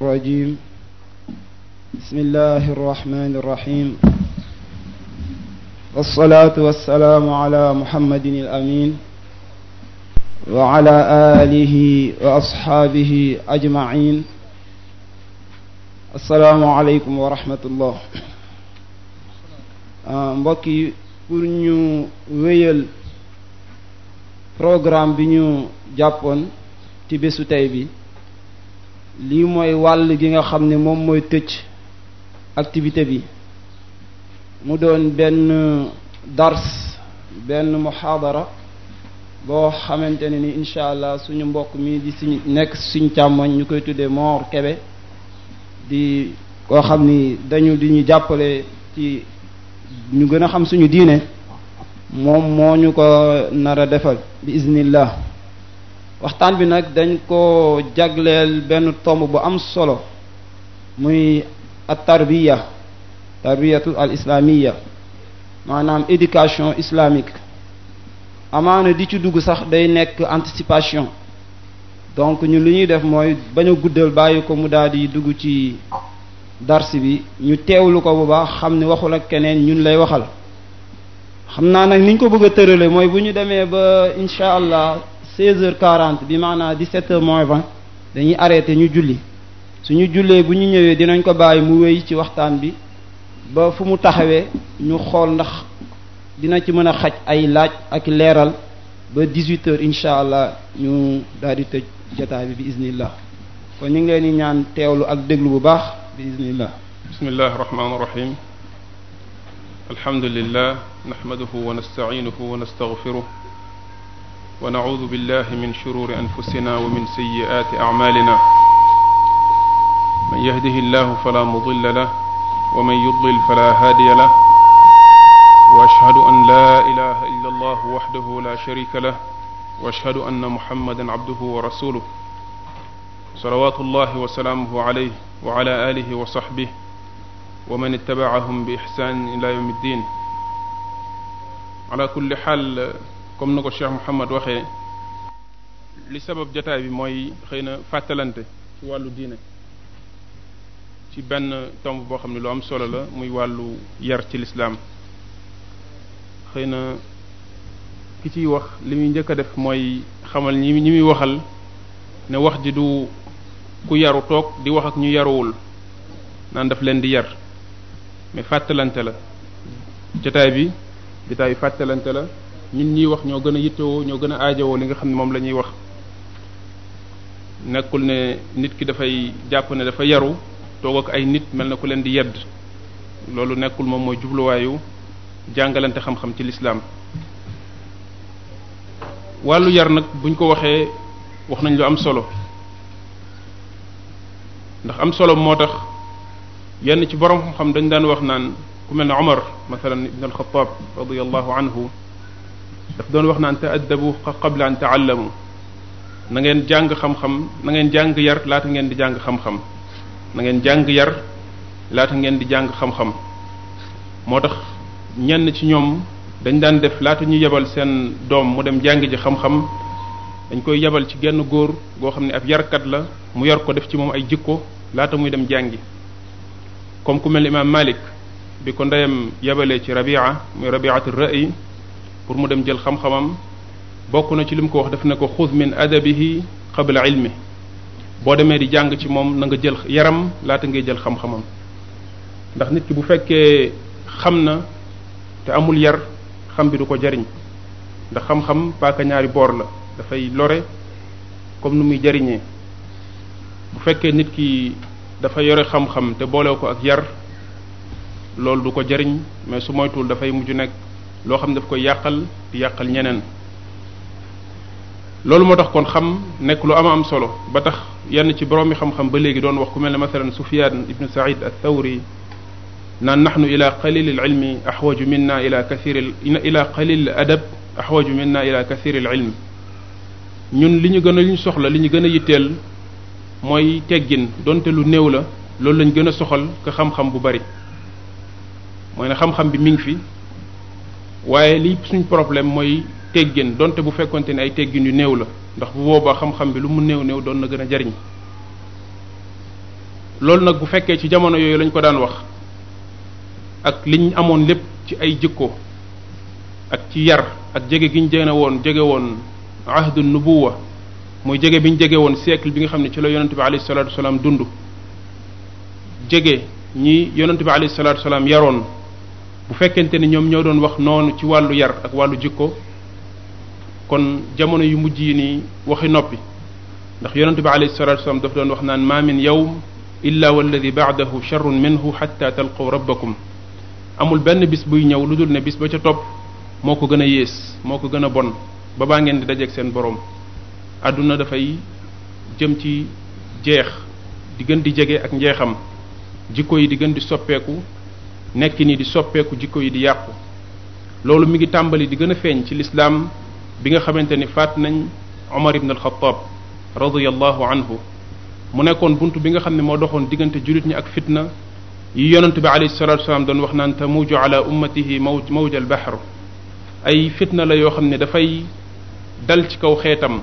الرجيم بسم الله الرحمن الرحيم والصلاة والسلام على محمد الأمين وعلى آله وأصحابه أجمعين السلام عليكم ورحمة الله mbokk yi pour ñu wéyal programme bi ñu jàppoon ci bésu tey bi lii mooy wàll gi nga xam ni moom mooy tëcc activité bi mu doon benn dars benn muhaadara boo xamante ne ni incha allah suñu mbokk mi di suñu nekk suñu càmmoñ ñu koy tuddee Mor Kebe di koo xam ni dañu di ñu jàppale ci ñu gën a xam suñu diine moom moo ñu ko nar a defal bi iznillah waxtaan bi nag dañ ko jagleel benn tomb bu am solo muy at tarbiya tarbiyatu al islamiya maanaam éducation islamique amaana di ci dugg sax day nekk anticipation donc ñu lu ñuy def mooy bañ guddal bàyyi ko mu daal di dugg ci darsi bi ñu teewlu ko bu baax xam ni waxul ak keneen ñun lay waxal xam naa nag niñ ko bëgg a tërale mooy bu ñu demee ba incha allah seize heures quarante bi maanaam di sept heures moins vingt dañuy arrêté ñu julli suñu jullee bu ñu ñëwee dinañ ko bàyyi mu wéy ci waxtaan bi ba fu mu taxawee ñu xool ndax dina ci mën a xaj ay laaj ak leeral ba dix-huit heures incha allah ñu daal di tëj jotaay bi bi iznillah kon ñu ngi leen di ñaan teewlu ak déglu bu baax bi iznillah bismillahi rahmaani rahim alhamdulillah nahmaduhu wa nasta'inuhu wa nastaghfiruh ونعوذ بالله من شرور أنفسنا ومن سيئات أعمالنا من يهده الله فلا مضل له ومن يضلل فلا هادي له وأشهد أن لا إله إلا الله وحده لا شريك له وأشهد أن محمدا عبده ورسوله صلوات الله وسلامه عليه وعلى آله وصحبه ومن اتبعهم بإحسان إلى يوم الدين على كل حال comme na ko Cheikh Mouhamad waxee li sabab jotaay bi mooy xëy na fàttalante ci wàllu diine ci benn tomb boo xam ne lu am solo la muy wàllu yar ci lislaam xëy na ki ciy wax li muy njëkk a def mooy xamal ñi ñi muy waxal ne wax ji du ku yaru toog di wax ak ñu yaruwul naan daf leen di yar mais fàttalante la jotaay bi jotaay bi fàttalante la ñun ñuy wax ñoo gën a yittewoo ñoo gën a aajowoo li nga xam ne moom la ñuy wax nekkul ne nit ki dafay jàpp ne dafa yaru toog ak ay nit mel na ku leen di yedd loolu nekkul moom mooy jubluwaayu jàngalante xam-xam ci lislaam wàllu yar nag buñ ko waxee wax nañ lu am solo ndax am solo moo tax yenn ci borom xam-xam dañ daan wax naan ku mel ne Omar masalan ibn al-Khattab anhu daf doon wax naan ta'addabu qabla an ta'allamu na ngeen jàng xam na ngeen jàng yar laata ngeen di jàng xam-xam nangeen ngeen jàng yar laata ngeen di jàng xam-xam moo tax ñenn ci ñoom dañ daan def laata ñu yebal seen doom mu dem jàng ji xam-xam dañ koy yebal ci genn góor goo xam ne ab yarkat la mu yor ko def ci moom ay jikko laata muy dem jàngi comme ku mel ni imaam Malik bi ko ndeyam yebalee ci Rabia muy Rabiatul Ra'i pour mu dem jël xam-xamam bokk na ci li mu ko wax def ne ko xuz min adabihi qabla ilmi boo demee di jàng ci moom na nga jël yaram laata ngay jël xam-xamam ndax nit ki bu fekkee xam na te amul yar xam bi du ko jariñ ndax xam-xam paaka ñaari boor la dafay lore comme nu muy jariñee bu fekkee nit ki dafa yore xam-xam te boole ko ak yar loolu du ko jariñ mais su moytuwul dafay mujju nekk loo xam ne daf koy yàqal yàqal ñeneen loolu moo tax kon xam nekk lu am am solo ba tax yenn ci borom mi xam-xam ba léegi doon wax ku mel ne masalan Sufyan ibnu Saïd ath-Thawri naan nahnu ila qalil al-ilmi ahwaju minna ila kathir ila qalil adab ahwaju minna ila kathir al-ilm ñun li ñu gën a li ñu soxla li ñu gën a yitteel mooy teggin donte lu néew la loolu lañ gën a soxal ka xam-xam bu bari mooy ne xam-xam bi mi ngi fi waaye lii suñ problème mooy teggin donte bu fekkonte ne ay teggin yu néew la ndax bu boobaa xam-xam bi lu mu néew néew doon na gën a jariñ loolu nag bu fekkee ci jamono yooyu lañ ko daan wax ak liñ amoon lépp ci ay jikko ak ci yar ak jege gi ñu jege woon jege woon ahdu nubuwa mooy jege bi ñu jege woon siècle bi nga xam ne ci la yonente bi alayhi salatu wasalaam dund jege ñi yonente bi alayhi salatu wasalaam yaroon bu fekkente ni ñoom ñoo doon wax noonu ci wàllu yar ak wàllu jikko kon jamono yu mujj yi nii waxi noppi ndax yonente bi alayhi salatu wasalam daf doon wax naan ma min yawm illa walladi baadahu charrun minhu xatta talqaw rabbakum amul benn bis buy ñëw lu dul ne bis ba ca topp moo ko gën a yées moo ko gën a bon ba baa ngeen di dajeeg seen borom àdduna dafay jëm ci jeex di gën di jege ak njeexam jikko yi di gën di soppeeku nekk nii di soppeeku jikko yi di yàqu loolu mu ngi tàmbali di gën a feeñ ci lislaam bi nga xamante ni faat nañ Omar ibn al-Khattab radiyallahu mu nekkoon bunt bi nga xam ne moo doxoon diggante jullit ñi ak fitna yi yonent bi alayhi salatu wasalaam doon wax naan tamuju ala ummatihi mawj mawj al bahr ay fitna la yoo xam ne dafay dal ci kaw xeetam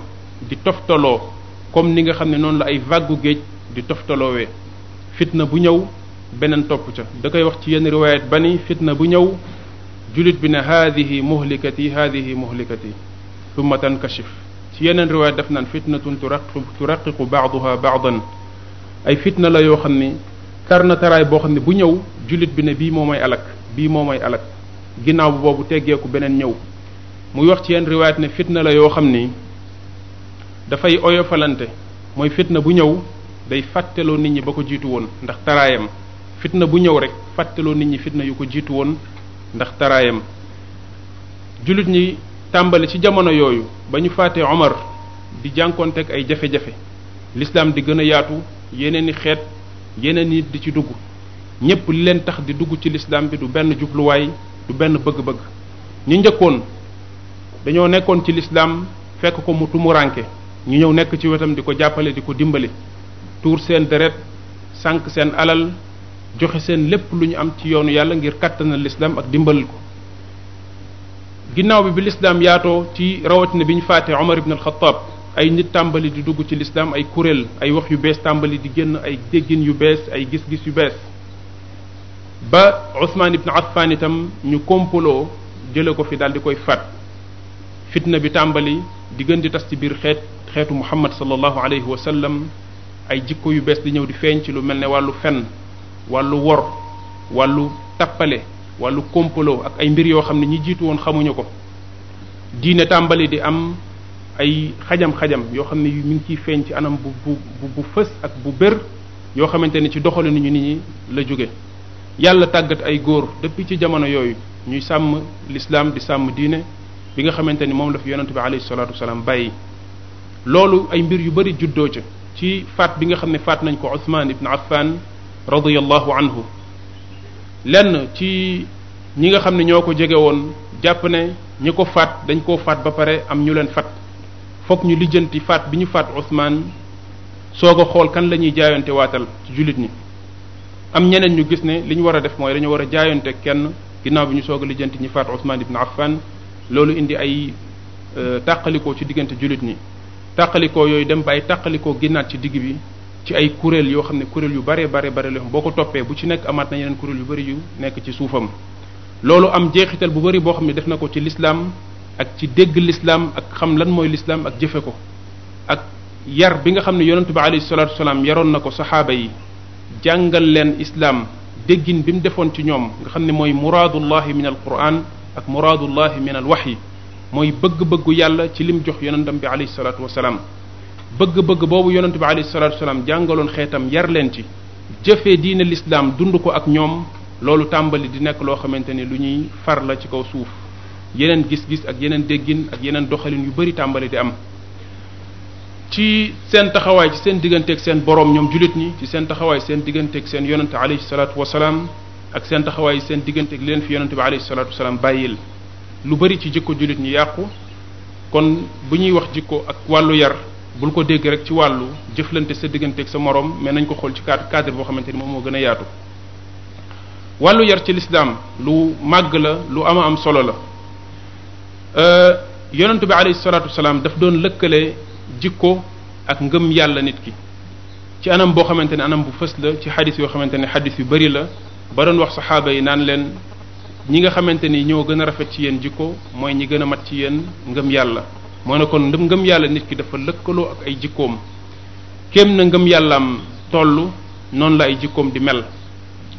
di toftaloo comme ni nga xam ne noonu la ay vague géej di toftaloowee fitna bu ñëw beneen topp ca da koy wax ci yenn riwaayat ba ni fitna bu ñëw jullit bi ne haadihi muhlikati haadihi muhlikati thumma tankashif ci yeneen riwaayat daf naan fitnatun turaqi turaqiqu baaduha baadan ay fitna la yoo xam ni tar na taraay boo xam ne bu ñëw jullit bi ne bii moo may alak bii moo may alak ginnaaw bu boobu teggeeku beneen ñëw muy wax ci yenn riwaayat ne fitna la yoo xam ni dafay oyofalante mooy fitna bu ñëw day fàtteeloo nit ñi ba ko jiitu woon ndax taraayam fitna bu ñëw rek fàttaloo nit ñi fitna yu ko jiitu woon ndax taraayam jullit ñi tàmbali ci jamono yooyu ba ñu fàttee Omar di jànkoonteeg ay jafe-jafe l'islam di gën a yaatu yeneen i xeet yeneen nit di ci dugg ñépp li leen tax di dugg ci l'islam bi du benn jubluwaay du benn bëgg-bëgg ñu njëkkoon dañoo nekkoon ci l'islam fekk ko mu tumuraanke ñu ñëw nekk ci wetam di ko jàppale di ko dimbali tuur seen deret sànq seen alal joxe seen lépp lu ñu am ci yoonu yàlla ngir kattanal lislaam ak dimbalal ko ginnaaw bi bi lislaam yaatoo ci rawatina bi ñu faatee Omar ibn al ay nit tàmbali di dugg ci lislaam ay kuréel ay wax yu bees tàmbali di génn ay déggin yu bees ay gis-gis yu bees ba Ousmane ibn Affan itam ñu kompaloo jële ko fi daal di koy faat fitna bi tàmbali di gën di tas ci biir xeet xeetu Muhammad sallallahu alayhi wa ay jikko yu bees di ñëw di feeñ ci lu mel ne wàllu fenn wàllu wor wàllu tappale wàllu kompaloo ak ay mbir yoo xam ne ñi jiitu woon xamuñu ko diine tàmbali di am ay xajam-xajam yoo xam ne mi ngi ciy feeñ ci anam bu bu bu fës ak bu bër yoo xamante ne ci doxalinu ñu nit ñi la jóge yàlla tàggat ay góor depuis ci jamono yooyu ñuy sàmm l'islam di sàmm diine bi nga xamante ni moom la fi yonente bi alayhi salaatu wasalaam bàyyi loolu ay mbir yu bari juddoo ca ci faat bi nga xam ne faat nañ ko Ousmane ibn Affan radiyallahu anhu lenn ci ñi nga xam ne ñoo ko jege woon jàpp ne ñi ko faat dañ koo faat ba pare am ñu leen fat fokk ñu lijjanti faat bi ñu faat Ousmane soog a xool kan lañuy ñuy jaayante waatal ci jullit ñi am ñeneen ñu gis ne li ñu war a def mooy dañu war a jaayante kenn ginnaaw bi ñu soog a lijjanti ñi faat Ousmane ibn Affan loolu indi ay euh, tàqalikoo ci diggante jullit ñi tàqalikoo yooyu dem ba ay tàqalikoo ginnaat ci digg bi ci ay kuréel yoo xam ne kuréel yu bare bare bare la boo ko toppee bu ci nekk amaat na yeneen kuréel yu bëri yu nekk ci suufam loolu am jeexital bu bëri boo xam ne def na ko ci lislaam ak ci dégg lislaam ak xam lan mooy lislaam ak jëfe ko ak yar bi nga xam ne yonentu bi alayhi salatu wasalaam yaroon na ko saxaaba yi jàngal leen islaam déggin bi mu defoon ci ñoom nga xam ne mooy muraadullahi min alquran ak muraadullahi min yi mooy bëgg-bëggu yàlla ci lim jox yonentam bi alayhi salatu wasalaam bëgg-bëgg boobu yonente bi alayhi salatu wasalaam jàngaloon xeetam yar leen ci jëfee diine l'islam dund ko ak ñoom loolu tàmbali di nekk loo xamante ni lu ñuy far la ci kaw suuf yeneen gis-gis ak yeneen déggin ak yeneen doxalin yu bari tàmbali di am ci seen taxawaay ci seen digganteeg seen boroom ñoom jullit ñi ci seen taxawaay seen digganteeg seen yonente alayhi salatu wasalaam ak seen taxawaay seen digganteeg leen fi yonente bi alayhi bàyyil lu bari ci jikko jullit ñi yàqu kon bu ñuy wax jikko ak wàllu yar bul ko dégg rek ci wàllu jëflante sa digganteeg sa moroom mais nañ ko xool ci cadre cadre boo xamante ni moom moo gën a yaatu wàllu yar ci lislaam lu màgg la lu ama am solo la euh, yonentu bi alayhi salaatu salaam daf doon lëkkale jikko ak ngëm yàlla nit ki ci anam boo xamante ne anam bu fës la ci xadis yoo xamante ni xadis yu bari la ba doon wax saxaaba yi naan leen ñi nga xamante ni ñoo gën a rafet ci yéen jikko mooy ñi gën a mat ci yéen ngëm yàlla moo ne kon ndëm ngëm yàlla nit ki dafa lëkkaloo ak ay jikkoom kéem na ngëm yàllaam toll noonu la ay jikkoom di mel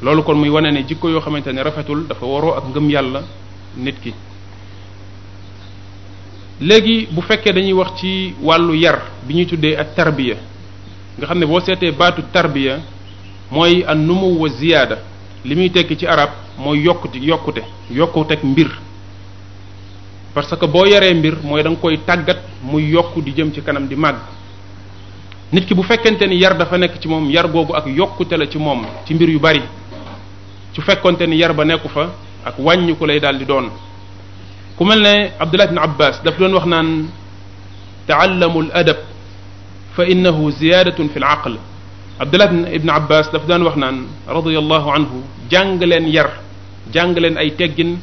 loolu kon muy wane ne jikko yoo xamante ne rafetul dafa waroo ak ngëm yàlla nit ki léegi bu fekkee dañuy wax ci wàllu yar bi ñuy tuddee ak tarbiya nga xam ne boo seetee baatu tarbiya mooy an numu wa ziyaada li muy tekki ci arab mooy yokkute yokkute yokkuteg mbir parce que boo yaree mbir mooy danga koy tàggat muy yokk di jëm ci kanam di màgg nit ki bu fekkente ni yar dafa nekk ci moom yar googu ak yokkute la ci moom ci mbir yu bari su fekkante ni yar ba nekku fa ak wàññiku lay daal di doon ku mel ne Abdullah ibn Abbas daf doon wax naan taallamu al adab fa innahu ziyadatun fi l aql Abdullah ibn Abbas daf doon wax naan radiyallahu anhu jàng leen yar jàng leen ay teggin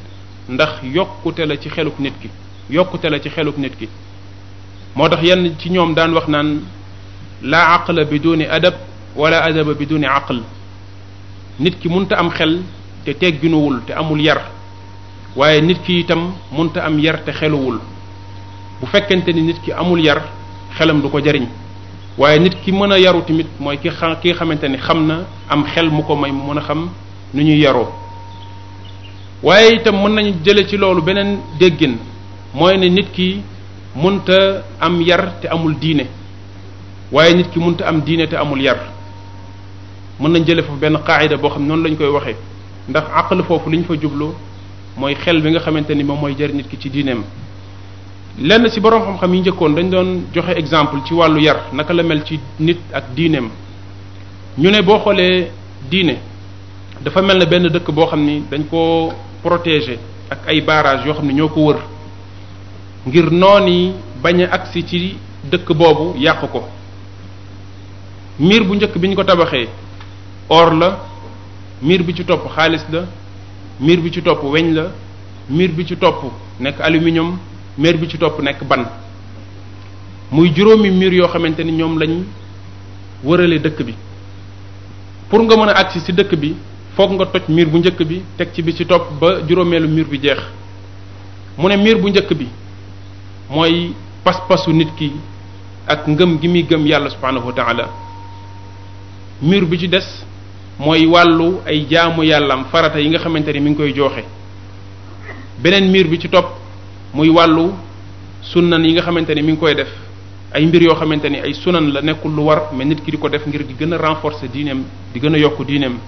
ndax yokkute la ci xeluk nit ki yokkute la ci xeluk nit ki moo tax yenn ci ñoom daan wax naan laa bi aqla biduni adab wala adaba biduni aql nit ki munta am xel te tegginuwul te amul yar waaye nit ki itam munta am yar te xeluwul bu fekkente ni nit ki amul yar xelam du ko jariñ waaye nit ki mën a yaru tamit mooy ki xa ki xamante ni xam na am xel mu ko may mu mën a xam nu ñuy yaroo waaye itam mën nañ jële ci loolu beneen déggin mooy ne nit ki munta am yar te amul diine waaye nit ki munta am diine te amul yar mën nañ jële foofu benn qaayida boo xam ne noonu lañ koy waxee ndax àq aql foofu li ñu fa jublu mooy xel bi nga xamante ni moom mooy jar nit ki ci diineem lenn ci boroom xam-xam yi njëkkoon dañ doon joxe exemple ci wàllu yar naka la mel ci nit ak diineem ñu ne boo xoolee diine dafa mel ne benn dëkk boo xam ni dañ koo protégé ak ay barrage yoo xam ne ñoo ko wër ngir noon yi bañ a agsi ci dëkk boobu yàq ko miir bu njëkk biñ ko tabaxee or la miir bi ci topp xaalis la miir bi ci topp weñ la miir bi ci topp nekk aluminium miir bi ci topp nekk ban muy juróomi miir yoo xamante ni ñoom lañu wërale dëkk bi pour nga mën a agsi ci dëkk bi foog nga toj miir bu njëkk bi teg ci bi ci topp ba juróomeelu miir bi jeex mu ne miir bu njëkk bi mooy pas-pasu nit ki ak ngëm gi muy gëm yàlla subhaanahu wa taala miir bi ci des mooy wàllu ay jaamu yàllam farata yi nga xamante ni mi ngi koy jooxe beneen miir bi ci topp muy wàllu sunan yi nga xamante ni mi ngi koy def ay mbir yoo xamante ni ay sunan la nekkul lu war mais nit ki di ko def ngir di gën a renforcer diineem di gën a yokk diineem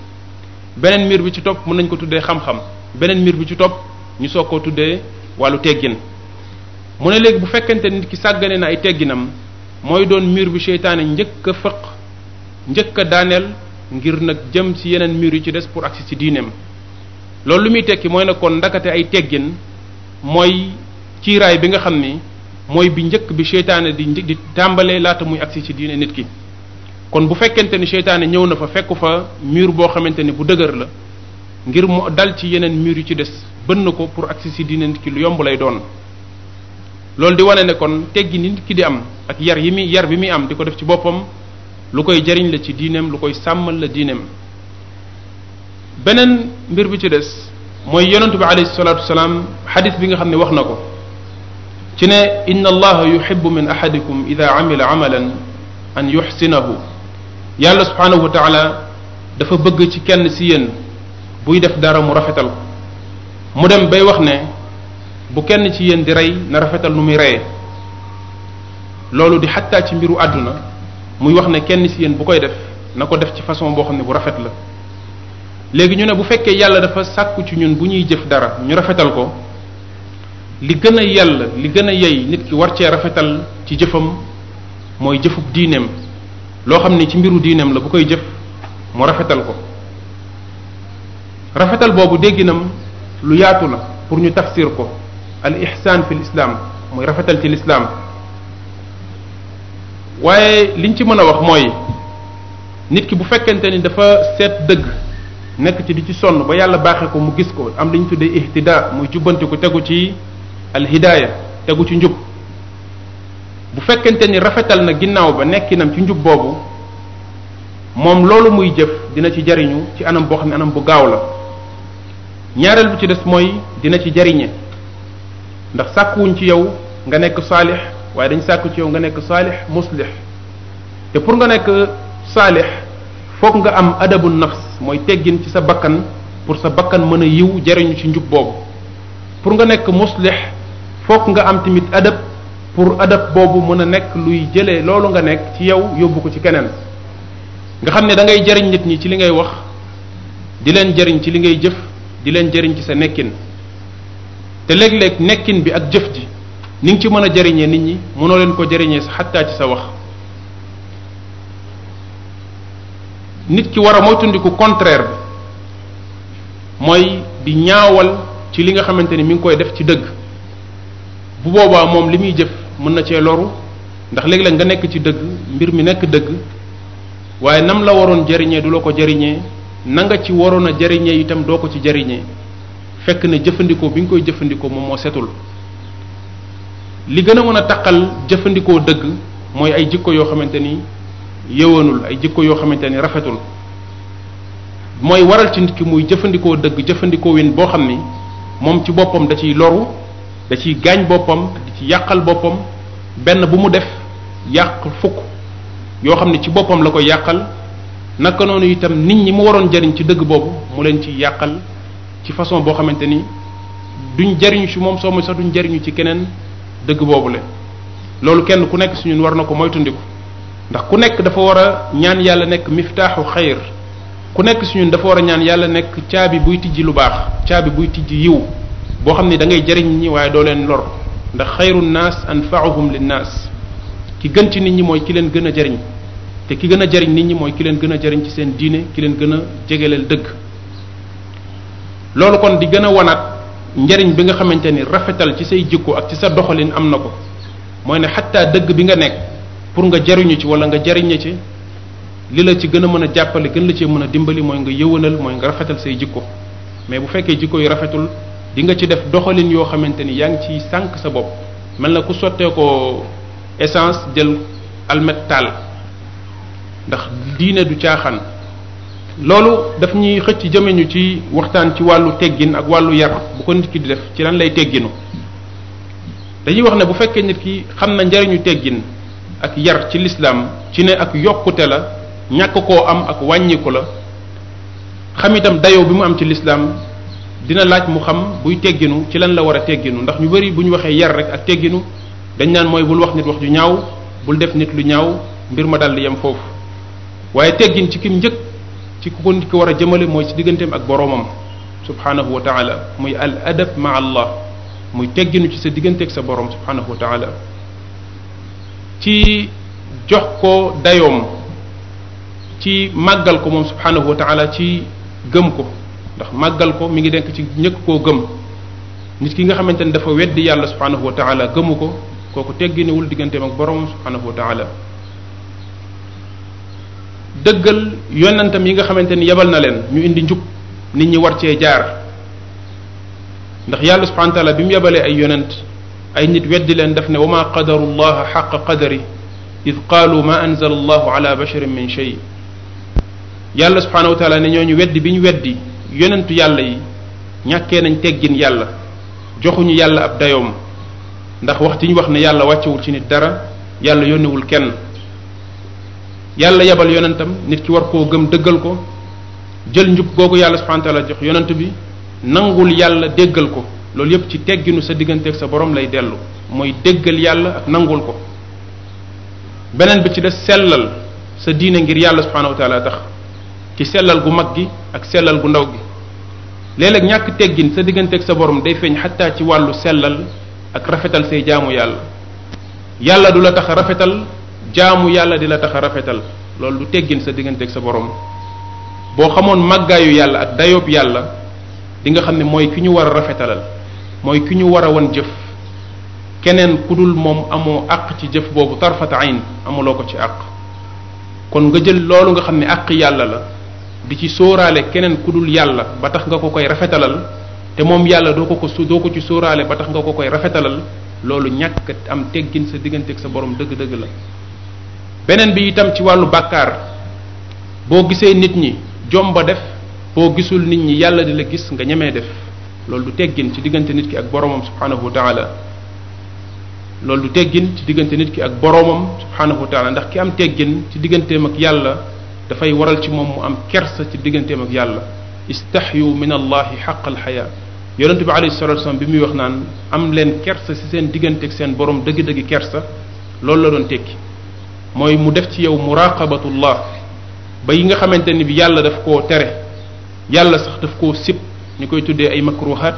beneen miir bi ci topp mën nañ ko tuddee xam-xam beneen miir bi ci topp ñu soo koo tuddee wàllu teggin mu ne léegi bu fekkente nit ki sàggane na ay tegginam mooy doon miir bi seytaane njëkk a fëq njëkk a daaneel ngir nag jëm ci yeneen miir yu ci des pour agsi ci diineem loolu lu muy tekki mooy nag ndakate ay teggin mooy ciiraay bi nga xam ni mooy bi njëkk bi seytaane di di tàmbalee laata muy agsi ci diine nit ki kon bu fekkente ni seytaane ñëw na fa fekku fa miir boo xamante ni bu dëgër la ngir mu dal ci yeneen miir yu ci des bënn ko pour agsi si diine nit ki lu yomb lay doon loolu di wane ne kon teggi nit ki di am ak yar yi mi yar bi muy am di ko def ci boppam lu koy jariñ la ci diineem lu koy sàmmal la diineem beneen mbir bi ci des mooy yonentu bi alayhi salaatu wasalaam xadis bi nga xam ne wax na ko ci ne inna allaha yuhibbu min ahadikum ida amila amalan an yuxsinahu yàlla subhanahu wa taala dafa bëgg ci kenn ci yéen buy def dara mu rafetal ko mu dem bay wax ne bu kenn ci yéen di rey na rafetal nu muy reyee loolu di xattaa ci mbiru àdduna muy wax ne kenn ci yéen bu koy def na ko def ci façon boo xam ne bu rafet la léegi ñu ne bu fekkee yàlla dafa sàkku ci ñun bu ñuy jëf dara ñu rafetal ko li gën a yàlla li gën a yey nit ki war cee rafetal ci jëfam mooy jëfub diineem loo xam ne ci mbiru diinam la bu koy jëf mu rafetal ko rafetal boobu dégginam lu yaatu la pour ñu tafsir ko al ihsan fi lislaam muy rafetal ci lislaam waaye liñ ci mën a wax mooy nit ki bu fekkente ni dafa seet dëgg nekk ci di ci sonn ba yàlla baaxee ko mu gis ko am li ñu tuddee ihtida muy jubbanti ko tegu ci alhidaaya tegu ci njub bu fekkente ni rafetal na ginnaaw ba nekkinam ci njub boobu moom loolu muy jëf dina ci jariñu ci anam boo xam ne anam bu gaaw la ñaareel bu ci des mooy dina ci jariñe ndax sàkk wuñ ci yow nga nekk saalix waaye dañ sàkku ci yow nga nekk saalix muslix te pour nga nekk saalix foog nga am adabu nafs mooy teggin ci sa bakkan pour sa bakkan mën a yiw jariñu ci njub boobu pour nga nekk muslix foog nga am tamit adab pour adab boobu mën a nekk luy jëlee loolu nga nekk ci yow yóbbu ko ci keneen nga xam ne dangay jariñ nit ñi ci li ngay wax di leen jariñ ci li ngay jëf di leen jariñ ci sa nekkin te léeg-léeg nekkin bi ak jëf ji ni nga ci mën a jariñee nit ñi mënoo leen ko jariñee sa xattaa ci sa wax nit ki war a moytundiku contraire bi mooy di ñaawal ci li nga xamante ni mi ngi koy def ci dëgg bu boobaa moom li muy jëf mën na cee loru ndax léegi léeg nga nekk ci dëgg mbir mi nekk dëgg waaye nam la waroon jariñee du la ko jariñee na nga ci waroon a jariñee itam doo ko ci jariñee fekk ne jëfandikoo bi nga koy jëfandikoo moom moo setul li gën a mën a taqal jëfandikoo dëgg mooy ay jikko yoo xamante ni yëwanul ay jikko yoo xamante ni rafetul mooy waral ci nit ki muy jëfandikoo dëgg jëfandikoo win boo xam ni moom ci boppam da ciy loru da ci gaañ boppam di ci yàqal boppam benn bu mu def yàq fukk yoo xam ne ci boppam la koy yàqal naka noonu itam nit ñi mu waroon jariñ ci dëgg boobu mu leen ci yàqal ci façon boo xamante ni duñ jariñu ci moom soo mooy sax duñ jariñu ci keneen dëgg boobu le loolu kenn ku nekk ñun war na ko moytundiku ndax ku nekk dafa war a ñaan yàlla nekk miftaaxu xayr ku nekk suñun dafa war a ñaan yàlla nekk caabi buy tijji lu baax caabi buy tijji yiw boo xam ne dangay jariñ nit ñi waaye doo leen lor ndax xayru naas anfaahum naas ki gën ci nit ñi mooy ki leen gën a jariñ te ki gën a jariñ nit ñi mooy ki leen gën a jariñ ci seen diine ki leen gën a jegeleel dëgg loolu kon di gën a wanaat njariñ bi nga xamante ni rafetal ci say jikko ak ci sa doxalin am na ko mooy ne xattaa dëgg bi nga nekk pour nga jariñu ci wala nga jariñe ci li la ci gën a mën a jàppale gën la cee mën a dimbali mooy nga yëwanal mooy nga rafetal say jikko mais bu fekkee jikko yi rafetul di nga ci def doxalin yoo xamante ni yaa ngi ciy sànq sa bopp mel na ku sottee ko essence jël almet taal ndax diine du caaxaan loolu daf ñuy xëcc jëme ñu ci waxtaan ci wàllu teggin ak wàllu yar bu ko nit ki di def ci lan lay tegginu dañuy wax ne bu fekkee nit ki xam na njariñu teggin ak yar ci lislaam ci ne ak yokkute la ñàkk koo am ak wàññiku la xam itam dayoo bi mu am ci lislaam dina laaj mu xam buy tegginu ci lan la war a tegginu ndax ñu bari bu ñu waxee yar rek ak tegginu dañ naan mooy bul wax nit wax ju ñaaw bul def nit lu ñaaw mbir ma dal di yem foofu waaye teggin ci kim njëkk ci ku ko nit ki war a jëmale mooy ci digganteem ak boroomam subhanahu wa taala muy al adab ma allah muy tegginu ci sa diggante ak sa boroom subhanahu wa taala ci jox ko dayoom ci màggal ko moom subhanahu wa taala ci gëm ko ndax màggal ko mi ngi denk ci ñëkk koo gëm nit ki nga xamante ne dafa weddi yàlla subhanahu wa taala gëmu ko kooku tegginewul digganteem ak borom subhanahu wa taala dëggal yonentam yi nga xamante ni yabal na leen ñu indi njub nit ñi war cee jaar ndax yàlla subhanahu wa taala bi mu yebalee ay yonent ay nit weddi leen daf ne wa ma qadaru llaha xaqa qadari id qaalu ma anzala allahu ala basharin min shay yàlla subhanahu wa taala ne ñooñu weddi bi ñu weddi yonentu yàlla yi ñàkkee nañ teggin yàlla joxuñu yàlla ab dayoom ndax wax ci wax ne yàlla wàccewul ci nit dara yàlla yónnewul kenn yàlla yabal yonentam nit ki war koo gëm dëggal ko jël njub googu yàlla subhanahu wa jox yonent bi nangul yàlla déggal ko loolu yépp ci tegginu sa diggante digganteeg sa boroom lay dellu mooy déggal yàlla ak nangul ko beneen bi ci des sellal sa diine ngir yàlla subhanahu wa taala tax ci sellal gu mag gi ak sellal gu ndaw gi léeg ñàkk teggin sa diggante ak sa borom day feeñ xataa ci wàllu sellal ak rafetal say jaamu yàlla yàlla du la tax a rafetal jaamu yàlla di la tax a rafetal loolu du teggin sa diggante ak sa borom boo xamoon màggaayu yàlla ak dayoob yàlla di nga xam ne mooy ki ñu war a rafetalal mooy ki ñu war a wan jëf keneen ku dul moom amoo àq ci jëf boobu tarfata ayn amuloo ko ci àq kon nga jël loolu nga xam ne àq yàlla la di ci sóoraale keneen ku dul yàlla ba tax nga ko koy rafetalal te moom yàlla doo ko ko su doo ko ci sóoraale ba tax nga ko koy rafetalal loolu ñàkk am teggin sa digganteeg sa borom dëgg-dëgg la beneen bi itam ci wàllu bàkkaar boo gisee nit ñi jomba def boo gisul nit ñi yàlla di la gis nga ñemee def loolu du teggin ci diggante nit ki ak boromam subhanahu wa taala loolu teggin ci diggante nit ki ak boromam subhanahu wa taala ndax ki am teggin ci digganteem ak yàlla dafay waral ci moom mu am kersa ci digganteem ak yàlla istaxyu min allahi xaq alxayaa yonente bi alayhi salatu wasallam bi muy wax naan am leen kers ci seen diggante ak seen boroom dëgg-dëgg kersa loolu la doon tekki mooy mu def ci yow muraqabatullah ba yi nga xamante ni bi yàlla daf koo tere yàlla sax daf ko sib ñu koy tuddee ay makruhat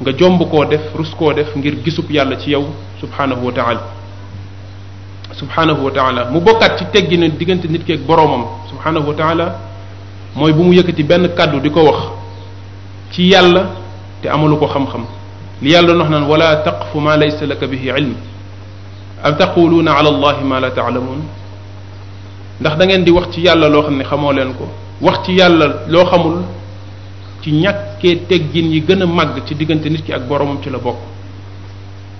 nga jomb koo def rus koo def ngir gisub yàlla ci yow subhaanahu wa taala subhanahu wa taala mu bokkaat ci teggi na diggante nit ki ak boroomam subhanahu wa taala mooy bu mu yëkkati benn kàddu di ko wax ci yàlla te amalu ko xam-xam li yàlla doon wax naan wala taqfu ma laysa laka bihi ilm am taquluuna ala allahi ma ndax da di wax ci yàlla loo xam ne xamoo leen ko wax ci yàlla loo xamul ci ñàkkee teggin yi gën a màgg ci diggante nit ki ak boroomam ci la bokk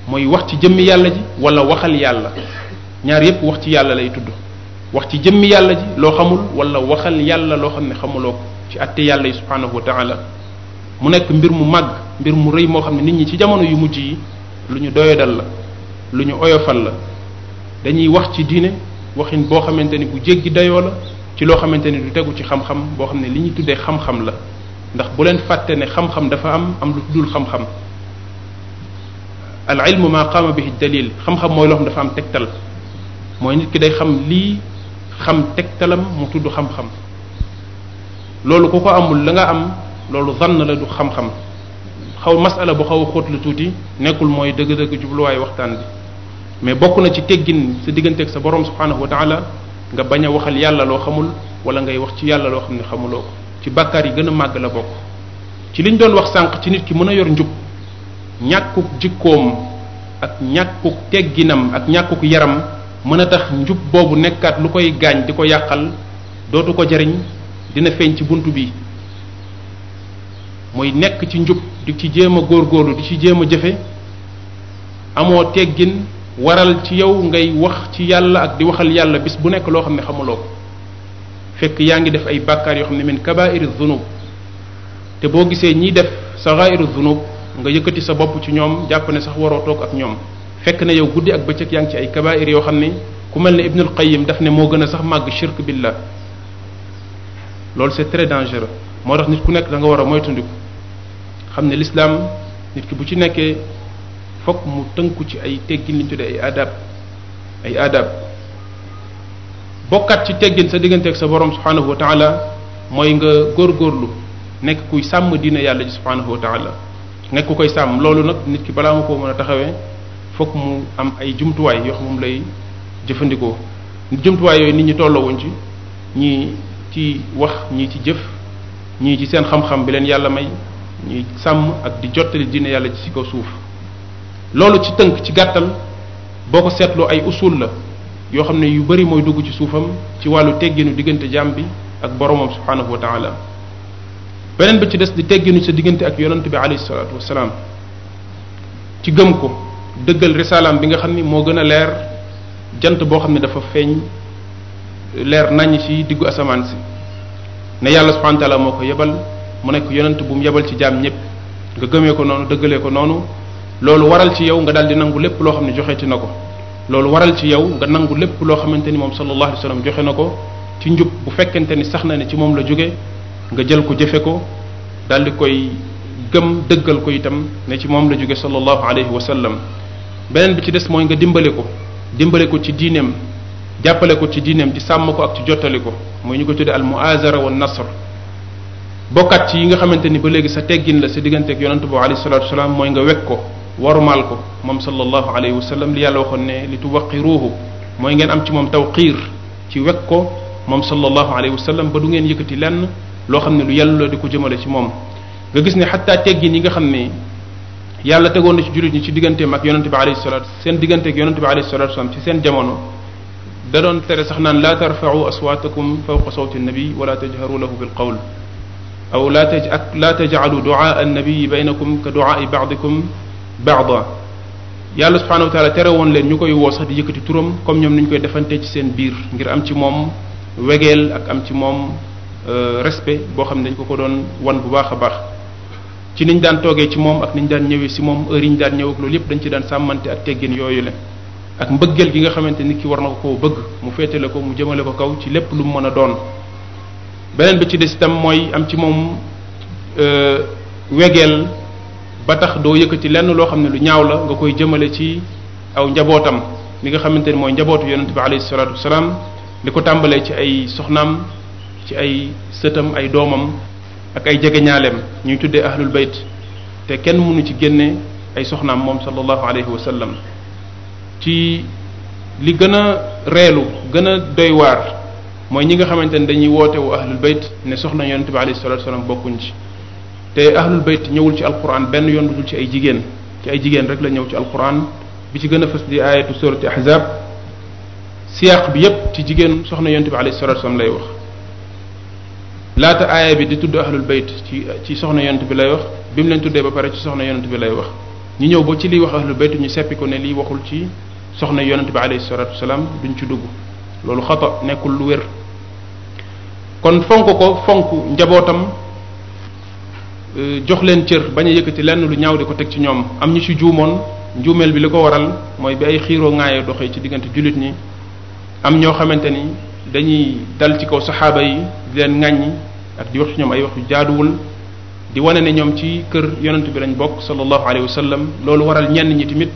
mooy wax ci jëmmi yàlla ji wala waxal yàlla ñaar yépp wax ci yàlla lay tudd wax ci jëmmi yàlla ji loo xamul walla waxal yàlla loo xam ne xamuloo ko ci àtte yàlla yi subhaanahu wa taala mu nekk mbir mu mag mbir mu rëy moo xam ne nit ñi ci jamono yu mujj yi lu ñu doyadal la lu ñu oyofal la dañuy wax ci diine waxin boo xamante ni bu jéggi dayoo la ci loo xamante ni du tegu ci xam-xam boo xam ne li ñuy tuddee xam-xam la ndax bu leen fàtte ne xam-xam dafa am am lu dul xam-xam al ilmu ma qaama xam-xam mooy loo xam dafa am tegtal mooy nit ki day xam lii xam tegtalam mu tudd xam-xam loolu ku ko amul la nga am loolu zann la du xam-xam xaw masala bu xaw a xóot lu tuuti nekkul mooy dëgg-dëgg jubluwaay waxtaan bi mais bokk na ci teggin sa digganteeg sa borom subhanahu wa taala nga bañ a waxal yàlla loo xamul wala ngay wax ci yàlla loo xam ne xamuloo ko ci bàkkaar yi gën a màgg la bokk ci liñ doon wax sànq ci nit ki mën a yor njub ñàkkuk jikkoom ak ñàkkuk tegginam ak ñàkkuk yaram mën a tax njub boobu nekkaat lu koy gaañ di ko yàqal dootu ko jariñ dina feeñ ci bunt bi mooy nekk ci njub di ci jéem a góorgóorlu di ci jéem a jëfe amoo teggin waral ci yow ngay wax ci yàlla ak di waxal yàlla bis bu nekk loo xam ne xamuloo ko fekk yaa ngi def ay bàkkaar yoo xam ne min kabairi zunub te boo gisee ñiy def saxairu zunub nga yëkkati sa bopp ci ñoom jàpp ne sax waroo toog ak ñoom fekk na yow guddi ak bëccëg yaa ci ay kabaa'ir yoo xam ne ku mel ne Ibnul Qayyim daf ne moo gën a sax màgg shirk billah loolu c'est très dangereux moo tax nit ku nekk da nga war a moytandiku xam ne l'islam nit ki bu ci nekkee fokk mu tënku ci ay teggin li ñu tuddee ay adab ay adab bokkat ci teggin sa digganteeg sa borom subhanahu wa taala mooy nga góorgóorlu nekk kuy sàmm diine yàlla ji subhanahu wa taala nekk koy sàmm loolu nag nit ki balaa ma koo mën a taxawee fokk mu am ay jumtuwaay yoo xam moom lay jëfandikoo jumtuwaay yooyu nit ñi tolloowuñ ci ñi ci wax ñi ci jëf ñii ci seen xam-xam bi leen yàlla may ñuy sàmm ak di jottali diine yàlla ci ko suuf loolu ci tënk ci gàttal boo ko seetloo ay usul la yoo xam ne yu bari mooy dugg ci suufam ci wàllu tegginu diggante jaam bi ak boromam subhanahu wa taala beneen bi ci des di tegginu sa diggante ak yonant bi alayhi salaatu wasalaam ci gëm ko dëggal risalaam bi nga xam ni moo gën a leer jant boo xam ne dafa feeñ leer nañ ci diggu asamaan si ne yàlla subhanahu moo ko yebal mu nekk yenent bu mu yebal ci jaam ñépp nga gëmee ko noonu dëggalee ko noonu loolu waral ci yow nga daal di nangu lépp loo xam ne joxeeti na ko loolu waral ci yow nga nangu lépp loo xamante ni moom sallallahu alayhi wa sallam joxe na ko ci njub bu fekkente ni sax na ne ci moom la jóge nga jël ko jëfe ko daal di koy gëm dëggal ko itam ne ci moom la jóge sallallahu alayhi wa sallam beneen bi ci des mooy nga dimbale ko dimbale ko ci diineem jàppale ko ci diineem di sàmm ko ak ci jottali ko mooy ñu ko tudde al muazara wa nasr bokkat ci yi nga xamante ni ba léegi sa teggin la sa digganteeg yonante boobu alayhi salatu wasalaam mooy nga wekk ko warumaal ko moom sallallahu alayhi wa sallam li yàlla waxoon ne li tuwaqiruhu mooy ngeen am ci moom tawqiir ci wekk ko moom sallallahu alayhi wa sallam ba du ngeen yëkkati lenn loo xam ne lu yàlla la di ko jëmale ci moom nga gis ne xataa teggin yi nga xam ne yàlla tegoon na ci jullit ñi ci digganteem ak yonente bi alayhi salatu seen diggante ak yonente bi alayhi salatu wasalam ci seen jamono da doon tere sax naan laa tarfa'u aswaatakum fawqa sawti nabi wala tajharu lahu bil qawl aw laa taj ak laa tajcalu duaa annabiyi baynakum ka duaai badikum bada yàlla subhanahu wa taala tere woon leen ñu koy woo sax di yëkkati turam comme ñoom ni ñu koy defantee ci seen biir ngir am ci moom wegeel ak am ci moom euh, respect boo xam ne dañ ko ko doon wan bu baax a baax ci niñ daan toogee ci moom ak niñ daan ñëwee si moom heure yi ñu daan ñëw ak loolu yëpp dañ ci daan sàmmante ak teggin yooyu la ak mbëggeel gi nga xamante nit ki war na ko koo bëgg mu féetale ko mu jëmale ko kaw ci lépp lu mu mën a doon beneen bi ci des itam mooy am ci moom euh, wegeel ba tax doo yëkkati lenn loo xam ne lu ñaaw la nga koy jëmale ci aw njabootam li nga xamante ni mooy njabootu yonente bi alayhi salaatu wasalaam li ko tàmbalee ci ay soxnaam ci ay sëtam ay doomam ak ay jege ñaaleem ñuy tuddee ahlul bayt te kenn mënu ci génne ay soxnaam moom sallallahu alayhi wa sallam ci li gën a reelu gën a doy mooy ñi nga xamante ne dañuy woote wu ahlul bayt ne soxna yonente bi alayhi salatu wasallam bokkuñ ci te ahlul beyt ñëwul ci alquran benn yoon dul ci ay jigéen ci ay jigéen rek la ñëw ci al alquran bi ci gën a fës di ayatu surati ahzab siyaq bi yépp ci jigéen soxna yonente bi alayhi salatu wasallam lay wax laata aaya bi di tudd ahlul bayt ci ci soxna yonent bi lay wax bi mu leen tuddee ba pare ci soxna yonent bi lay wax ñu ñëw ba ci liy wax ahlul bayt ñu seppi ko ne liy waxul ci soxna yonent bi alayhi salatu wasalaam duñ ci dugg loolu xata nekkul lu wér kon fonk ko fonk njabootam euh, jox leen cër bañ a yëkkati lenn lu ñaw di ko teg ci ñoom am ñu ci juumoon njuumeel bi li ko waral mooy bi ay xiiroo ŋaayee doxee ci diggante jullit ñi am ñoo xamante ni dañuy dal ci kaw saxaaba yi di leen ŋàññi ak di wax ci ñoom ay wax yu jaaduwul di wane ne ñoom ci kër yonent bi lañ bokk sallallahu alayhi wa sallam loolu waral ñenn ñi tamit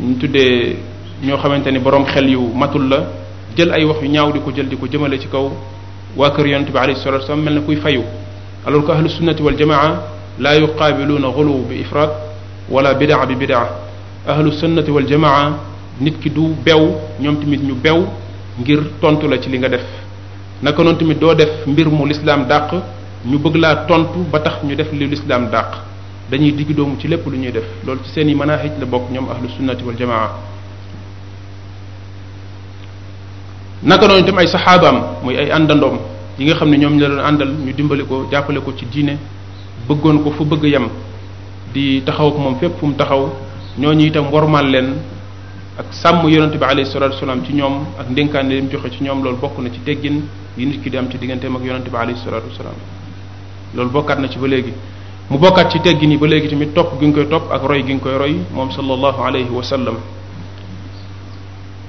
ñu tuddee ñoo xamante ni boroom xel yu matul la jël ay wax yu ñaaw di ko jël di ko jëmale ci kaw waa kër yonent bi alayhi salatu wasallam mel na kuy fayu alors que ahlu sunnati wal jamaa laa yuqaabiluuna xuluw bi ifraat wala bidaa bi bidaa ahlu sunnati wal jamaa nit ki du bew ñoom tamit ñu bew ngir tontu la ci li nga def naka noonu tamit doo def mbir mu lislaam dàq ñu bëgg laa tontu ba tax ñu def li dàq dañuy digg ci lépp lu ñuy def loolu ci seen i la bokk ñoom ahlu sunnati wal jamaa naka noonu itam ay saxaabaam muy ay àndandoom yi nga xam ne ñoom ñu la doon àndal ñu dimbali ko jàppale ko ci diine bëggoon ko fu bëgg yem di taxaw ak moom fépp fu mu taxaw ñooñu itam wormaal leen ak sàmm yonente bi alayhi salatu wasalaam ci ñoom ak ndénkaan li mu joxe ci ñoom loolu bokk na ci teggin yi nit ki di am ci digganteem ak yonente bi alayhi salatu wasalaam loolu bokkaat na ci ba léegi mu bokkaat ci teggin yi ba léegi tamit topp gi nga koy topp ak roy gi nga koy roy moom sallallahu alayhi wa sallam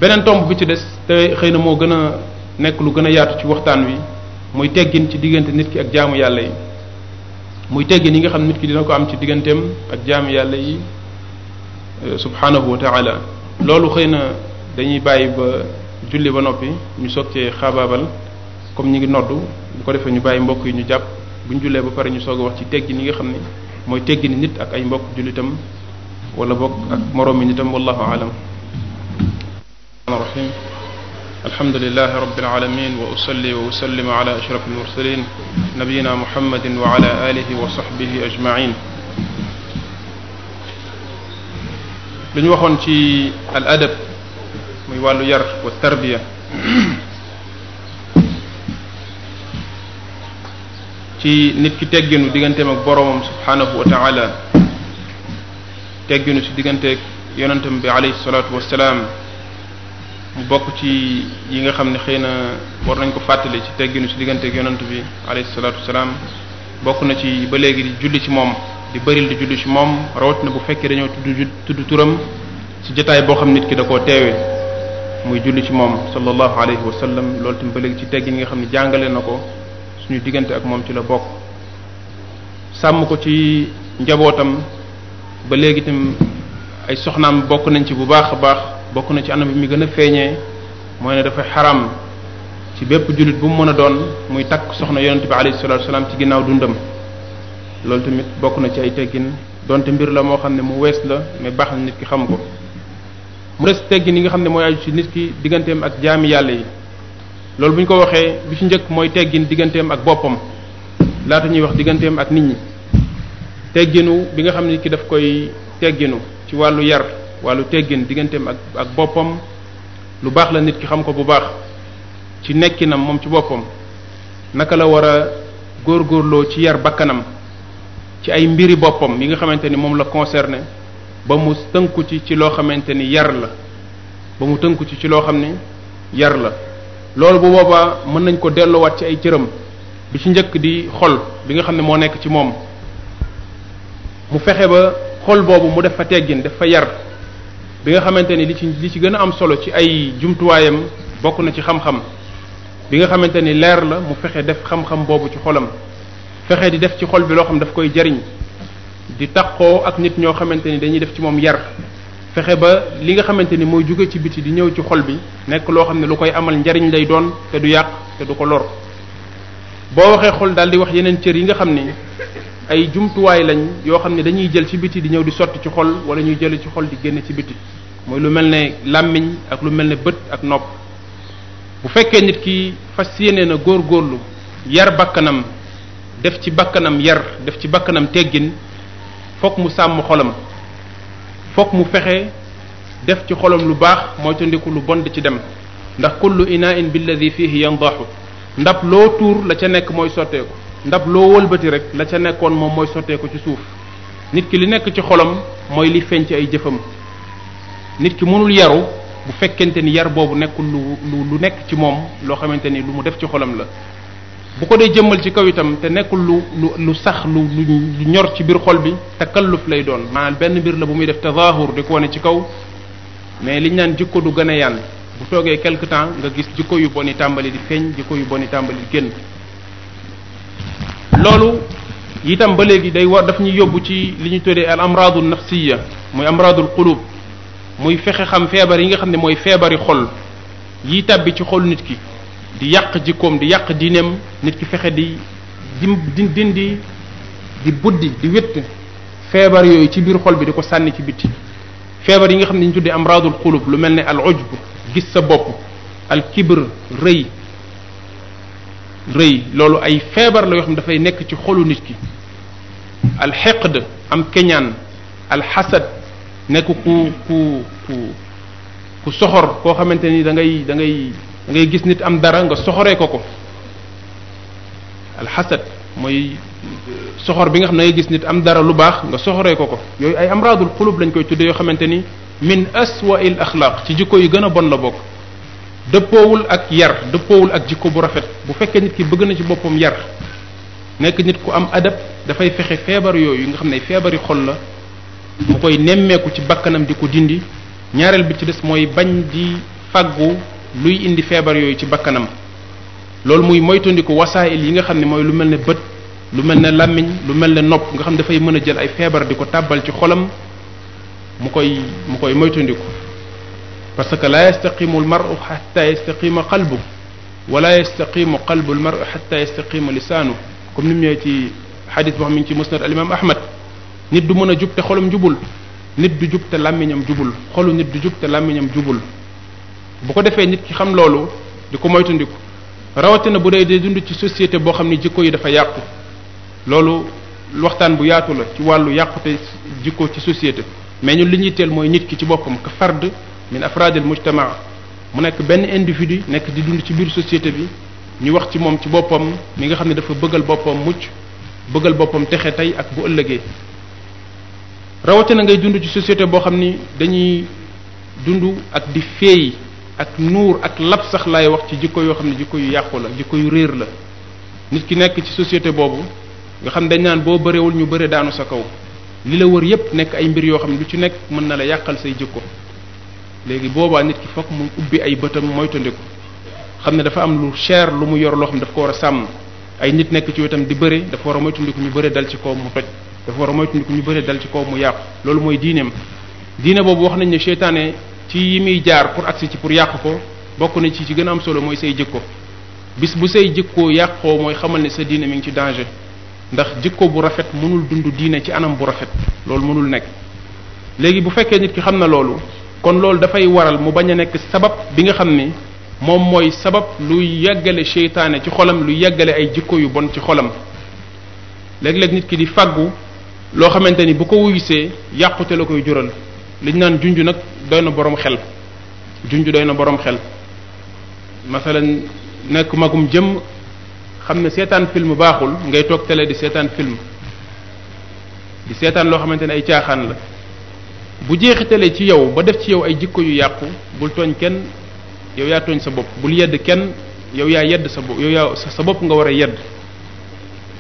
beneen tomb bi ci des xëy na moo gën a nekk lu gën a yaatu ci waxtaan wi muy teggin ci diggante nit ki ak jaamu yàlla yi muy teggin nga xam nit ki dina ko am ci digganteem ak jaamu yàlla yi eh, subhanahu wa taala loolu xëy na dañuy bàyyi ba julli ba noppi ñu soog cee xaabaabal comme ñu ngi nodd bu ko defee ñu bàyyi mbokk yi ñu jàpp bu ñu jullee ba pare ñu soog wax ci teggin yi nga xam ne mooy teggini nit ak ay mbokk jullitam wala bokk ak moroomi nitam wallahu aalam rahim alhamdulilah rabbil alamin wa usalli wa usallimu ala ashraf almursalin nabiyina muhammadin wa ala alihi wa sahbihi ajmain lu ñu waxoon ci al adab muy wàllu yar wa tarbiya ci nit ki tegginu digganteem ak boroomam subhaanahu wa tegginu ci digganteeg yonentam bi alayhi salaatu wassalaam mu bokk ci yi nga xam ne xëy na war nañ ko fàttali ci tegginu ci digganteeg yonent bi alayhi salaatu wassalaam bokk na ci ba léegi di julli ci moom di bari di julli ci moom rawatina bu fekkee dañoo tudd tudd turam ci jataay boo xam nit ki da koo teewee muy julli ci moom sallallahu alayhi wa sallam loolu tam ba léegi ci teggin nga xam ne jàngale na ko suñu diggante ak moom ci la bokk sàmm ko ci njabootam ba léegi tam ay soxnaam bokk nañ ci bu baax a baax bokk na ci anam bi muy gën a feeñee mooy ne dafay xaram ci bépp jullit bu mu mën a doon muy takk soxna yonente bi alayhi salatu wasalam ci ginnaaw dundam loolu tamit bokk na ci ay teggin donte mbir la moo xam ne mu wees la mais baax na nit ki xam ko mu des teggin yi nga xam ne mooy aju ci nit ki digganteem ak jaami yàlla yi loolu bu ñu ko waxee bi ci njëkk mooy teggin digganteem ak boppam laata ñuy wax digganteem ak nit ñi tegginu bi nga xam ne ki daf koy tegginu ci wàllu yar wàllu teggin digganteem ak ak boppam lu baax la nit ki xam ko bu baax ci nekkinam moom ci boppam naka la war a góorloo ci yar bakkanam ci ay mbiri boppam yi nga xamante ni moom la concerné ba mu tënku ci ci loo xamante ni yar la ba mu tënku ci ci loo xam ni yar la loolu bu boobaa mën nañ ko delluwaat ci ay cëram bi ci njëkk di xol bi nga xam ne moo nekk ci moom mu fexe ba xol boobu mu def fa teggin def fa yar bi nga xamante ni li ci li ci gën a am solo ci ay jumtuwaayam bokk na ci xam-xam bi nga xamante ni leer la mu fexe def xam-xam boobu ci xolam fexe di def ci xol bi loo xam dafa koy jariñ di takkoo ak nit ñoo xamante ni dañuy def ci moom yar fexe ba li nga xamante ni mooy jóge ci biti di ñëw ci xol bi nekk loo xam ne lu koy amal njariñ lay doon te du yàq te du ko lor boo waxee xol daal di wax yeneen cër yi nga xam ni ay jumtuwaay lañ yoo xam ne dañuy jël ci biti di ñëw di sotti ci xol wala ñuy jël ci xol di génne ci biti mooy lu mel ne làmmiñ ak lu mel ne bët ak nopp bu fekkee nit ki fas yéene na góorgóorlu yar bakkanam def ci bakkanam yar def ci bakkanam teggin fokk mu sàmm xolam fokk mu fexe def ci xolam lu baax mooy tandiku lu bon di ci dem ndax inaa in inain billadi fihi yandaxu ndab loo tuur la ca nekk mooy sotteeku ndab loo wëlbati rek la ca nekkoon moom mooy sotteeku ci suuf nit ki li nekk ci xolam mooy li feeñ ci ay jëfam nit ki mënul yaru bu fekkente ni yar boobu nekkul lu lu nekk ci moom loo xamante ni lu mu def ci xolam la bu ko dee jëmmal ci kaw itam te nekkul lu lu lu sax lu lu ñor ci biir xol bi takalluf lay doon maanaam benn mbir la bu muy def tazahur di ko wane ci kaw mais li liñ naan jikko du gën a bu toogee quelque temps nga gis jikko yu bon yi tàmbali di feeñ jikko yu bon yi tàmbali di génn loolu itam ba léegi day war daf ñuy yóbbu ci li ñu tuddee al amradu nafsiya muy amradul qulub muy fexe xam feebar yi nga xam ne mooy feebari xol yi tabbi ci xol nit ki di yàq jikkoom di yàq diineem nit ki fexe di di dindi di buddi di wétt feebar yooyu ci biir xol bi di ko sànni ci bitti feebar yi nga xam ne ñu tuddee amradul xulub lu mel ne al ujb gis sa bopp al kibr rëy rëy loolu ay feebar la yoo xam ne dafay nekk ci xolu nit ki al xeqd am keñaan al xasad nekk ku ku ku ku soxor koo xamante ni da ngay da dangay gis nit am dara nga soxoree ko ko alxasad mooy soxor bi nga xam ne ngay gis nit am dara lu baax nga soxoree ko ko yooyu ay amradul xulub lañ koy tudde yoo xamante ni min aswa il axlaaq ci jikko yi gën a bon la bokk dëppoowul ak yar dëppoowul ak jikko bu rafet bu fekkee nit ki bëgg na ci boppam yar nekk nit ku am adab dafay fexe feebar yooyu nga xam ne feebari xol la mu koy nemmeeku ci bakkanam di ko dindi ñaareel bi ci des mooy bañ di fàggu luy indi feebar yooyu ci bakkanam loolu muy moytandiku wasaayil yi nga xam ne mooy lu mel ne bët lu mel ne làmmiñ lu mel ne nopp nga xam dafay mën a jël ay feebar di ko tàbbal ci xolam mu koy mu koy moytandiku parce que la yastaqimu al mar'u hatta yastaqima qalbu wala yastaqimu qalbu al mar'u hatta yastaqima lisaanu comme ni mu ñëwee ci xadis boo xam ne ci musnad al imam nit du mën a jub te xolam jubul nit du jub te làmmiñam jubul xolu nit du jub te làmmiñam jubul bu ko defee nit ki xam loolu di ko moytandiku rawatina bu dee dee dund ci société boo xam ne jikko yi dafa yàqu loolu waxtaan bu yaatu la ci wàllu yàqute jikko ci société mais ñun li ñuy teel mooy nit ki ci boppam ka fard min afradil mujtamaa mu nekk benn individu nekk di dund ci biir société bi ñu wax ci moom ci boppam mi nga xam ne dafa bëggal boppam mucc bëggal boppam texe tey ak bu ëllëgee rawatina ngay dund ci société boo xam ni dañuy dund ak di feeyi ak nuur ak lab sax laay wax ci jikko yoo xam ne jikko yu yàqu la jikko yu réer la nit ki nekk ci société boobu nga xam dañ naan boo bëreewul ñu bëre daanu sa kaw li la wër yépp nekk ay mbir yoo xam ne lu ci nekk mën na la yàqal say jikko léegi boobaa nit ki mu ubbi ay bëtam moytandiku xam ne dafa am lu cher lu mu yor loo xam ne daf ko war a sàmm ay nit nekk ci wetam di bëre dafa war a moytandiku ñu bëre dal ci kaw mu toj dafa war a moytandiku ñu bëre dal ci kaw mu yàqu loolu mooy diineem diine boobu wax nañ ne seytaane ci yi muy jaar pour agsi ci pour yàq ko bokk na ci ci gën a am solo mooy say jikko bis bu say jikko yàqoo mooy xamal ne sa diine mi ngi ci danger ndax jikko bu rafet mënul dund diine ci anam bu rafet loolu mënul nekk léegi bu fekkee nit ki xam na loolu kon loolu dafay waral mu bañ a nekk sabab bi nga xam ni moom mooy sabab lu yàggale seytaane ci xolam lu yeggale ay jikko yu bon ci xolam léeg-léeg nit ki di fàggu loo xamante ni bu ko wuyusee yàqute la koy jural li ñu naan junj nag doy na borom xel junj doy na borom xel masalan nekk magum jëm xam ne seetaan film baaxul ngay toog télé di seetaan film di seetaan loo xamante ne ay caaxaan la bu jeexi jeexitalee ci yow ba def ci yow ay jikko yu yàqu bul tooñ kenn yow yaa tooñ sa bopp bul yedd kenn yow yaa yedd sa bopp sa bopp nga war a yedd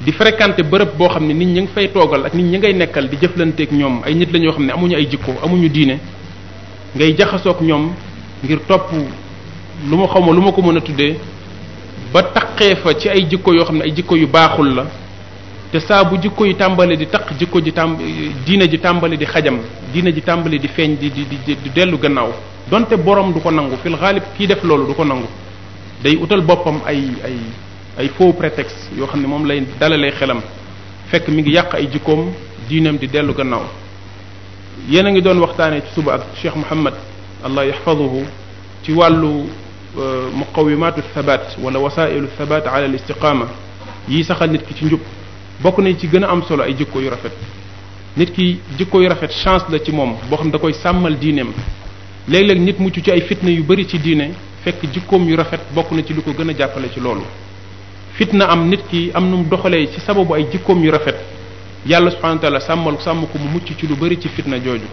di fréquenter bërëb boo xam ne nit ñi ngi fay toogal ak nit ñi ngay nekkal di jëflanteeg ñoom ay nit la ñoo xam ne amuñu ay jikko amuñu diine ngay jaxasoog ñoom ngir topp lu ma xaw ma lu ma ko mën a tuddee ba taqee fa ci ay jikko yoo xam ne ay jikko yu baaxul la te saa bu jikko yi tàmbali di taq jikko ji tàmb diine ji tàmbali di xajam diine ji tàmbali di feeñ di di di dellu gannaaw donte borom du ko nangu fil xaalib kii def loolu du ko nangu day utal boppam ay ay ay faux prétexte yoo xam ne moom lay dalalee xelam fekk mi ngi yàq ay jikkoom diineem di dellu gannaaw yéen a ngi doon waxtaanee ci suba ak Cheikh Mouhamed allah yaxfaduhu ci wàllu euh, muqawimaatu thabat wala wasailu thabat ala al istiqama yi saxal nit ki ci njub bokk nañ ci gën a am solo ay jikko yu rafet nit ki jikko yu rafet chance la ci moom boo xam da koy sàmmal diineem léeg-léeg nit mucc ci ay fitna yu bari ci diine fekk jikkoom yu rafet bokk na ci lu ko gën a jàppale ci loolu fitna am nit kii am nu mu doxalee ci sababu ay jikkoom yu rafet yàlla subhanahu wa taala sàmm ko mu mucc ci lu bari ci fitna jooju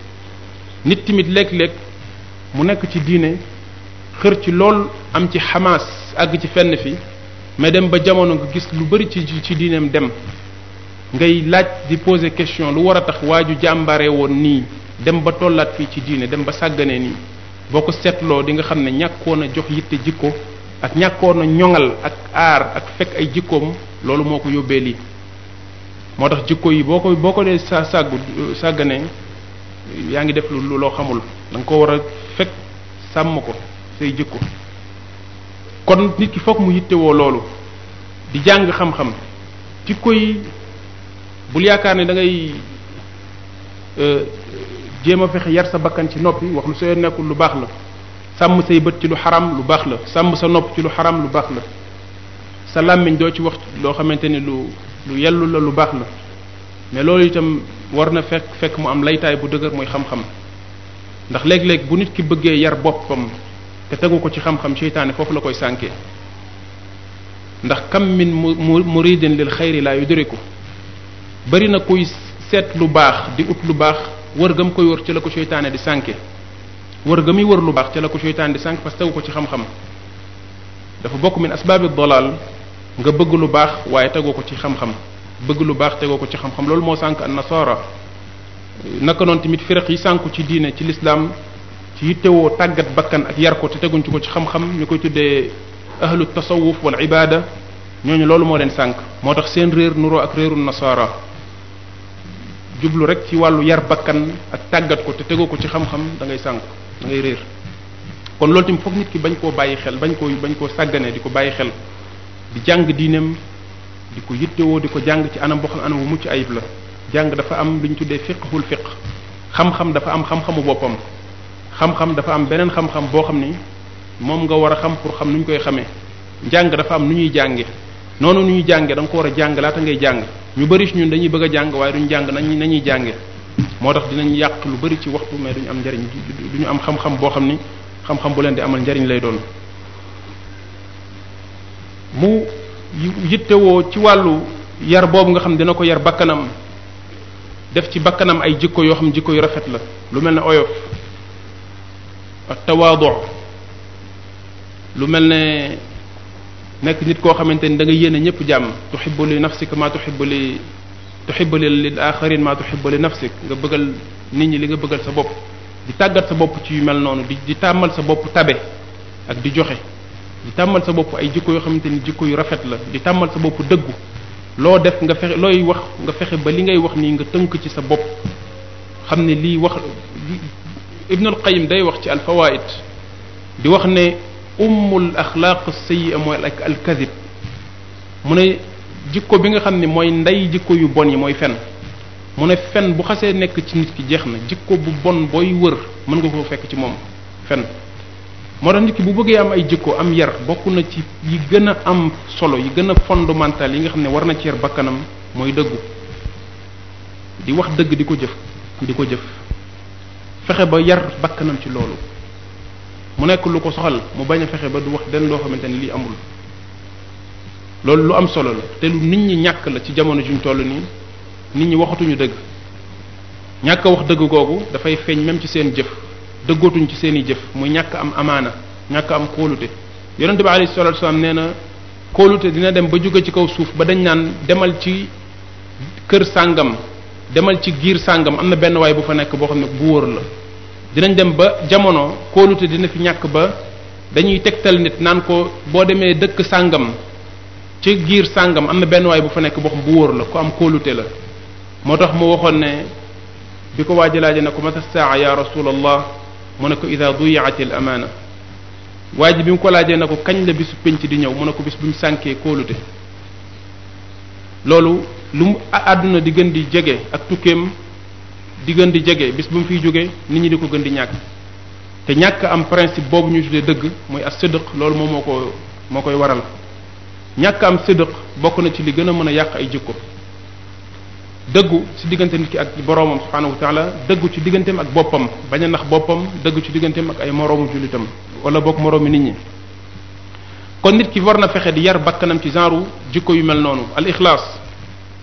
nit tamit léeg-léeg mu nekk ci diine xër ci lool am ci xamaas àgg ci fenn fi mais dem ba jamono nga gis lu bari ci ci diineem dem ngay laaj di poser question lu war a tax waa ju jàmbare woon nii dem ba tollaat fii ci diine dem ba sàgganee nii boo ko seetloo di nga xam ne ñàkkoon a jox yitte jikko ak ñàkkoon na ñoŋal ak aar ak fekk ay jikkoom loolu moo ko yóbbee lii moo tax jikko yi boo ko boo ko dee sa sàggu sàgganee yaa ngi def lu loo xamul danga nga ko war a fekk sàmm ko say jikko kon nit ki fokk mu yittewoo loolu di jàng xam-xam jikko yi bul yaakaar ne da ngay euh, jéem a fexe yar sa bakkan ci noppi wax lu soo nekkul lu baax la sàmm say bët ci lu xaram lu baax la sàmm sa nopp ci lu xaram lu baax la sa làmmiñ doo ci wax loo xamante ni lu lu yellu la lu baax la mais loolu itam war na fekk fekk mu am laytaay bu dëgër mooy xam-xam ndax léeg-léeg bu nit ki bëggee yar boppam te tegu ko ci xam-xam seytaane foofu la koy sànkee ndax kam min mu mu muridin lil xayri laa yudriku bari na kuy seet lu baax di ut lu baax wër gëm koy wër ci la ko seytaane di sànke wër ga muy wër lu baax ca la ko seytaan di sànq parce que tegu ko ci xam-xam dafa bokk min asbaabi dalaal nga bëgg lu baax waaye tegoo ko ci xam-xam bëgg lu baax tegoo ko ci xam loolu moo sànq an nasara naka noonu tamit firaq yi sànku ci diine ci lislaam ci yittewoo tàggat bakkan ak yar ko te teguñ ci ko ci xam-xam ñu koy tuddee ahlu tasawuf wal ibada ñooñu loolu moo leen sànq moo tax seen réer nuroo ak réeru nasara jublu rek ci wàllu yar bakkan ak tàggat ko te tegoo ko ci xam da ngay sànku da réer kon loolu tamit foog nit ki bañ koo bàyyi xel bañ koo bañ koo sàggane di ko bàyyi xel di jàng diineem di ko yittewoo di ko jàng ci anam boo xam anam bu mucc ayib la jàng dafa am lu ñu tuddee fiqhul fiqh xam-xam dafa am xam-xamu boppam xam-xam dafa am beneen xam-xam boo xam ni moom nga war a xam pour xam nu ñu koy xamee jàng dafa am nu ñuy jànge noonu nu ñuy jànge da nga ko war a jàng laata ngay jàng ñu bari ci ñun dañuy bëgg a jàng waaye duñ jàng nañ nañuy jànge moo tax dinañ yàq lu bari ci waxtu mais duñu am njariñ ñu am xam-xam boo xam ni xam-xam bu leen di amal njariñ lay doon mu yittewoo ci wàllu yar boobu nga xam dina ko yar bakkanam def ci bakkanam ay jikko yoo xam jikko yu rafet la lu mel ne oyof ak tawaadu lu mel ne nekk nit koo xamante ni da nga yéene ñëpp jàmm tuhibbu li nafsika ma tuhibbu tuxibba lil axarin maa tuxibba li nafsik nga bëggal nit ñi li nga bëggal sa bopp di tàggat sa bopp ci yu mel noonu di di tàmmal sa bopp tabe ak di joxe tàmmal sa bopp ay jikko yoo xamante ni jikko yu rafet la di tàmmal sa bopp dëggu loo def nga fexe looy wax nga fexe ba li ngay wax nii nga tënk ci sa bopp xam ne lii wax Ibnul Qayyim day wax ci alfawaid di wax ne ummul axlaaq sayyi'a mooy ak alkazib mu ne jikko bi nga xam ne mooy ndey jikko yu bon yi mooy fen mu ne fen bu xasee nekk ci nit ki jeex na jikko bu bon booy wër mën nga koo fekk ci moom fen moo tax nit bu bëggee am ay jikko am yar bokk na ci yi gën a am solo yi gën a fondamental yi nga xam ne war na ci yar bàkkanam mooy dëggu di wax dëgg di ko jëf di ko jëf fexe ba yar bakkanam ci loolu mu nekk lu ko soxal mu bañ a fexe ba du wax den loo xamante ni lii amul loolu lu am solo la te lu nit ñi ñàkk la ci jamono juñ toll nii nit ñi waxatuñu dëgg ñàkk wax dëgg googu dafay feeñ même ci seen jëf dëggootuñ ci seen i jëf mu ñàkk am amaana ñàkk am kóolute yonent bi alayhi salatu wasalaam nee na kóolute dina dem ba jóge ci kaw suuf ba dañ naan demal ci kër sàngam demal ci giir sàngam am na benn waay bu fa nekk boo xam ne bu wóor la dinañ dem ba jamono kóolute dina fi ñàkk ba dañuy tegtal nit naan ko boo demee dëkk sàngam ci giir sàngam am na benn waay bu fa nekk box bu wóor la ku am kóolute la moo tax mu waxoon ne bi ko waaji laaje na ko ma mata saa ya rasulallah mu ne ko ida duyaati al amaana waa ji bi mu ko laajee na ko kañ la bisu penc di ñëw mu ne ko bis bu ñu sànkee kóolute loolu lu àdduna di gën di jege ak tukkeem di gën di jege bis bu mu fiy jógee nit ñi di ko gën di ñàkk te ñàkk am principe boobu ñu tuddee dëgg muy as-sidq loolu moom moo ko moo koy waral ñàkk am sidq bokk na ci li gën a mën a yàq ay jikko dëggu ci diggante nit ki ak boroomam subhaanahu wa taala dëggu ci digganteem ak boppam bañ a nax boppam dëggu ci digganteem ak ay moroomu jullitam wala bokk moroomi nit ñi kon nit ki war na fexe di yar bakkanam ci genre jikko yu mel noonu al ixlaas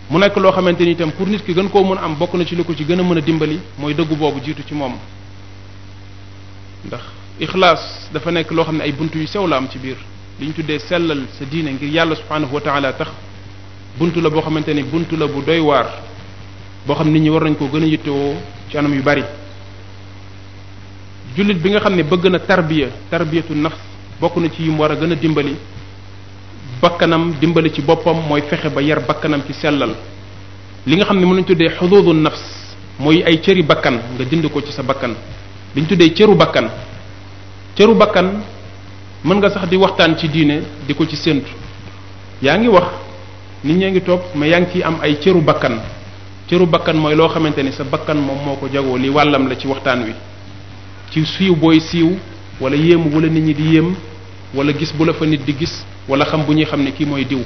mu nekk loo xamante ni itam pour nit ki gën koo mën a am bokk na ci li ko ci gën a mën a dimbali mooy dëggu boobu jiitu ci moom ndax ixlaas dafa nekk loo xam ne ay bunt yu sew la am ci biir li ñu tuddee sellal sa diine ngir yàlla subhaanahu wa taala tax buntu la boo xamante ni buntu la bu doy waar boo xam nit ñi war nañ koo gën a yittewoo ci anam yu bari jullit bi nga xam ne bëgg na tarbiya tarbiyatu nafs bokk na ci yim war a gën a dimbali bakkanam dimbali ci boppam mooy fexe ba yar bakkanam ci sellal li nga xam ne mën nañu tuddee xuduudu nafs mooy ay cëri bakkan nga dind ko ci sa bakkan li ñu tuddee cëru bakkan cëru bakkan mën nga sax di waxtaan ci diine di ko ci séntu yaa ngi wax nit ñee ngi toog ma yaa ngi ciy am ay cëru bakkan cëru bakkan mooy loo xamante ni sa bakkan moom moo ko jagoo li wàllam la ci waxtaan wi ci siiw booy siiw wala yéem wala nit ñi di yéem wala gis bu la fa nit di gis wala xam bu ñuy xam ne kii mooy diw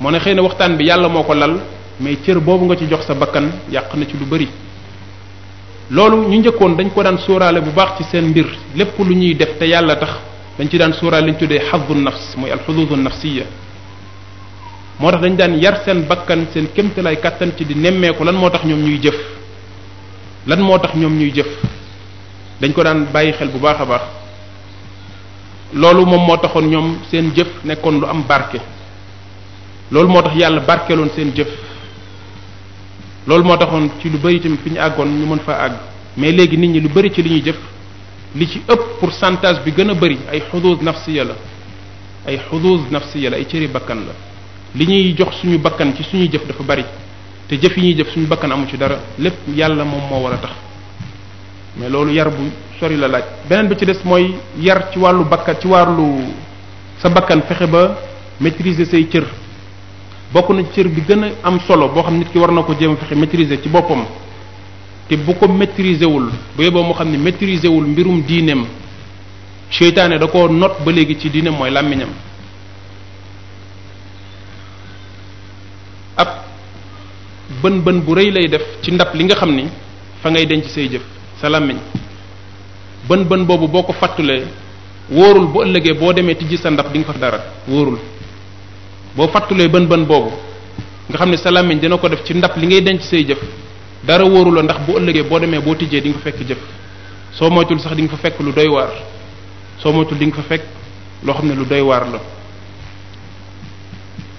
moo ne xëy na waxtaan bi yàlla moo ko lal mais cër boobu nga ci jox sa bakkan yàq na ci lu bari loolu ñu njëkkoon dañu ko daan sóoraale bu baax ci seen mbir lépp lu ñuy def te yàlla tax dañ ci daan suuraal li ñu tuddee xaddu nafs muy alxududu nafsiya moo tax dañ daan yar seen bakkan seen kémtalaay kàttan ci di nemmeeku lan moo tax ñoom ñuy jëf lan moo tax ñoom ñuy jëf dañ ko daan bàyyi xel bu baax a baax loolu moom moo taxoon ñoom seen jëf nekkoon lu am barke loolu moo tax yàlla barkeloon seen jëf loolu moo taxoon ci lu bari tamit fi ñu àggoon ñu mën fa àgg mais léegi nit ñi lu bari ci li ñuy jëf li ci ëpp pour pourcentage bi gën a bëri ay xudus nafsiya la ay xudus nafsiya la ay cëri bakkan la li ñuy jox suñu bakkan ci suñuy jëf dafa bari te jëf yi ñuy jëf suñu bakkan amu ci dara lépp yàlla moom moo war a tax mais loolu yar bu sori la laaj beneen bi ci des mooy yar ci wàllu bakkan ci wàllu sa bakkan fexe ba maîtriser say cër bokk na cër bi gën a am solo boo xam nit ki war na ko jéem fexe maîtriser ci boppam te bu ko maîtriser wul bu yeboo moo xam ne maîtriser wul mbirum diineem seytaane da ko not ba léegi ci diineem mooy làmmiñam ab bën bën bu rëy lay def ci ndab li nga xam ni fa ngay denc say jëf sa làmmiñ bën bën boobu boo ko fàttulee wóorul bu ëllëgee boo demee tijji sa ndab di nga fa dara wóorul boo fàttulee bën bën boobu nga xam ne sa làmmiñ dina ko def ci ndab li ngay denc say jëf dara wóoru la ndax bu ëllëgee boo demee boo tijjee di nga fa fekk jëf soo moytul sax di nga fa fekk lu doy waar soo moytul di nga fa fekk loo xam ne lu doy waar la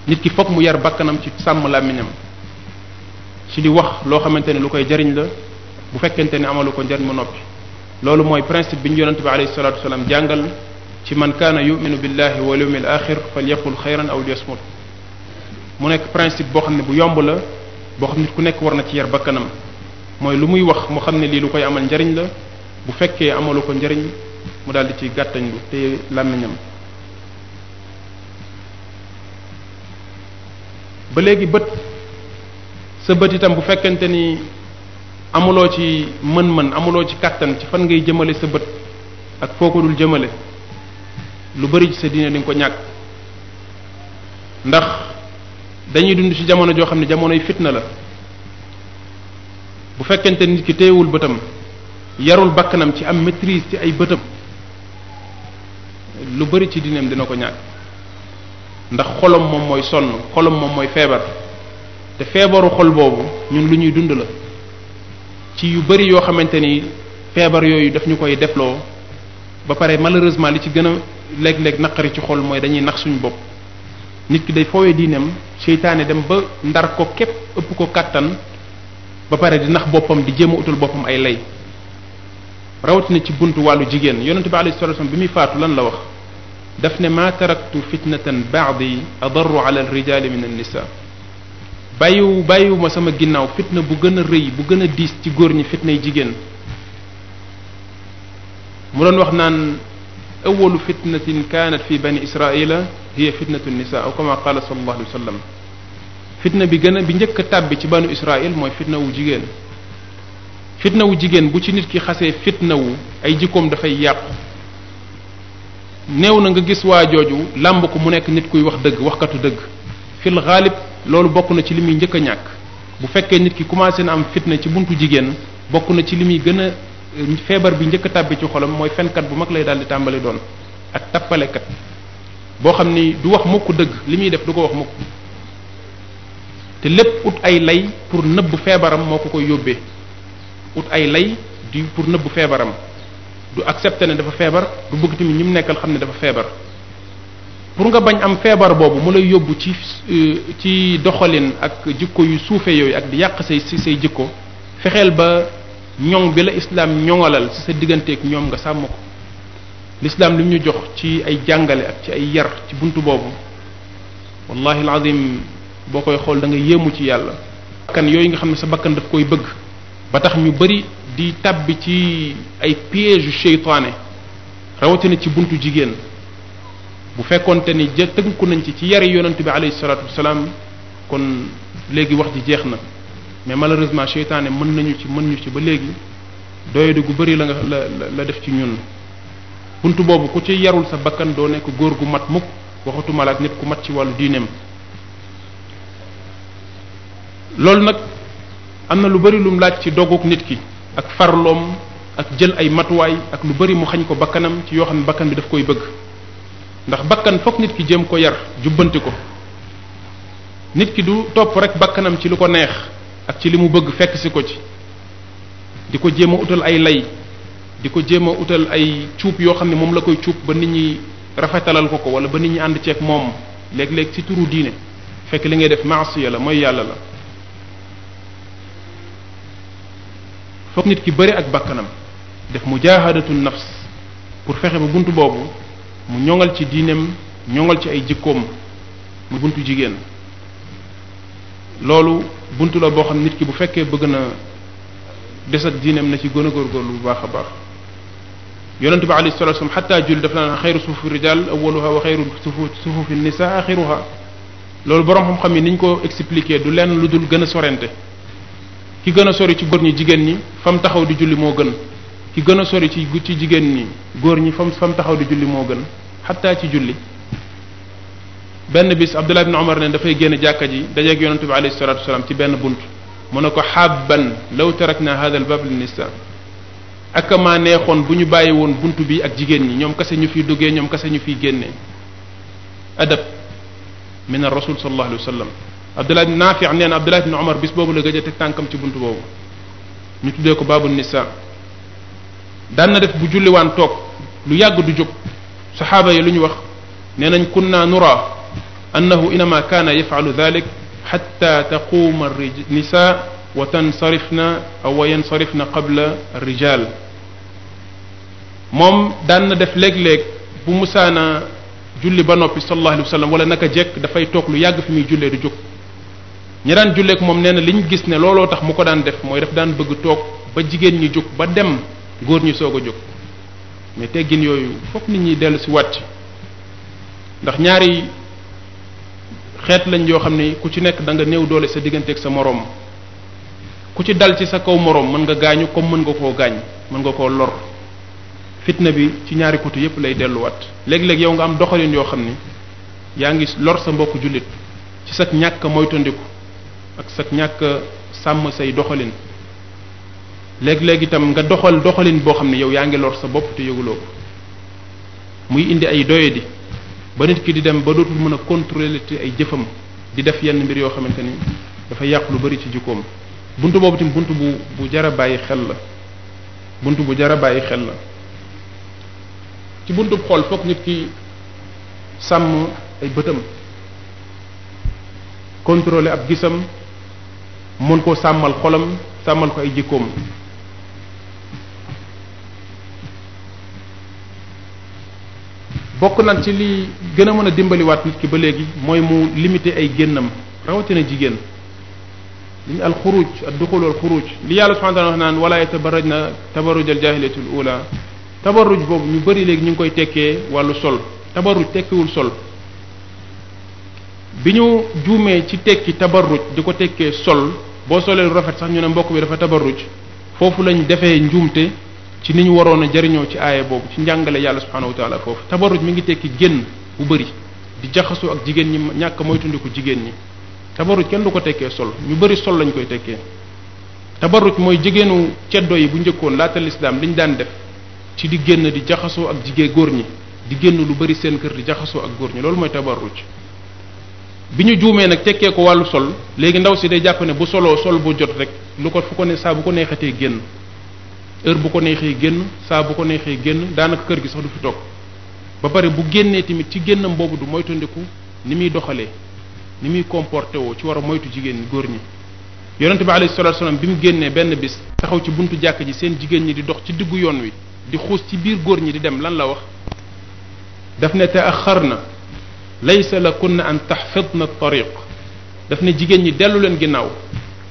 nit ki fokk mu yar bakkanam ci sàmm làmmiñam si di wax loo xamante ne lu koy jariñ la bu fekkente ne amalu ko njariñ mu noppi loolu mooy principe bi ñu yonente bi alayhi salatu wasalaam jàngal ci man kaana yuminu billahi wal yawmil axir falyaqul xayran aw liyasmut mu nekk principe boo xam ne bu yomb la boo xam nit ku nekk war na ci yar bakkanam mooy lu muy wax mu xam ne lii lu koy amal njariñ la bu fekkee amalu ko njariñ mu daldi ci gàttañ lu te làmmiñam ba léegi bët sa bët itam bu fekkente ni amuloo ci mën-mën amuloo ci kàttan ci fan ngay jëmale sa bët ak foo ko dul jëmale lu bari ci sa diine di nga ko ñàkk ndax dañuy dund ci jamono joo xam ne jamonoy fitna la bu fekkente nit ki téyewul bëtam yarul bakkanam ci am maîtrise ci ay bëtam lu bari ci dineem dina ko ñàkk ndax xolom moom mooy sonn xolom moom mooy feebar te feebaru xol boobu ñun lu ñuy dund la ci yu bari yoo xamante ni feebar yooyu daf ñu koy defloo ba pare malheureusement li ci gën a léeg-léeg naqari ci xol mooy dañuy nax suñu bopp nit ki day foowe diineem seytaane dem ba ndar ko képp ëpp ko kàttan ba pare di nax boppam di jéem a utal boppam ay lay rawatina ci buntu wàllu jigéen yonente bi alayhi salatu wasallam bi muy faatu lan la wax daf ne ma taraktu fitnatan baadi adarru ala alrijali min annisa bàyyiwu bàyyiwuma sama ginnaaw fitna bu gën a rëy bu gën a diis ci góor ñi fitnay jigéen mu doon wax naan awalu fitnatin kaanat fi bani israila hiya fitnatu nisa aw kama qala sallallahu alayhi wa sallam fitna bi gën a bi njëkk a tàbbi ci banu israil mooy fitna wu jigéen fitna wu jigéen bu ci nit ki xasee fitna wu ay jikkoom dafay yàq néew na nga gis waa jooju làmb ko mu nekk nit kuy wax dëgg waxkatu dëgg fil xaalib loolu bokk na ci li muy njëkk a ñàkk bu fekkee nit ki commencé na am fitna ci buntu jigéen bokk na ci li muy gën feebar bi njëkk tàbbi ci xolam mooy fenkat bu mag lay daal tàmbali doon ak tappalekat boo xam ni du wax mukk dëgg li muy def du ko wax mukk te lépp ut ay lay pour nëbb feebaram moo ko koy yóbbee ut ay lay di pour nëbb feebaram du accepter ne dafa feebar du bëgg tamit ñi mu nekkal xam ne dafa feebar pour nga bañ am feebar boobu mu lay yóbbu ci euh, ci doxalin ak jikko yu suufee yooyu ak di yàq say si say jikko fexeel ba ñoŋ bi la islam ñoŋalal ci sa digganteeg ñoom nga sàmm ko l'islam li ñu jox ci ay jàngale ak ci ay yar ci buntu boobu wallahi alazim boo koy xool da nga yéemu ci yàlla bakkan yooyu nga xam ne sa bakkan daf koy bëgg ba tax ñu bari di tàbbi ci ay piège yu seytaane rawatina ci buntu jigéen bu fekkonte ni ja tënku nañ ci ci yare yonent bi alayhi salaatu wasalaam kon léegi wax ji jeex na mais malheureusement seytaane mën nañu ci mën ñu ci ba léegi doyadi gu bari la nga la la def ci ñun bunt boobu ku ci yarul sa bakkan doo nekk góor gu mat mukk waxatuma la nit ku mat ci wàllu diineem loolu nag am na lu bari lum laaj ci doguk nit ki ak farloom ak jël ay matuwaay ak lu bari mu xañ ko bakkanam ci yoo xam ne bakkan bi daf koy bëgg ndax bakkan fokk nit ki jëm ko yar jubbanti ko nit ki du topp rek bakkanam ci lu ko neex ak ci li mu bëgg fekk si ko ci di ko jéem a utal ay lay di ko jéem a utal ay cuub yoo xam ne moom la koy cuub ba nit ñi rafetalal ko ko wala ba nit ñi ànd ceeg moom léeg-léeg ci turu diine fekk li ngay def maasiya la mooy yàlla la fokk nit ki bëri ak bakkanam def mujaahadatu nafs pour fexe ba bunt boobu mu ñoŋal ci diineem ñoŋal ci ay jikkoom mu buntu jigéen loolu buntu la boo xam nit ki bu fekkee bëgg na des ak diineem na ci gën a góor bu baax a baax yonente bi alayhi salatu wasallam xataa julli dafa naan xayru sufufi rijal awaluha wa xayru sufufi nisa axiruha loolu borom xam-xam yi ni ñu ko expliqué du lenn lu dul gën a sorente ki gën a sori ci góor ñi jigéen ñi fa taxaw di julli moo gën ki gën a sori ci gu ci jigéen ñi góor ñi fa mu taxaw di julli moo gën xattaa ci julli benn bis Abdullah ibn Umar ne dafay génn jàkka ji dajeeg yonente bi alayhi salatu wasalaam ci benn bunt mu ne ko xabban law tarakna hadha al bab linnisa ak maa neexoon bu ñu bàyyi woon bunt bi ak jigéen ñi ñoom kase ñu fiy duggee ñoom kase ñu fiy génnee adab min ar rasul sallallahu alayhi wa sallam Abdullah ibn nee na Abdullah ibn Umar bis boobu la gëj a tànkam ci bunt boobu ñu tuddee ko babu nisa daan na def bu julliwaan toog lu yàgg du jóg saxaaba yi lu ñu wax nee nañ kunna nura annahu inama kaana yafaalu dalik xata taquuma nisa wa tansarifna aw wa yansarifna qabla rijal moom daan na def léeg-léeg bu musaana julli ba noppi sallallahu alayhi wa sallam wala naka jekk dafay toog lu yàgg fi muy julle du jóg ñi daan julleek moom nee na li ñu gis ne looloo tax mu ko daan def mooy daf daan bëgg toog ba jigéen ñi jóg ba dem góor ñi soog a jóg mais teggin yooyu fokk nit ñi dellu si wàcc ndax ñaari xeet lañ yoo xam ni ku ci nekk danga nga néew doole sa digganteeg sa moroom ku ci dal ci sa kaw moroom mën nga gaañu comme mën nga koo gaañ mën nga koo lor fitna bi ci ñaari côté yépp lay delluwaat léeg-léeg yow nga am doxalin yoo xam ni yaa ngi lor sa mbokku jullit ci sa ñàkk moytandiku ak sa ñàkk sàmm say doxalin léeg-léeg itam nga doxal doxalin boo xam ne yow yaa ngi lor sa bopp te yëguloo ko muy indi ay doyadi ba nit ki di dem ba dootul mën a contrôler ci ay jëfam di def yenn mbir yoo xamante ni dafa yàq lu bari ci jikkoom bunt boobu tim bunt bu bu jar a bàyyi xel la bunt bu jar a bàyyi xel la ci buntu xool fokk nit ki sàmm ay bëtam contrôler ab gisam mën koo sàmmal xolam sàmmal ko ay jikkoom bokk nañ ci li gën a mën a dimbaliwaat nit ki ba léegi mooy mu limiter ay génnam rawatina jigéen li ñu al xuruj ad li yàlla subhanahu wa ta'ala wax naan wala tabarraj na tabarruj al jahiliyatul ula tabarruj boobu ñu bari léegi ñu ngi koy tekkee wàllu sol tabarruj tekkiwul sol bi ñu juumee ci tekki tabarruj di ko tekkee sol boo solee lu rafet sax ñu ne mbokk bi dafa tabarruj foofu lañu defee njuumte ci ni ñu waroon a jariñoo ci aaya boobu ci njàngale yàlla subhanahu wa taala foofu tabarruj mu ngi tekki génn bu bari di jaxasoo ak jigéen ñi ñàkk moytundiku jigéen ñi tabarruj kenn du ko tekkee sol ñu bëri sol lañ koy tekkee tabarruj mooy jigéenu ceddo yi bu njëkkoon laata lislaam li ñu daan def ci di génn di jaxasoo ak jigéen góor ñi di génn lu bëri seen kër di jaxasoo ak góor ñi loolu mooy tabarruj bi ñu juumee nag tekkee ko wàllu sol léegi ndaw si day jàpp ne bu soloo sol bu jot rek lu ko fu ko ne saa bu ko neexatee génn heure bu ko neexee génn saa bu ko neexee génn daanaka kër gi sax du fi toog ba pare bu génnee tamit ci génn boobu du moytandiku ni muy doxalee ni muy comporté woo ci war moytu jigéen ñi góor ñi yonente bi alayhi salatu bi mu génnee benn bis taxaw ci buntu jàkk ji seen jigéen ñi di dox ci diggu yoon wi di xuus ci biir góor ñi di dem lan la wax daf ne taaxarna laysa lakunna an taxfidna tariq daf ne jigéen ñi dellu leen ginnaaw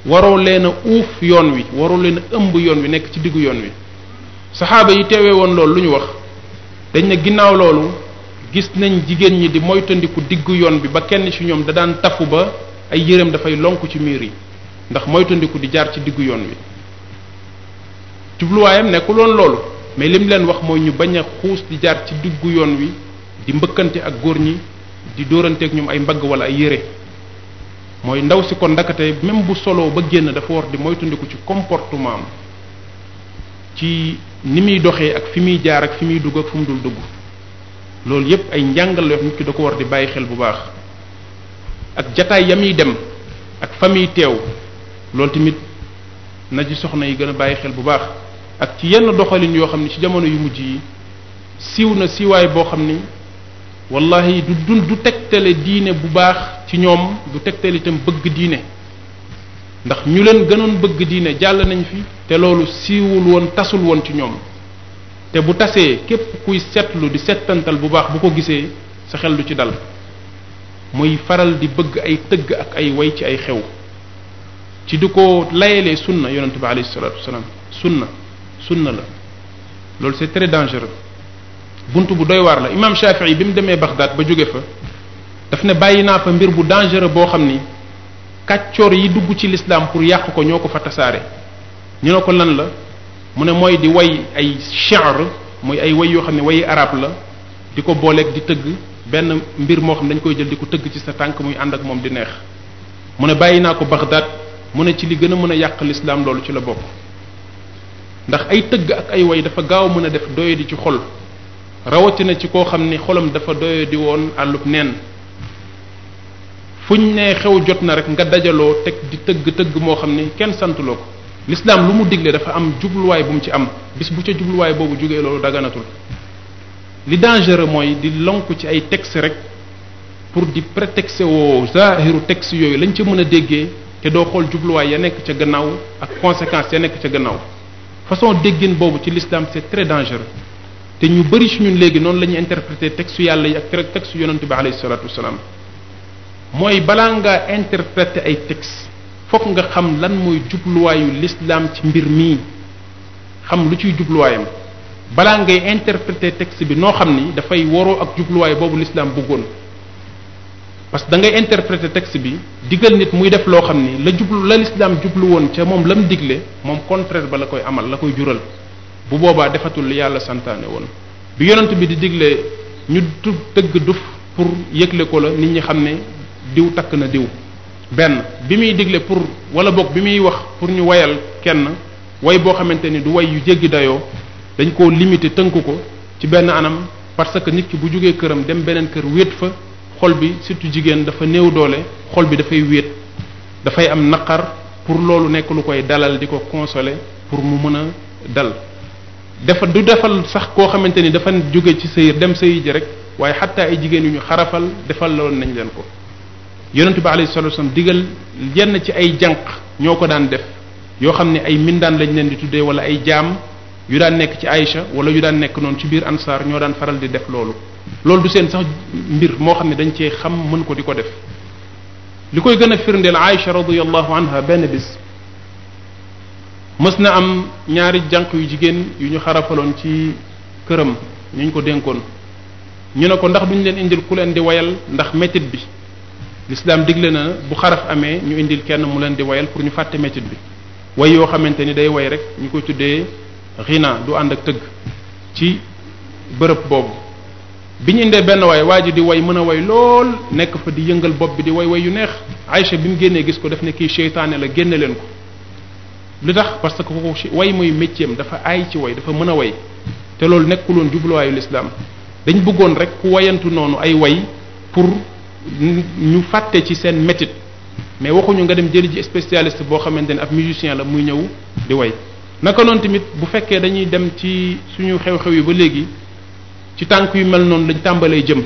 waroo leen a uuf yoon wi waroo leen ëmb yoon wi nekk ci diggu yoon wi saxaaba yi teewee woon loolu lu ñu wax dañ ne ginnaaw loolu gis nañ jigéen ñi di moytandiku diggu yoon bi ba kenn ci ñoom da daan tafu ba ay yéreem dafay lonk ci miir yi ndax moytandiku di jaar ci diggu yoon wi jubluwaayam nekkul woon loolu mais lim leen wax mooy ñu bañ a xuus di jaar ci diggu yoon wi di mbëkkante ak góor ñi di dóoranteeg ñoom ay mbagg wala ay yére mooy ndaw si kon ndakate même bu soloo ba génn dafa war di moytandiku ci comportement ci ni muy doxee ak fi muy jaar ak fi muy dugg ak fu mu dul dugg loolu yépp ay njàngal nit ki da ko war di bàyyi xel bu baax ak jataay ya muy dem ak famille teew loolu tamit na ci soxna yi gën a bàyyi xel bu baax ak ci yenn doxalin yoo xam ne ci jamono yu mujj yi siiw na siiwaay boo xam ni wallahi du dun du tegtale diine bu baax ci ñoom du tegtal itam bëgg diine ndax ñu leen gënoon bëgg diine jàll nañ fi te loolu siiwul woon tasul woon ci ñoom te bu tasee képp kuy seetlu di settantal bu baax bu ko gisee sa xel du ci dal muy faral di bëgg ay tëgg ak ay way ci ay xew ci di ko layalee sunna yonent bi alayhi salatu wasalaam sunna sunna la loolu c'est très dangereux bunt bu doy waar la imam Shafi'i bi mu demee Baghdad ba jóge fa daf ne bàyyi naa fa mbir bu dangereux boo xam ni kàccoor yi dugg ci l'islam pour yàq ko ñoo ko fa tasaare ñu ne ko lan la mu ne mooy di way ay shi'r muy ay way yoo xam ne wayi arab la di ko booleeg di tëgg benn mbir moo xam dañ koy jël di ko tëgg ci sa tànk muy ànd ak moom di neex mu ne bàyyi naa ko Baghdad mu ne ci li gën a mën a yàq l'islam loolu ci la bokk ndax ay tëgg ak ay way dafa gaaw mën a def doyadi ci xol rawatina ci koo xam ni xolam dafa doyadi woon àllub neen fuñ ne xew jot na rek nga dajaloo teg di tëgg tëgg moo xam ne kenn santuloo ko l'islam lu mu digle dafa am jubluwaay bu mu ci am bis bu ca jubluwaay boobu jógee loolu daganatul li dangereux mooy di lonk ci ay texte rek pour di prétexte woo zahiru texte yooyu lañ ca mën a déggee te doo xool jubluwaay ya nekk ca gannaaw ak conséquences ya nekk ca gannaaw façon déggin boobu ci l'islam c'est très dangereux te ñu bari ci ñun léegi noonu la ñuy interpréter texte yàlla yi ak texte yonente bi alayhi salatu wasalaam mooy balaa ngaa interpréter ay tex fokk nga xam lan mooy jubluwaayu l'islam ci mbir mii xam lu ciy jubluwaayam balaa ngay interpréter texte bi noo xam ni dafay waroo ak jubluwaay boobu l'islam bëggoon parce que da ngay interpréter texte bi digal nit muy def loo xam ni la jublu la l'islam jublu ca moom lam digle moom contraire ba la koy amal la koy jural bu boobaa defatul yàlla santaane woon bi yonent bi di digle ñu tëgg duf pour yëgle ko la nit ñi xam ne diw takk na diw benn bi muy digle pour wala bokk bi muy wax pour ñu wayal kenn way boo xamante ni du way yu jéggi dayoo dañ koo limité tënku ko ci benn anam parce que nit ki bu jógee këram dem beneen kër wéet fa xol bi surtout jigéen dafa néew doole xol bi dafay wéet dafay am naqar pour loolu nekk lu koy dalal di ko consoler pour mu mën a dal dafa du defal sax koo xamante ni dafa jóge ci sëyir dem sëyi ji rek waaye xataa ay jigéen yu ñu xarafal defal loolu nañ leen ko yonentu bi alayhi salatu wasallam digal yenn ci ay jànq ñoo ko daan def yoo xam ne ay mbindaan lañu leen di tuddee wala ay jaam yu daan nekk ci Aïcha wala yu daan nekk noonu ci biir ansaar ñoo daan faral di def loolu loolu du seen sax mbir moo xam ne dañ cee xam mën ko di ko def li koy gën a firndeel Aïcha radiyallahu anha benn bis mës na am ñaari jànq yu jigéen yu ñu xarafaloon ci këram ñu ñu ko dénkoon ñu ne ko ndax duñ leen indil ku leen di woyal ndax bi l'islam digle na bu xaraf amee ñu indil kenn mu leen di woyal pour ñu fàtte metit bi woy yoo xamante ni day woy rek ñu koy tuddee xina du ànd ak tëgg ci bërëb boobu bi ñu indee benn way waa ji di woy mën a way lool nekk fa di yëngal bopp bi di woy way yu neex Aïcha bi mu génnee gis ko def ne kii seytaane la génne leen ko li tax parce que kooku way mooy métier dafa aay ci woy dafa mën a woy te loolu nekkuloon jubluwaayu l'islam dañ bëggoon rek ku noonu ay way ñu fàtte ci seen métit mais waxuñu nga dem jëli ji spécialiste boo xamante ni ab musicien la muy ñëw di way naka noonu tamit bu fekkee dañuy dem ci suñu xew-xew yi ba léegi ci tànk yu mel noonu lañ tàmbalee jëm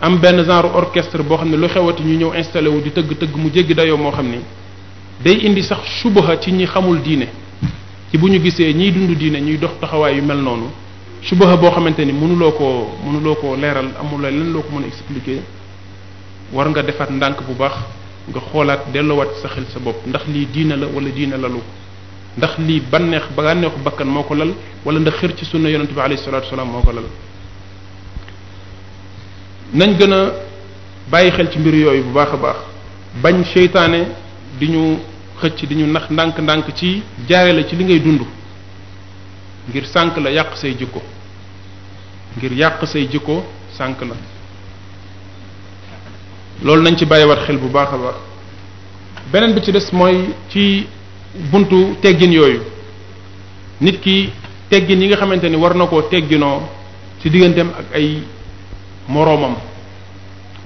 am benn genre orchestre boo xam ne lu xewati ñu ñëw installé wu di tëgg tëgg mu jéggi dayoo moo xam ni day indi sax subaha ci ñi xamul diine ci bu ñu gisee ñiy dund diine ñuy dox taxawaay yu mel noonu subaha boo xamante ni mënuloo koo mënuloo koo leeral amul lenn loo ko mën a expliquer war nga defaat ndànk bu baax nga xoolaat delloowaat sa xel sa bopp ndax lii diina la wala diina lalu ndax lii banneex banneexu bakkan moo ko lal wala ndax xër ci sunna yonente bi alayhi salatu wasalaam moo ko lal nañ gën a bàyyi xel ci mbir yooyu bu baax a baax bañ seytaane di ñu xëcc di ñu nax ndànk-ndànk ci jaare la ci li ngay dund ngir sànq la yàq say jikko ngir yàq say jikko sànq la loolu nañ ci bàyyiwaat xel bu baax a baax beneen bi ci des mooy ci buntu teggin yooyu nit ki teggin yi nga xamante ni war na koo tegginoo ci digganteem ak ay moroomam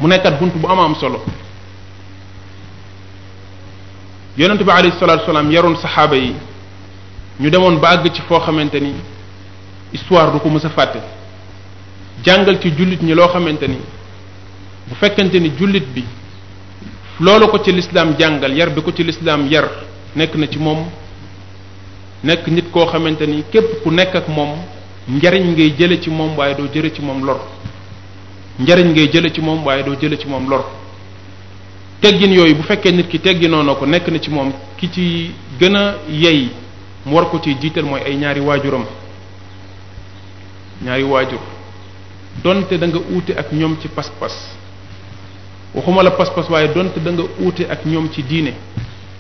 mu nekkat bunt bu am a am solo yonent bi alayhi salaatu salaam yaroon saxaaba yi ñu demoon ba àgg ci foo xamante ni histoire du ko mës a fàtte jàngal ci jullit ñi loo xamante ni bu fekkente ni jullit bi loolu ko ci lislaam jàngal yar bi ko ci lislaam yar nekk na ci moom nekk nit koo xamante ni képp ku nekk ak moom njariñ ngay jële ci moom waaye doo jële ci moom lor njariñ ngay jële ci moom waaye doo jële ci moom lor teggin yooyu bu fekkee nit ki tegginoo na ko nekk na ci moom ki ci gën a yey mu war ko ci jiital mooy ay ñaari waajuram ñaari waajur donte da nga uute ak ñoom ci pas-pas waxuma la pas-pas waaye donte da uute ak ñoom ci diine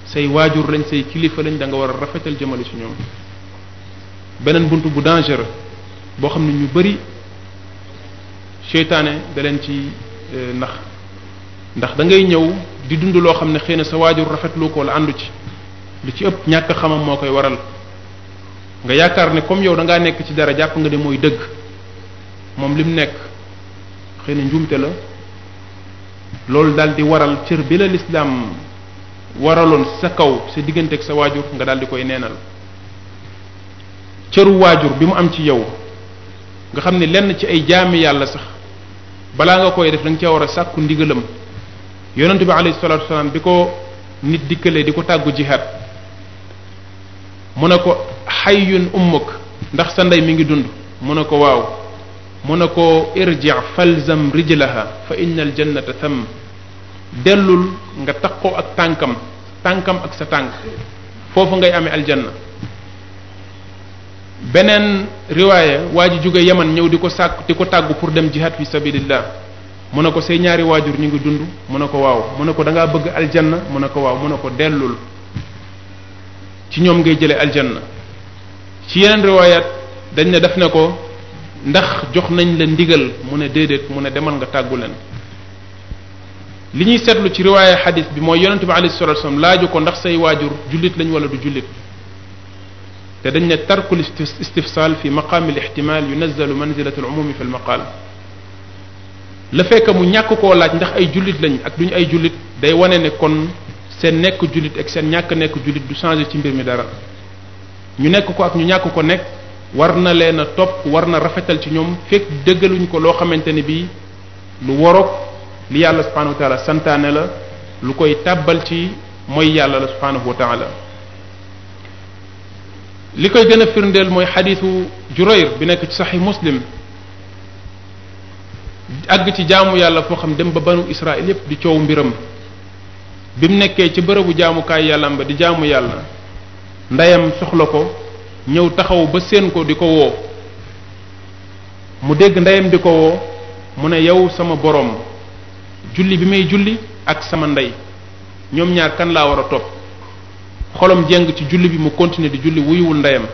say waajur lañ say kilifa lañ danga nga war a rafetal jëmale ci ñoom beneen bunt bu dangereux boo xam ne ñu bari seytaane da leen ci euh, nax ndax da ngay ñëw di dund loo xam ne xëy na sa waajur rafetlu ko la àndu ci lu ci ëpp ñàkk xamam moo koy waral nga yaakaar ne comme yow da ngaa nekk ci dara jàpp nga ne mooy dëgg moom lim nekk xëy na njuumte la loolu daal di waral cër bi la lislaam waraloon sa kaw sa diggante ak sa waajur nga daal di koy neenal cëru waajur bi mu am ci yow nga xam ni lenn ci ay jaami yàlla sax balaa nga koy def da nga cee war a sàkku ndigalam yonent bi alayhi salatu wasalaam bi ko nit dikkalee di ko tàggu jihaad mu ne ko xayyun ummuk ndax sa ndey mi ngi dund mu ne ko waaw mën ne ko irji falzam rijlaha fa inna al jannata tham dellul nga taqoo ak tànkam tànkam ak sa tànk foofu ngay amee aljanna beneen riwaaya waa ji jóge yaman ñëw di ko sàkk di ko tàggu pour dem jihad fi sabilillah mu ne ko say ñaari waajur ñu ngi dund mu ne ko waaw mën ne ko da ngaa bëgg aljanna mën ne ko waaw mën ne ko dellul ci ñoom ngay jëlee aljanna ci yeneen riwaayat dañ ne def ne ko ndax jox nañ la ndigal mu ne déedéet mu ne demal nga tàggu leen li ñuy seetlu ci riwaaye xadis bi mooy yonente bi alayhi salatu wasallam laaju ko ndax say waajur jullit lañ wala du jullit te dañ ne tarkul istifsal fi maqaami al ihtimal yunazalu manzilata al umumi fi al maqal la fekk mu ñàkk koo laaj ndax ay jullit lañ ak duñu ay jullit day wane ne kon seen nekk jullit ak seen ñàkk nekk jullit du changer ci mbir mi dara ñu nekk ko ak ñu ñàkk ko nekk war na leen topp war na rafetal ci ñoom fekk dëggaluñ ko loo xamante ne bii lu waroog li yàlla subhanahu wa santaane la lu koy tàbbal ci mooy yàlla la subhanahu wa taala li koy gën a firndeel mooy xadiisu Jurayr bi nekk ci saxi muslim àgg ci jaamu yàlla foo xam dem ba banu Israël yépp di coow mbiram bi mu nekkee ci bërëbu jaamukaay yàllam ba di jaamu yàlla ndeyam soxla ko ñëw taxaw ba séen ko di ko woo mu dégg ndeyam di ko woo mu ne yow sama boroom julli bi may julli ak sama ndey ñoom ñaar kan laa war a topp xolom jeng ci julli bi mu continuer di julli wuyuwul ndeyam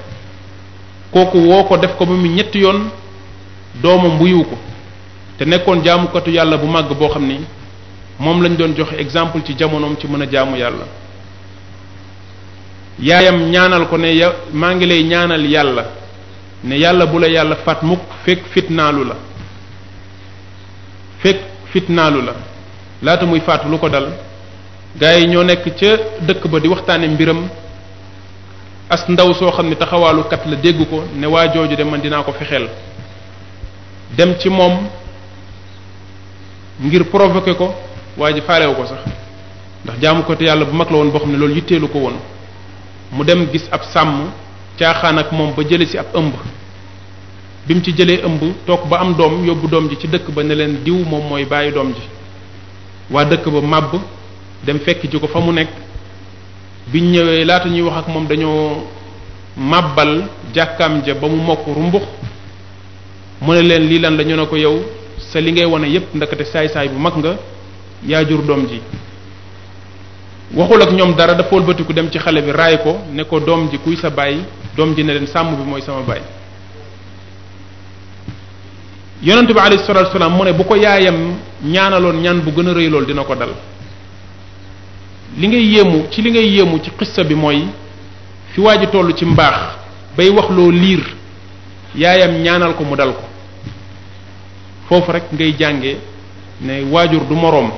kooku woo ko def ko ba mu ñetti yoon doomam wuyuwu ko te nekkoon jaamukatu yàlla bu màgg boo xam ni moom lañ doon joxe exemple ci jamonoom ci mën a jaamu yàlla yaayam ñaanal ko ne ya maa ngi lay ñaanal yàlla ne yàlla bu la yàlla fat mukk fekk fitnaalu la fekk fitnaalu la laata muy faatu lu ko dal gars yi ñoo nekk ca dëkk ba di waxtaane mbiram as ndaw soo xam ne taxawaalukat la dégg ko ne waa jooju de man dinaa ko fexeel dem ci moom ngir provoquer ko waa ji faalewu ko sax ndax jaamu ko te yàlla bu mag la woon boo xam ne loolu yitteelu ko woon mu dem gis ab sàmm caaxaan ak moom ba jële ci ab ëmb bi mu ci jëlee ëmb toog ba am doom yóbbu doom ji ci dëkk ba ne leen diw moom mooy bàyyi doom ji waa dëkk ba màbb dem fekk ji ko fa mu nekk biñ ñëwee laata ñuy wax ak moom dañoo màbbal jàkkaam ja ba mu mokk rumbux mu ne leen lii lan la ñu ne ko yow sa li ngay wane yépp ndakate saay-saay bu mag nga yaa jur doom ji waxul ak ñoom dara dafa wëlbatiku dem ci xale bi raay ko ne ko doom ji kuy sa baay doom ji ne leen sàmm bi mooy sama baay yonente bi alayhi salatu wasalaam mu ne bu ko yaayam ñaanaloon ñaan bu gën a rëy lool dina ko dal li ngay yéemu ci li ngay yéemu ci xissa bi mooy fi waa ji toll ci mbaax bay wax loo liir yaayam ñaanal ko mu dal ko foofu rek ngay jànge ne waajur du moroom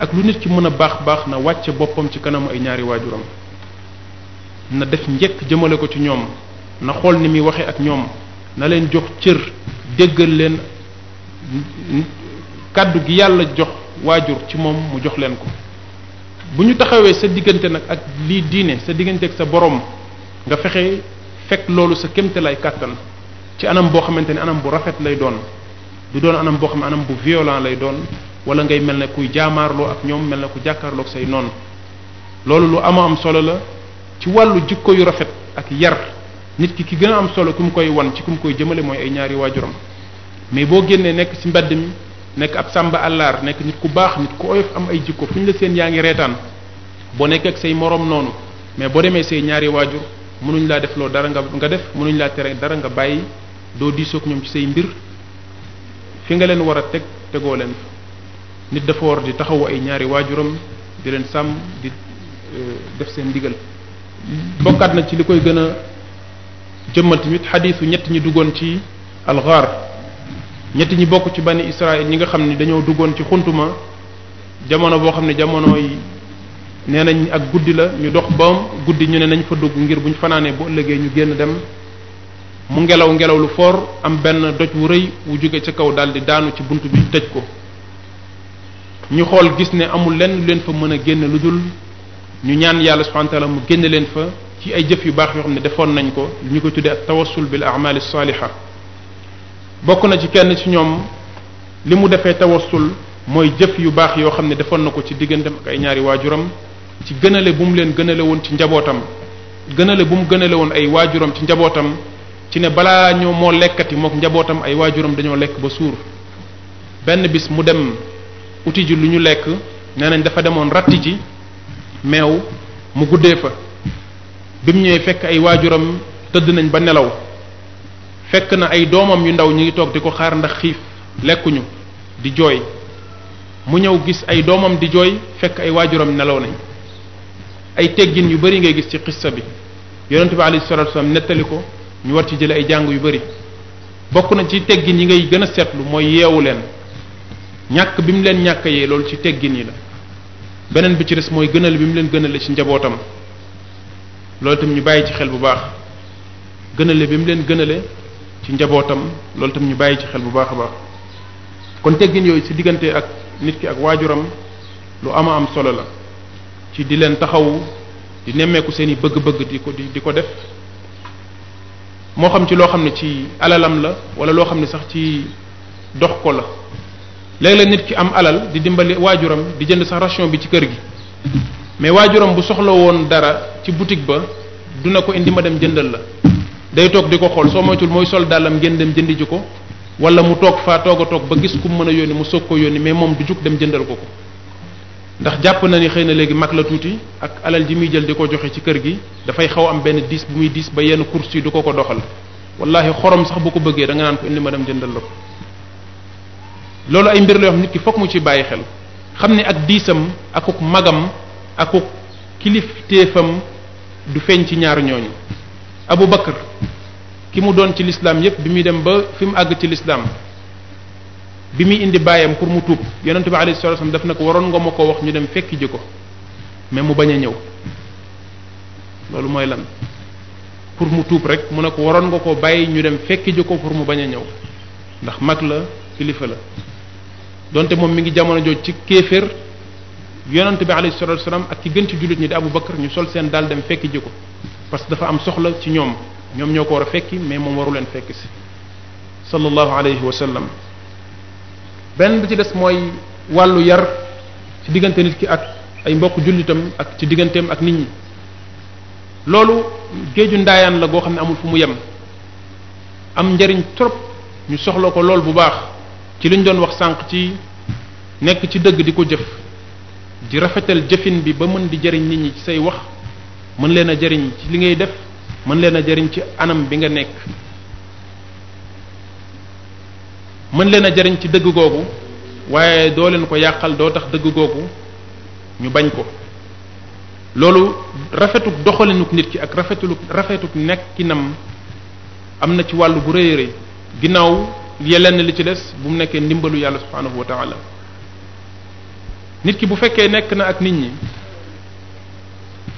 ak lu nit ci mën a baax baax na wàcce boppam ci kanamu ay ñaari waajuram na def njëkk jëmale ko ci ñoom na xool ni muy waxee ak ñoom na leen jox cër déggal leen kàddu gi yàlla jox waajur ci moom mu jox leen ko bu ñu taxawee sa diggante nag ak lii diine sa diggante ak sa borom nga fexe fekk loolu sa kémte ay kàttan ci anam boo xamante ne anam bu rafet lay doon du doon anam boo xam ne anam bu violent lay doon wala ngay mel ne kuy jaamaarloo ak ñoom mel ne ku jàkkaarloo ak say noonu loolu lu ama am solo la ci wàllu jikko yu rafet ak yar nit ki ki gën a am solo ku mu koy wan ci ku mu koy jëmale mooy ay ñaari waajuram mais boo génnee nekk ci mbedd mi nekk ab sàmba àllaar nekk nit ku baax nit ku oyof am ay jikko fu ñu la seen yaa ngi reetaan boo nekk ak say moroom noonu mais boo demee say ñaari waajur mënuñ laa def loo dara nga nga def mënuñ laa tere dara nga bàyyi doo diisoog ñoom ci say mbir fi nga leen war a teg tegoo leen fa nit dafa war di taxawu ay ñaari waajuram di leen sàmm di euh, def seen digal bokkaat na ci li koy gën a jëmmal tamit xadiisu ñett ñi duggoon ci alxaar ñett ñi bokk ci bani Israël ñi nga xam ni dañoo duggoon ci xuntuma jamono boo xam ne jamono yi nee nañ ak guddi la ñu dox boom guddi ñu ne nañ fa dugg ngir buñ fanaanee bu ëllëgee ñu génn dem mu ngelaw ngelaw lu foor am benn doj wu rëy wu jóge ca kaw daldi daanu ci bunt bi tëj ko ñu xool gis ne amul lenn leen fa mën a génn lu dul ñu ñaan yàlla subhanahu mu génn leen fa ci ay jëf yu baax yoo xam ne defoon nañ ko ñu ko tuddee ak tawassul bil a'mal as-saliha bokk na ci kenn ci ñoom li mu defee tawassul mooy jëf yu baax yoo xam ne defoon na ko ci digganteem ak ay ñaari waajuram ci gënale bu mu leen gënale woon ci njabootam gënale bu mu gënale woon ay waajuram ci njabootam ci ne balaa ñoo moo lekkati mook njabootam ay waajuram dañoo lekk ba suur benn bis mu dem uti ji lu ñu lekk nee nañ dafa demoon ratti ji meew mu guddee fa bi mu ñëwee fekk ay waajuram tëdd nañ ba nelaw fekk na ay doomam yu ndaw ñu ngi toog di ko xaar ndax xiif lekkuñu di jooy mu ñëw gis ay doomam di jooy fekk ay waajuram nelaw nañ ay teggin yu bari ngay gis ci xissa bi yonente bi alayhi salatu wasallam nettali ko ñu war ci jële ay jàng yu bari bokk na ci teggin yi ngay gën a seetlu mooy yeewu leen ñàkk bi mu leen ñàkk yee loolu ci teggin yi la beneen bi ci des mooy gënal bi mu leen gënale ci njabootam loolu tam ñu bàyyi ci xel bu baax gënale bi mu leen gënale ci njabootam loolu tam ñu bàyyi ci xel bu baax a baax kon teggin yooyu ci diggante ak nit ki ak waajuram lu ama am solo la ci di leen taxawu di nemmeeku seen i bëgg-bëgg di ko di di ko def moo xam ci loo xam ne ci alalam la wala loo xam ne sax ci dox ko la léeg-léeg nit ki am alal di dimbali waajuram di jënd sax ration bi ci kër gi mais waajuram bu soxla woon dara ci boutique ba du na ko indi ma dem jëndal la day toog di ko xool soo moytul mooy sol dàllam ngeen dem jëndi ji ko wala mu toog faa toog a toog ba gis ku mën a yónni mu soog ko yónni mais moom du jug dem jëndal ko ko ndax jàpp na ni xëy na léegi mag la tuuti ak alal ji muy jël di ko joxe ci kër gi dafay xaw am benn diis bu muy diis ba yenn course du ko ko doxal wallahi xorom sax bu ko bëggee da naan ko indi ma dem jëndal la ko loolu ay mbir la yoo nit ki fokk mu ci bàyyi xel xam ne ak diisam akuk magam akuk kilifteefam du feeñ ci ñaar ñooñu Abu Bakar ki mu doon ci lislaam yépp bi muy dem ba fi mu àgg ci lislaam bi muy indi bàyyam pour mu tuub yonente bi alayhi salatu wasallam daf na ko waroon nga ma ko wax ñu dem fekk ji ko mais mu bañ a ñëw loolu mooy lan pour mu tuub rek mu ne ko waroon nga ko bàyyi ñu dem fekk ji ko pour mu bañ a ñëw ndax mag la kilifa la donte moom mi ngi jamono jooj ci kéefér yonente bi alayhi salatu wasallam ak ki gën ci jullit ñi di Abu Bakar ñu sol seen daal dem fekk ji ko parce que dafa am soxla ci ñoom ñoom ñoo ko war a fekki mais moom waru leen fekk si sallallahu alayhi wa sallam benn bi ci des mooy wàllu yar ci diggante nit ki ak ay mbokk jullitam ak ci digganteem ak nit ñi loolu géeju ndaayaan la goo xam ne amul fu mu yem am njariñ trop ñu soxla ko lool bu baax ci liñ doon wax sànq ci nekk ci dëgg di ko jëf di rafetal jëfin bi ba mën di jariñ nit ñi ci say wax mën leen a jariñ ci li ngay def mën leen a jariñ ci anam bi nga nekk mën leen a jariñ ci dëgg googu waaye doo leen ko yàqal doo tax dëgg googu ñu bañ ko loolu rafetuk doxalinuk nit ki ak rafetuk rafetuk nekkinam am na ci wàll bu rëy rëy ginnaaw yeneen li ci des bu mu nekkee ndimbalu yàlla subhanahu wa ta'ala nit ki bu fekkee nekk na ak nit ñi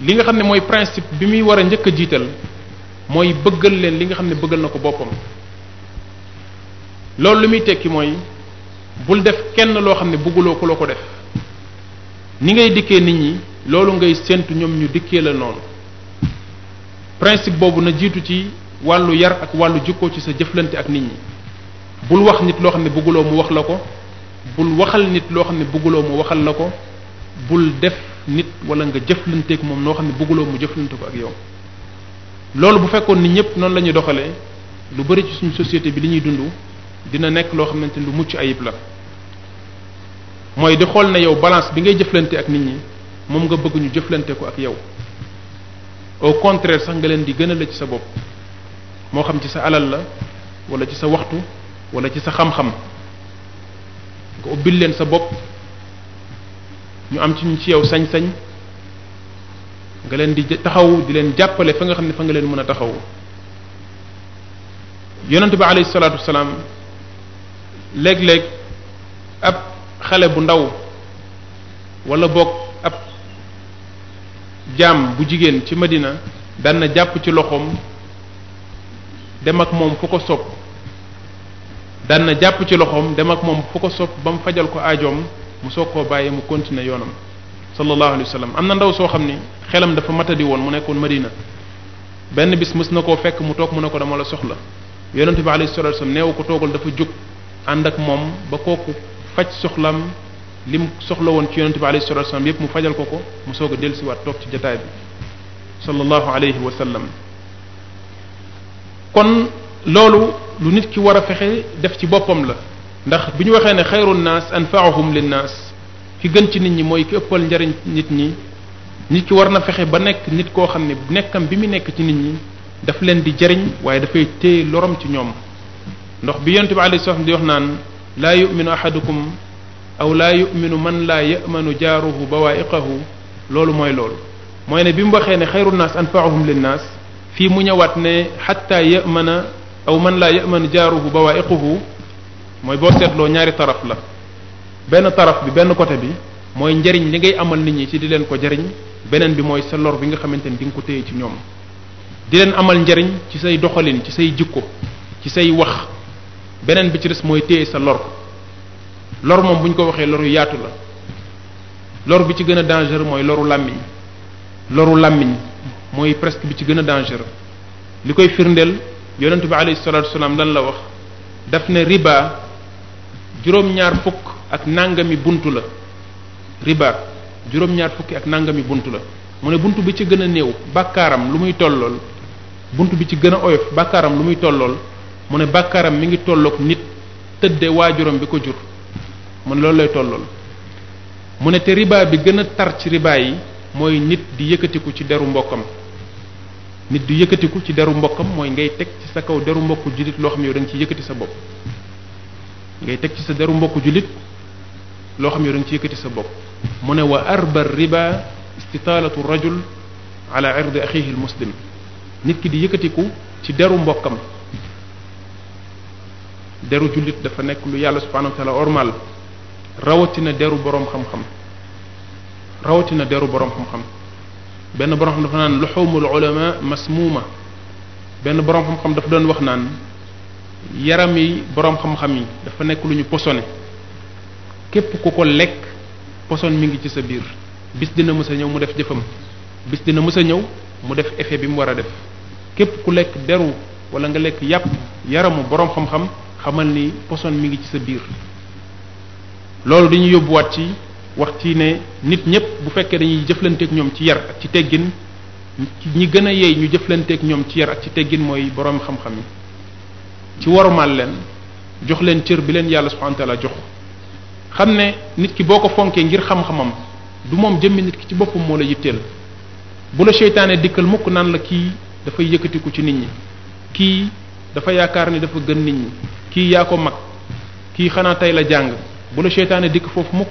li nga xam ne mooy principe bi muy war a njëkk a jiital mooy bëggal leen li nga xam ne bëggal na ko boppam loolu li muy tekki mooy bul def kenn loo xam ne bëgguloo ko la ko def ni ngay dikkee nit ñi loolu ngay séentu ñoom ñu dikkee la noonu principe boobu na jiitu ci wàllu yar ak wàllu jukkoo ci sa jëflante ak nit ñi bul wax nit loo xam ne bëgguloo mu wax la ko bul waxal nit loo xam ne bugguloo mu waxal la ko bul def nit wala nga jëflanteek moom noo xam ne bëgguloo mu jëflante ko ak yow loolu bu fekkoon nit ñëpp noonu la ñuy doxalee lu bari ci suñu société bi li ñuy dund dina nekk loo xamante ni lu mucc ayib la mooy di xool ne yow balance bi ngay jëflante ak nit ñi moom nga bëgg ñu jëflante ko ak yow au contraire sax nga leen di gënal la ci sa bopp moo xam ci sa alal la wala ci sa waxtu wala ci sa xam-xam nga ubbil leen sa bopp ñu am ci ñu ci yow sañ-sañ nga leen di taxaw di leen jàppale fa nga xam ne fa nga leen mën a taxaw yonente bi alayhi salaatu léeg-léeg ab xale bu ndaw wala boog ab jaam bu jigéen ci Madina daan na jàpp ci loxoom dem ak moom fu ko sopp daan jàpp ci loxoom dem ak moom fu ko sopp ba mu fajal ko aajoom mu soog koo bàyyi mu continuer yoonam sallallahu alayhi wa sallam am na ndaw soo xam ni xelam dafa matadi woon mu nekkoon Madina benn bis mës na koo fekk mu toog mu ne ko dama la soxla yonente bi alayhi salatu wasallam neewu ko toogal dafa jóg ànd ak moom ba kooku faj soxlam li mu soxla woon ci yonente bi alayhi salatu yépp mu fajal ko ko mu soog a dellusiwaat toog ci jotaay bi sallallahu alayhi wa kon loolu lu nit ki war a fexe def ci boppam la ndax bi ñu waxee ne xayru naas anfaahum linnaas ki gën ci nit ñi mooy ki ëppal njariñ nit ñi nit ki war na fexe ba nekk nit koo xam ne nekkam bi mu nekk ci nit ñi daf leen di jariñ waaye dafay téye lorom ci ñoom ndox bi yonent bi alayhi salaam di yox naan laa yuminu ahadukum aw laa yuminu man laa yamanu jaaruhu bawaaiqahu loolu mooy loolu mooy ne bi mu waxee ne xayru naas anfaahum linnaas fii mu ñëwaat ne man a aw man laa yamanu jaaruhu bawaaiquhu mooy boo seetloo ñaari taraf la benn taraf bi benn côté bi mooy njariñ li ngay amal nit ñi ci di leen ko jariñ beneen bi mooy sa lor bi nga xamante ni di nga ko téye ci ñoom di leen amal njariñ ci say doxalin ci say jikko ci say wax beneen bi ci des mooy téye sa lor lor moom bu ñu ko waxee loru yaatu la lor bi ci gën a dangereux mooy loru làmmiñ loru làmmiñ mooy presque bi ci gën a dangereux li koy firndeel yonent bi alayhi salaatu wasalaam lan la wax daf ne riba juróom-ñaar fukk ak nangami buntu la riba juróom-ñaar fukki ak nangami bunt la mu ne bunt bi ci gën a néew bàkkaaram lu muy tollool bunt bi ci gën a oyof bàkkaaram lu muy tollool mu ne bàkkaaram mi ngi tollook nit tëdde waajuram bi ko jur mu ne loolu lay tollool mu ne te riba bi gën a tar ci riba yi mooy nit di yëkkatiku ci deru mbokkam nit di yëkkatiku ci deru mbokkam mooy ngay teg ci sa kaw deru mbokku jullit loo xam ne yow da nga ci yëkkati sa bopp ngay teg ci sa deru mbokku jullit loo xam ne yow ci yëkkati sa bopp mu ne wa arba riba istitaalatu rajul ala irdi axihi al nit ki di yëkkatiku ci deru mbokkam deru jullit dafa nekk lu yàlla subhanahu ormal rawatina deru boroom xam-xam rawatina deru boroom xam-xam benn boroom xam dafa naan luxumul ulama masmuuma benn boroom xam dafa doon wax naan yaram yi boroom xam-xam yi dafa nekk lu ñu posone képp ku ko lekk poson mu ngi ci sa biir bis dina mës ñëw mu def jëfam bis dina mës ñëw mu def effet bi mu war a def képp ku lekk deru wala nga lekk yàpp yaramu boroom xam-xam xamal ni poson mi ngi ci sa biir loolu dañuy yóbbuwaat ci wax ci ne nit ñépp bu fekkee dañuy jëflanteeg ñoom ci yar ak ci teggin ñi gën a yeey ñu jëflanteeg ñoom ci yar ak ci teggin mooy boroom xam-xam yi ci warumaal leen jox leen cër bi leen yàlla subhanahu a ta'ala jox xam ne nit ki boo ko fonkee ngir xam-xamam du moom jëmmi nit ki ci boppam moo la yitteel bu la seytaane dikkal mukk naan la kii dafay yëkkatiku ci nit ñi kii dafa yaakaar ni dafa gën nit ñi kii yaa ko mag kii xanaa tey la jàng bu la seytaane dikk foofu mukk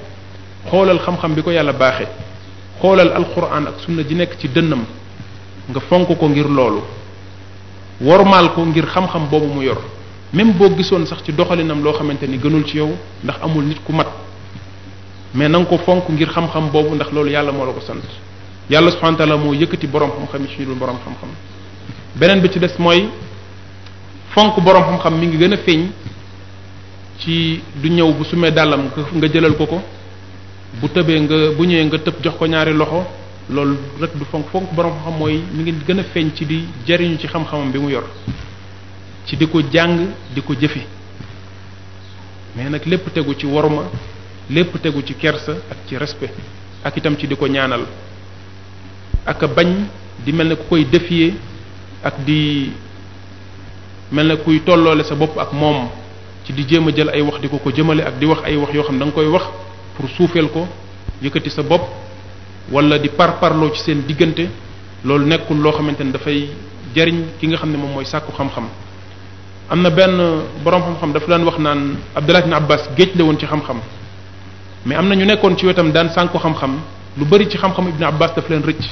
xoolal xam-xam bi ko yàlla baaxee xoolal alquran ak sunna ji nekk ci dënnam nga fonk ko ngir loolu wormaal ko ngir xam-xam boobu mu yor même boo gisoon sax ci doxalinam loo xamante ni gënul ci yow ndax amul nit ku mat mais na ko fonk ngir xam-xam boobu ndax loolu yàlla moo la ko sant yàlla subhanahu wa ta'ala moo yëkkati borom xam-xam yi ci dul borom xam-xam beneen bi ci des mooy fonk borom xam-xam mi ngi gën a feeñ ci du ñëw bu sumee dàllam nga jëlal ko ko bu tëbee nga bu ñëwee nga tëb jox ko ñaari loxo loolu rek du fonk fonk borom xam-xam mooy mi ngi gën a feeñ ci di jariñu ci xam-xamam bi mu yor ci di ko jàng di ko jëfe mais nag lépp tegu ci worma lépp tegu ci kersa ak ci respe ak itam ci di ko ñaanal ak bañ di mel ne ku koy défier ak di mel na kuy tolloole sa bopp ak moom ci di jéem a jël ay wax di ko ko jëmale ak di wax ay wax yoo xam da danga koy wax pour suufeel ko yëkkati sa bopp wala di par parloo ci seen diggante loolu nekkul loo xamante ne dafay jariñ ki nga xam ne moom mooy sàkku xam-xam am na benn borom xam-xam dafa daan wax naan Abdullah ibn Abbas géej la woon ci xam-xam mais am na ñu nekkoon ci wetam daan sànku xam-xam lu bari ci xam-xam ibn Abbas daf leen rëcc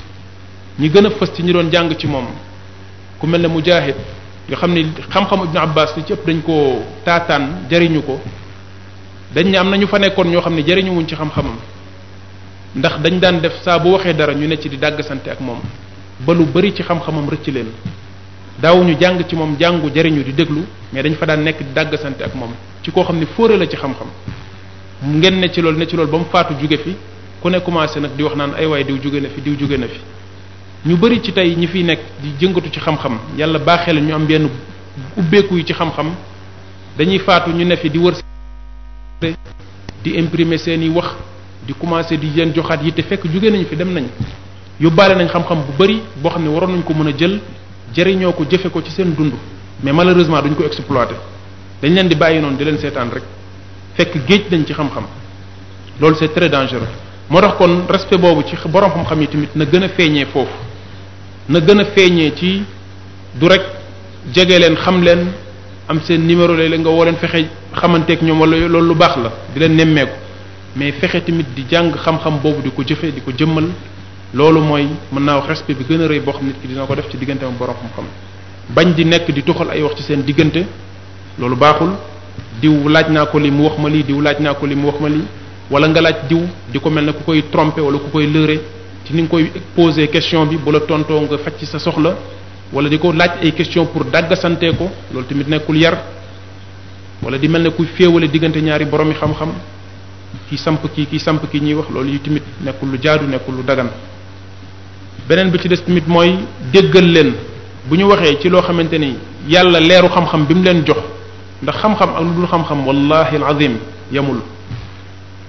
ñi gën a fës ci ñi doon jàng ci moom ku mel ne Mujahid nga xam ni xam-xamu Ibn Abbas li cëpp ëpp dañ koo taataan jariñu ko dañ am na ñu fa nekkoon ñoo xam ne jariñu ci xam-xamam ndax dañ daan def saa bu waxee dara ñu ne ci di dàggsante ak moom ba lu bari ci xam-xamam rëcc leen daawuñu jàng ci moom jàngu jariñu di déglu mais dañ fa daan nekk di dàggsante ak moom ci koo xam ne fóore la ci xam-xam ngeen ne ci loolu ne ci lool ba mu faatu jóge fi ku ne commencé nag di wax naan ay waay diw jóge na fi jóge na fi ñu bari ci tey ñi fiy nekk di jëngatu ci xam-xam yàlla baaxee la ñu am benn ubbeeku yu ci xam-xam dañuy faatu ñu ne fi di wër di imprimer seen i wax di commencer di leen joxaat yi te fekk jóge nañu fi dem nañ yóbbaale nañ xam-xam bu bari boo xam ne waroon nañ ko mën a jël jëriñoo ko jëfe ko ci seen dund mais malheureusement duñ ko exploiter dañ leen di bàyyi noonu di leen seetaan rek fekk géej nañ ci xam-xam loolu c'est très dangereux moo tax kon respect boobu ci borom xam yi tamit na gën a feeñee foofu na gën a feeñee ci du rekk jege leen xam leen am seen numéro lay léeg nga woo leen fexe xamanteek ñoom wala loolu lu baax la di leen nemmeeku mais fexe tamit di jàng xam-xam boobu di ko jëfee di ko jëmmal loolu mooy mën naa wax respect bi gën a rëy boo xam nit ki dina ko def ci diggante am borom xam-xam bañ di nekk di toxal ay wax ci seen diggante loolu baaxul diw laaj naa ko li mu wax ma lii diw laaj naa ko li mu wax ma lii wala nga laaj diw di ko mel ne ku koy tromper wala ku koy lëre ci ni nga koy poser question bi bu la tontoo nga faj ci sa soxla wala di ko laaj ay question pour dagg sante ko loolu tamit nekkul yar wala di mel ne kuy féewale diggante ñaari boromi xam-xam ki samp kii ki samp ki ñuy wax loolu tamit nekkul lu jaadu nekkul lu dagan beneen bi ci des tamit mooy déggal leen bu ñu waxee ci loo xamante ni yàlla leeru xam-xam bi mu leen jox ndax xam-xam ak lu dul xam-xam wallahi alazim yamul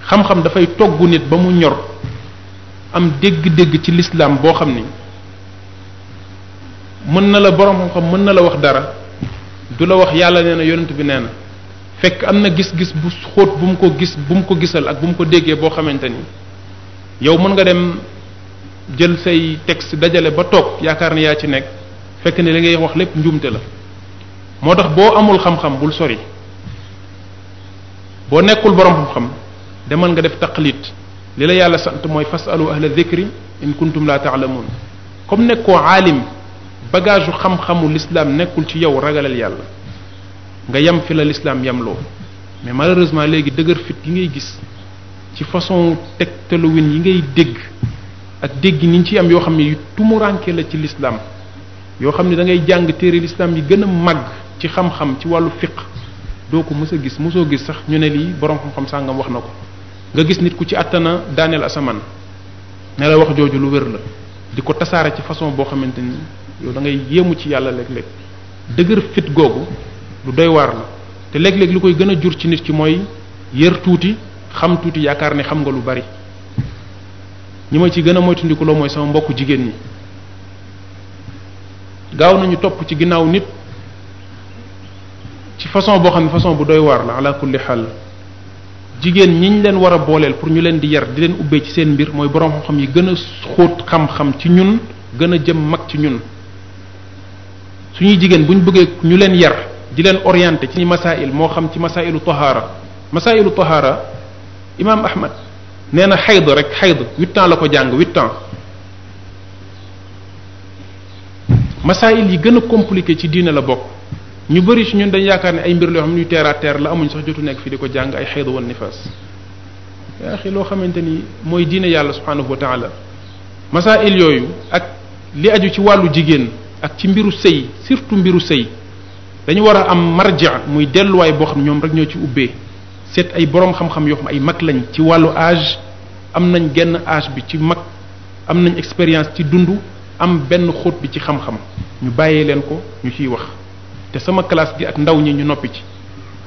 xam-xam dafay togg nit ba mu ñor am dégg-dégg ci lislaam boo xam ni mën na la borom xam-xam mën na la wax dara du la wax yàlla nee na yonent bi nee na fekk am na gis-gis bu xóot bu mu ko gis bu mu ko gisal ak bu mu ko déggee boo xamante ni yow mën nga dem jël say texte dajale ba toog yaakaar ni yaa ci nekk fekk ne li ngay wax lépp njuumte la moo tax boo amul xam-xam bul sori boo nekkul borom xam-xam demal nga def taqlid li la yàlla sant mooy fasalu ahla dhikri in kuntum la taalamuun comme nekkoo aalim bagage u xam-xamu l'islam nekkul ci yow ragalal yàlla nga yem fi la l'islam loo mais malheureusement léegi dëgër fit yi ngay gis ci façon tegtaluwin yi ngay dégg ak déggi ni ñu ci am yoo xam ni yu tumuranke la ci l'islam yoo xam ne da ngay jàng téere l'islam yi gën a màgg ci xam-xam ci wàllu fiq doo ko mës gis mësoo gis sax ñu ne lii boroom xam-xam sàngam wax na ko nga gis nit ku ci attana daaneel asamaan ne la wax jooju lu wér la di ko tasaare ci façon boo xamante ni yow da ngay yéemu ci yàlla léeg-léeg dëgër googu lu doy waar te léeg-léeg lu koy gën a jur ci nit ki mooy yër tuuti xam tuuti yaakaar ne xam nga lu bari ñi ma ci gën a moytandiku mooy sama mbokku jigéen ñi gaaw nañu topp ci ginnaaw nit ci façon boo xam ne façon bu doy waar la ala kulli xaal jigéen ñiñ leen war a booleel pour ñu leen di yar di leen ubbee ci seen mbir mooy borom xam-xam yi gën a xóot xam-xam ci ñun gën a jëm mag ci ñun suñuy jigéen bu ñu bëggee ñu leen yar di leen orienté ci masail moo xam ci masailu tahaara masailu tahaara imam ahmad nee na xayd rek xayd huit ans la ko jàng huit ans masail yi gën a compliqué ci diine la bokk ñu bëri su ñun dañ yaakaar ne ay mbir loo xam ne ñu la amuñ sax jotu nekk fii di ko jàng ay xeydu wan nifaas yaa xi loo xamante ni mooy diine yàlla subhanahu wa masa masail yooyu ak li aju ci wàllu jigéen ak ci mbiru sëy surtout mbiru sëy dañu war a am marja muy delluwaay boo xam ne ñoom rek ñoo ci ubbee seet ay boroom xam-xam yoo xam ay mag lañ ci wàllu âge am nañ genn âge bi ci mag am nañ expérience ci dundu am benn xóot bi ci xam-xam ñu bàyyee leen ko ñu ciy wax te sama classe gi ak ndaw ñi ñu noppi ci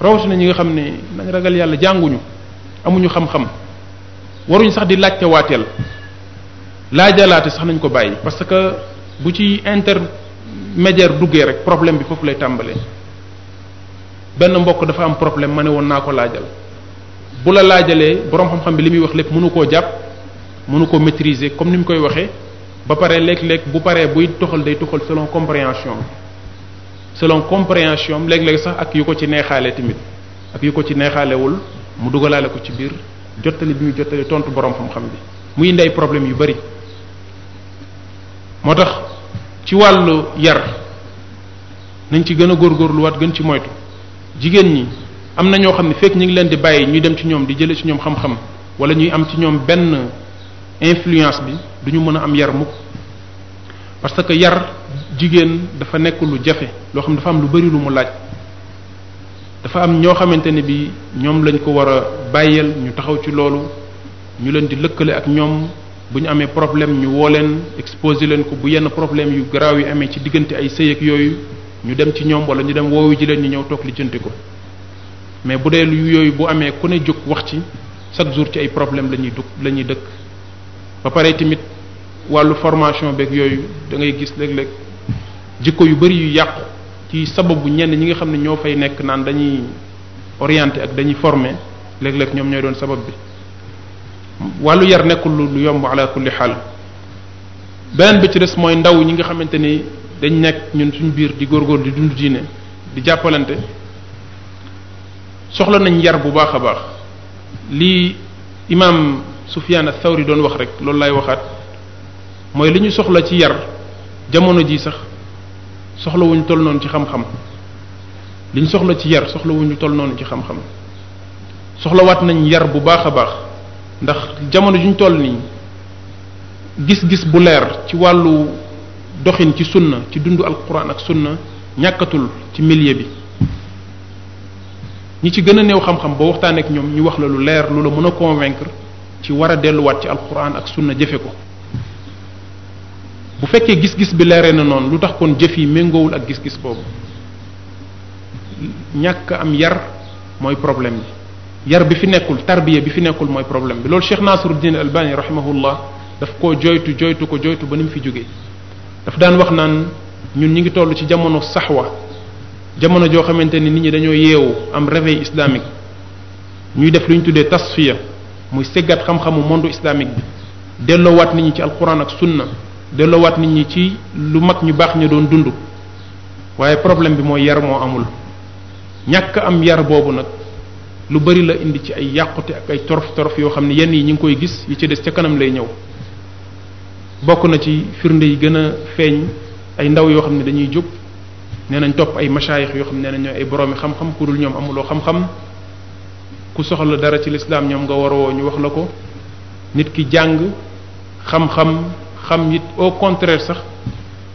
rawatina ñi nga xam ne nañ ragal yàlla jànguñu amuñu xam-xam waruñ sax di laajte waateel laajalaate sax nañ ko bàyyi parce que bu ci intermédiaire duggee rek problème bi foofu lay tàmbalee benn mbokk dafa am problème ma ne woon naa ko laajal bu la laajalee borom xam-xam bi li muy wax lépp mënu koo jàpp mënu koo maîtriser comme ni mu koy waxee ba pare léeg-léeg bu paree buy toxal day toxal selon compréhension selon compréhension am léeg-léeg sax ak yu ko ci neexaale tamit ak yu ko ci neexaalewul mu dugalaale ko ci biir jottali bi muy jottali tontu borom xam-xam bi muy indi problème yu bari moo tax ci wàllu yar nañ ci gën a góorgóorluwaat gën ci moytu jigéen ñi am na ñoo xam ne fekk ñu ngi leen di bàyyi ñuy dem ci ñoom di jële ci ñoom xam-xam wala ñuy am ci ñoom benn influence bi du ñu mën a am yar mukk parce que yar jigéen dafa nekk lu jafe loo xam dafa am lu bari lu mu laaj dafa am ñoo xamante ni bi ñoom lañ ko war a bàyyeel ñu taxaw ci loolu ñu leen di lëkkale ak ñoom bu ñu amee problème ñu woo leen exposé leen ko bu yenn problème yu garaaw yi amee ci diggante ay sëy ak yooyu ñu dem ci ñoom wala ñu dem woowu ji leen ñu ñëw toog lijjanti ko mais bu dee yu yooyu bu amee ku ne jóg wax ci chaque jour ci ay problème la ñuy dugg la ñuy dëkk pare tamit wàllu formation beeg yooyu da ngay gis léeg-léeg jikko yu bari yu yàqu ci sababu ñenn ñi nga xam ne ñoo fay nekk naan dañuy orienté ak dañuy formé léeg-léeg ñoom ñooy doon sabab bi wàllu yar nekkul lu yomb ala kulli xaal beneen bi ci des mooy ndaw ñi nga xamante ni dañ nekk ñun suñu biir di góorgóor di dund diine di jàppalante soxla nañ yar bu baax a baax lii imaam Sufyaan ath-Thawri doon wax rek loolu lay waxaat mooy li ñu soxla ci yar jamono ji sax soxlawuñu toll noonu ci xam-xam li ñu soxla ci yar soxlawuñu toll noonu ci xam-xam soxlawaat nañ yar bu baax a baax ndax jamono ju ñu toll nii gis-gis bu leer ci wàllu doxin ci sunna ci dundu alquran ak sunna ñàkkatul ci milieu bi ñi ci gën a néew xam-xam boo waxtaaneek ñoom ñu wax la lu leer lu la mën a ci war a delluwaat ci alquran ak sunna jëfe ko bu fekkee gis-gis bi leeree na noonu lu tax kon jëf yi méngoowul ak gis-gis boobu ñàkk am yar mooy problème bi yar bi fi nekkul tarbiya bi fi nekkul mooy problème bi loolu Cheikh Nasruddin Albani rahimahullah daf koo joytu joytu ko joytu ba ni mu fi jógee daf daan wax naan ñun ñu ngi toll ci jamono saxwa jamono joo xamante ni nit ñi dañoo yeewu am réveil islamique ñuy def lu ñu tuddee tasfiya muy seggat xam-xamu monde islamique bi delloowaat nit ñi ci alquran ak sunna delloowaat nit ñi ci lu mag ñu baax ñu doon dund waaye problème bi mooy yar moo amul ñàkk am yar boobu nag lu bari la indi ci ay yàqute ak ay torof torof yoo xam ne yenn yi ñu ngi koy gis yi ci des ci kanam lay ñëw bokk na ci firnde yi gën a feeñ ay ndaw yoo xam ne dañuy jóg nee nañ topp ay masaayix yoo xam ne nee nañ ay boroomi xam-xam ku ñoom amuloo xam-xam ku soxla dara ci lislaam ñoom nga waroo ñu wax la ko nit ki jàng xam-xam xam it au contraire sax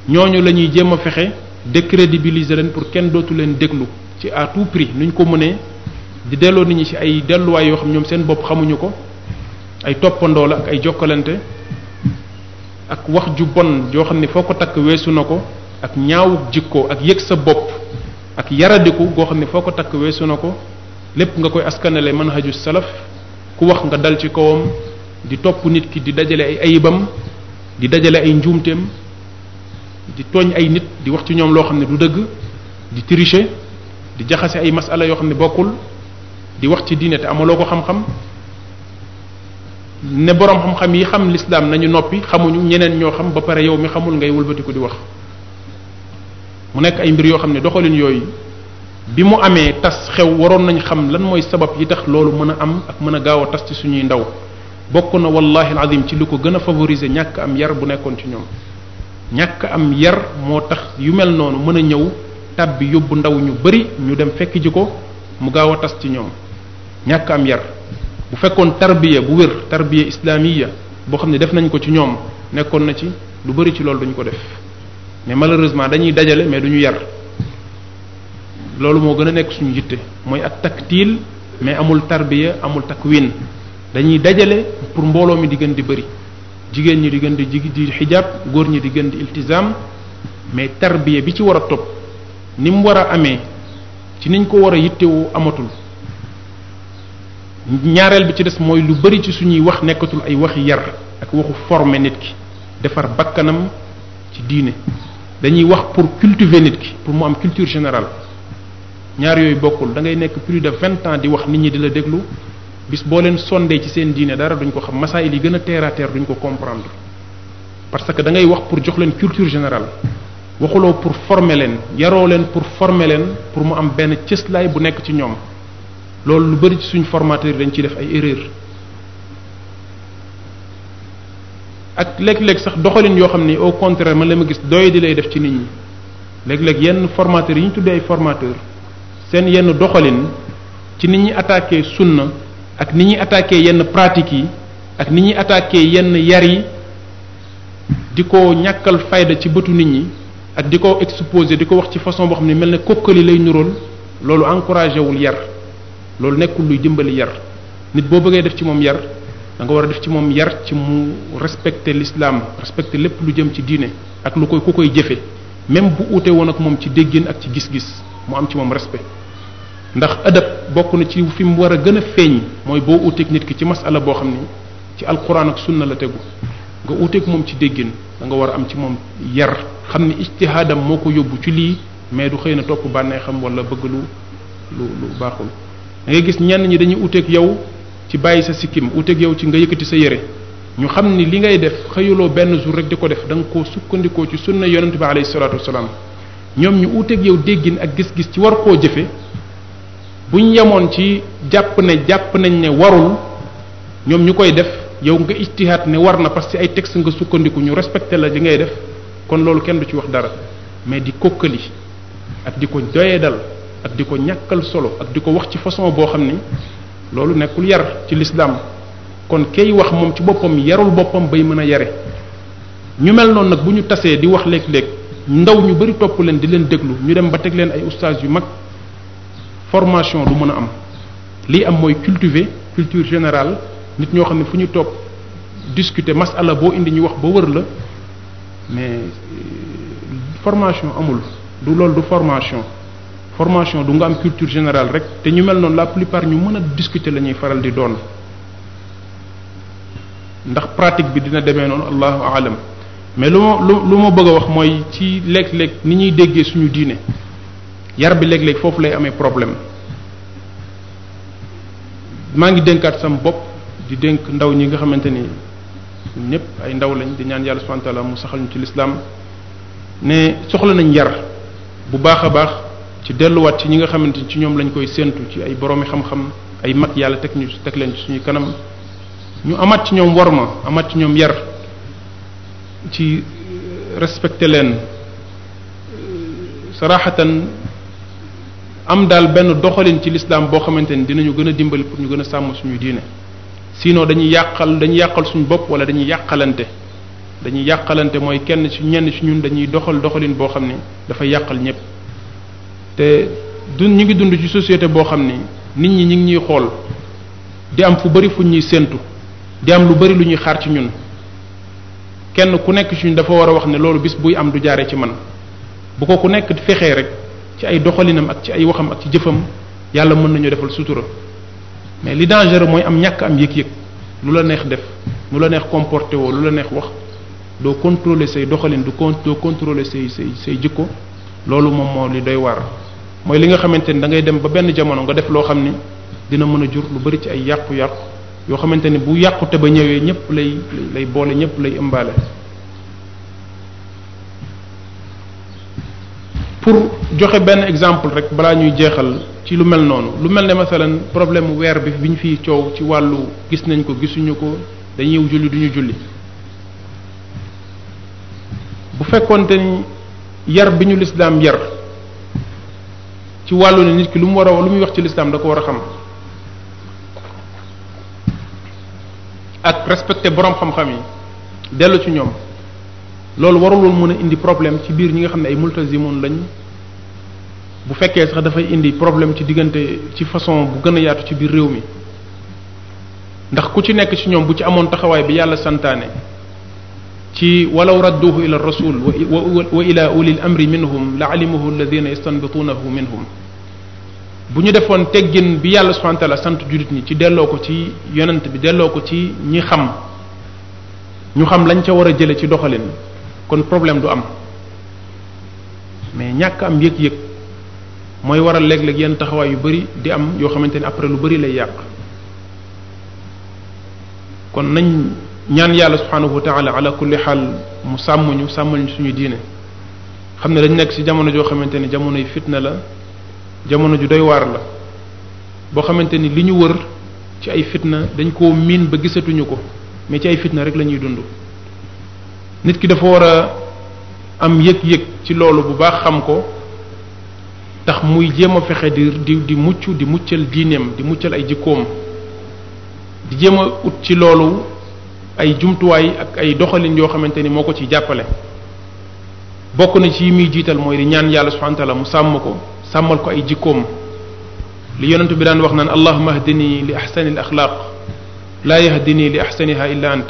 ñooñu la ñuy jéem a fexe décrédibiliser leen pour kenn dootu leen déglu ci à tout prix nu ñu ko mënee di delloo nañu ñi ci ay delluwaay yoo xam ñoom seen bopp xamuñu ko ay toppandoo la ak ay jokkalante ak wax ju bon joo xam ne foo ko takk weesu na ko ak ñaawuk jikko ak yëg sa bopp ak yaradiku goo xam ne foo ko takk weesu na ko lépp nga koy askanale manhaju salaf ku wax nga dal ci kawam di topp nit ki di dajale ay ayibam di dajale ay njuumteem di tooñ ay nit di wax ci ñoom loo xam ne du dëgg di tricher di jaxase ay masala yoo xam ne bokkul di wax ci diine te amaloo ko xam-xam ne borom xam-xam yi xam lislaam nañu noppi xamuñu ñeneen ñoo xam ba pare yow mi xamul ngay wëlbatiku di wax mu nekk ay mbir yoo xam ne doxalin yooyu bi mu amee tas xew waroon nañ xam lan mooy sabab yi tax loolu mën a am ak mën a gaaw a tas ci suñuy ndaw bokk na wallahi alazim ci lu ko gën a favoriser ñàkk am yar bu nekkoon ci ñoom ñàkk am yar moo tax yu mel noonu mën a ñëw tàbbi yóbbu ndaw ñu bari ñu dem fekk ji ko mu gaaw a tas ci ñoom ñàkk am yar bu fekkoon tarbiya bu wér tarbiya islamiya boo xam ne def nañ ko ci ñoom nekkoon na ci lu bari ci loolu duñ ko def mais malheureusement dañuy dajale mais duñu yar loolu moo gën a nekk suñu yitte mooy ak taktiil mais amul tarbiya amul takk takwin dañuy dajale pour mbooloo mi di gën di bëri jigéen ñi di gën di jigi di xijaab góor ñi di gën di iltizam mais tarbiya bi ci war a topp ni mu war a amee ci niñ ko war a yittewoo amatul ñaareel bi ci des mooy lu bëri ci suñuy wax nekkatul ay waxi yar ak waxu former nit ki defar bakkanam ci diine dañuy wax pour cultiver nit ki pour mu am culture général ñaar yooyu bokkul da ngay nekk plus de vingt ans di wax nit ñi di la déglu bis boo leen sondee ci seen diine dara duñ ko xam masaayil yi gën a terre à ko comprendre parce que da ngay wax pour jox leen culture générale waxuloo pour former leen yaroo leen pour former leen pour mu am benn cëslaay bu nekk ci ñoom loolu lu bari ci suñ formateur dañ ciy def ay erreur ak léeg-léeg sax doxalin yoo xam ni au contraire man la ma gis doy di lay def ci nit ñi léeg-léeg yenn formateurs yi ñu tuddee ay formateurs seen yenn doxalin ci nit ñi attaqué sunna ak ni ñuy attaquer yenn pratiques yi ak ni ñuy attaquer yenn yar yi di ko ñàkkal fayda ci bëtu nit ñi ak di ko exposer di ko wax ci façon boo xam ne mel ne kokkali lay nurool loolu encouragé wul yar loolu nekkul luy dimbali yar nit boo bëggee def ci moom yar da nga war a def ci moom yar ci mu respecter l'islam respecter lépp lu jëm ci diine ak lu ko ku koy jëfe même bu uute woon ak moom ci déggin ak ci gis-gis mu am ci moom respect ndax adab bokk na ci fi mu war a gën a feeñ mooy boo uuteeg nit ki ci masala boo xam ni ci alquran ak sunna la tegu nga uuteeg moom ci déggin da nga war a am ci moom yar xam ni ijtihaadam moo ko yóbbu ci lii mais du xëy na topp bànnee xam wala bëgg lu lu baaxul da gis ñenn ñi dañuy uuteeg yow ci bàyyi sa sikkim uuteeg yow ci nga yëkkati sa yére ñu xam ni li ngay def xëyuloo benn jour rek di ko def da nga koo sukkandikoo ci sunna yonente bi alayhi salaatu wasalaam ñoom ñu uuteeg yow déggin ak gis-gis ci war koo jëfe buñ yemoon ci jàpp ne jàpp nañ ne warul ñoom ñu koy def yow nga ijtihaat ne war na parce que ay texte nga sukkandiku ñu respecté la di ngay def kon loolu kenn du ci wax dara mais di kokkali ak di ko doyedal ak di ko ñàkkal solo ak di ko wax ci façon boo xam ni loolu nekkul yar ci lislaam kon kay wax moom ci boppam yarul boppam bay mën a yare ñu mel noonu nag bu ñu tasee di wax léeg-léeg ndaw ñu bari topp leen di leen déglu ñu dem ba teg leen ay ustaas yu mag formation du mën a am lii am mooy cultiver culture générale nit ñoo xam ne fu ñu toog discuter masala boo indi ñu wax ba wër la mais euh, formation amul du lool du formation formation du nga am culture générale rek te ñu mel noonu la plupart ñu mën a discuter la ñuy faral di doon ndax pratique bi dina demee noonu allahu alam mais lu ma lu lu ma bëgg a wax mooy ci léeg-léeg ni ñuy déggee suñu diine yar bi léeg-léeg foofu lay amee problème maa ngi dénkaat sam bopp di dénk ndaw ñi nga xamante ni ñépp ay ndaw lañ di ñaan yàlla subhanahu wa mu saxal ñu ci lislaam ne soxla nañ yar bu baax a baax ci delluwaat ci ñi nga xamante ni ci ñoom lañ koy séentu ci ay boroomi xam-xam ay mag yàlla teg teg leen ci suñu kanam ñu amaat ci ñoom worma amaat ci ñoom yar ci respecté leen saraxatan am daal benn doxalin ci lislaam boo xamante ni dinañu gën a dimbali pour ñu gën a sàmm suñu diine sinon dañuy yàqal dañuy yàqal suñu bopp wala dañuy yàqalante dañuy yàqalante mooy kenn su ñenn ci ñun dañuy doxal doxalin boo xam ne dafa yàqal ñépp te du ñu ngi dund ci société boo xam ni nit ñi ñu ngi ñuy xool di am fu bari fu ñuy séentu di am lu bari lu ñuy xaar ci ñun kenn ku nekk ci dafa war a wax ne loolu bis buy am du jaaree ci man bu ko ku nekk fexee rek ci ay doxalinam ak ci ay waxam ak ci jëfam yàlla mën nañu defal sutura mais li dangereux mooy am ñàkk am yëg-yëg lu la neex def lu la neex comporté woo lu la neex wax doo contrôler say doxalin du con doo contrôler say say say jikko loolu moom moo li doy waar mooy li nga xamante ni da ngay dem ba benn jamono nga def loo xam ni dina mën a jur lu bari ci ay yàqu-yàqu yoo xamante ni bu yàqute ba ñëwee ñépp lay lay boole ñépp lay ëmbaale pour joxe benn exemple rek balaa ñuy jeexal ci lu mel noonu lu mel ne masalan problème mu weer bi bi ñu fiy coow ci wàllu gis nañ ko gisuñu ko dañuy julli duñu julli bu fekkoonte ni yar bi ñu lislaam yar ci wàllu ne nit ki lu mu war a lu muy wax ci lislaam da ko war a xam ak respecté boroom xam-xam yi dellu ci ñoom loolu warul woon mën a indi problème ci biir ñi nga xam ne ay multazimoon lañ bu fekkee sax dafay indi problème ci diggante ci façon bu gën a yaatu ci biir réew mi ndax ku ci nekk ci ñoom bu ci amoon taxawaay bi yàlla santaane ci walaw radduhu ila rasul wa ila ulil amri minhum la alimahu alladina yastanbituunahu minhum bu ñu defoon teggin bi yàlla subhanahu wa sant jullit ñi ci delloo ko ci yonent bi delloo ko ci ñi xam ñu xam lañ ca war a jële ci doxalin kon problème du am mais ñàkk am yëg-yëg mooy waral léeg-léeg yenn taxawaay yu bari di am yoo xamante ni après lu bari lay yàq kon nañ ñaan yàlla subhanahu wa taala ala kulli xaal mu sàmmuñu sàmmal ñu suñu diine xam ne dañ nekk ci jamono joo xamante ni jamono yi fitna la jamono ju doy waar la boo xamante ni li ñu wër ci ay fitna dañ koo miin ba gisatuñu ko mais ci ay fitna rek lañuy dund nit ki dafa war a am yëg-yëg ci loolu bu baax xam ko tax muy jéem a fexe di di mucc di muccal diineem di muccal ay jikkoom di jéem a ut ci loolu ay jumtuwaay ak ay doxalin yoo xamante ni moo ko ci jàppale bokk na ci muy jiital mooy di ñaan yàlla subhanahu wa mu sàmm ko sàmmal ko ay jikkoom li yonent bi daan wax naan allahumma ahdini li ahsani al axlaaq laa yahdini li ahsaniha illa ant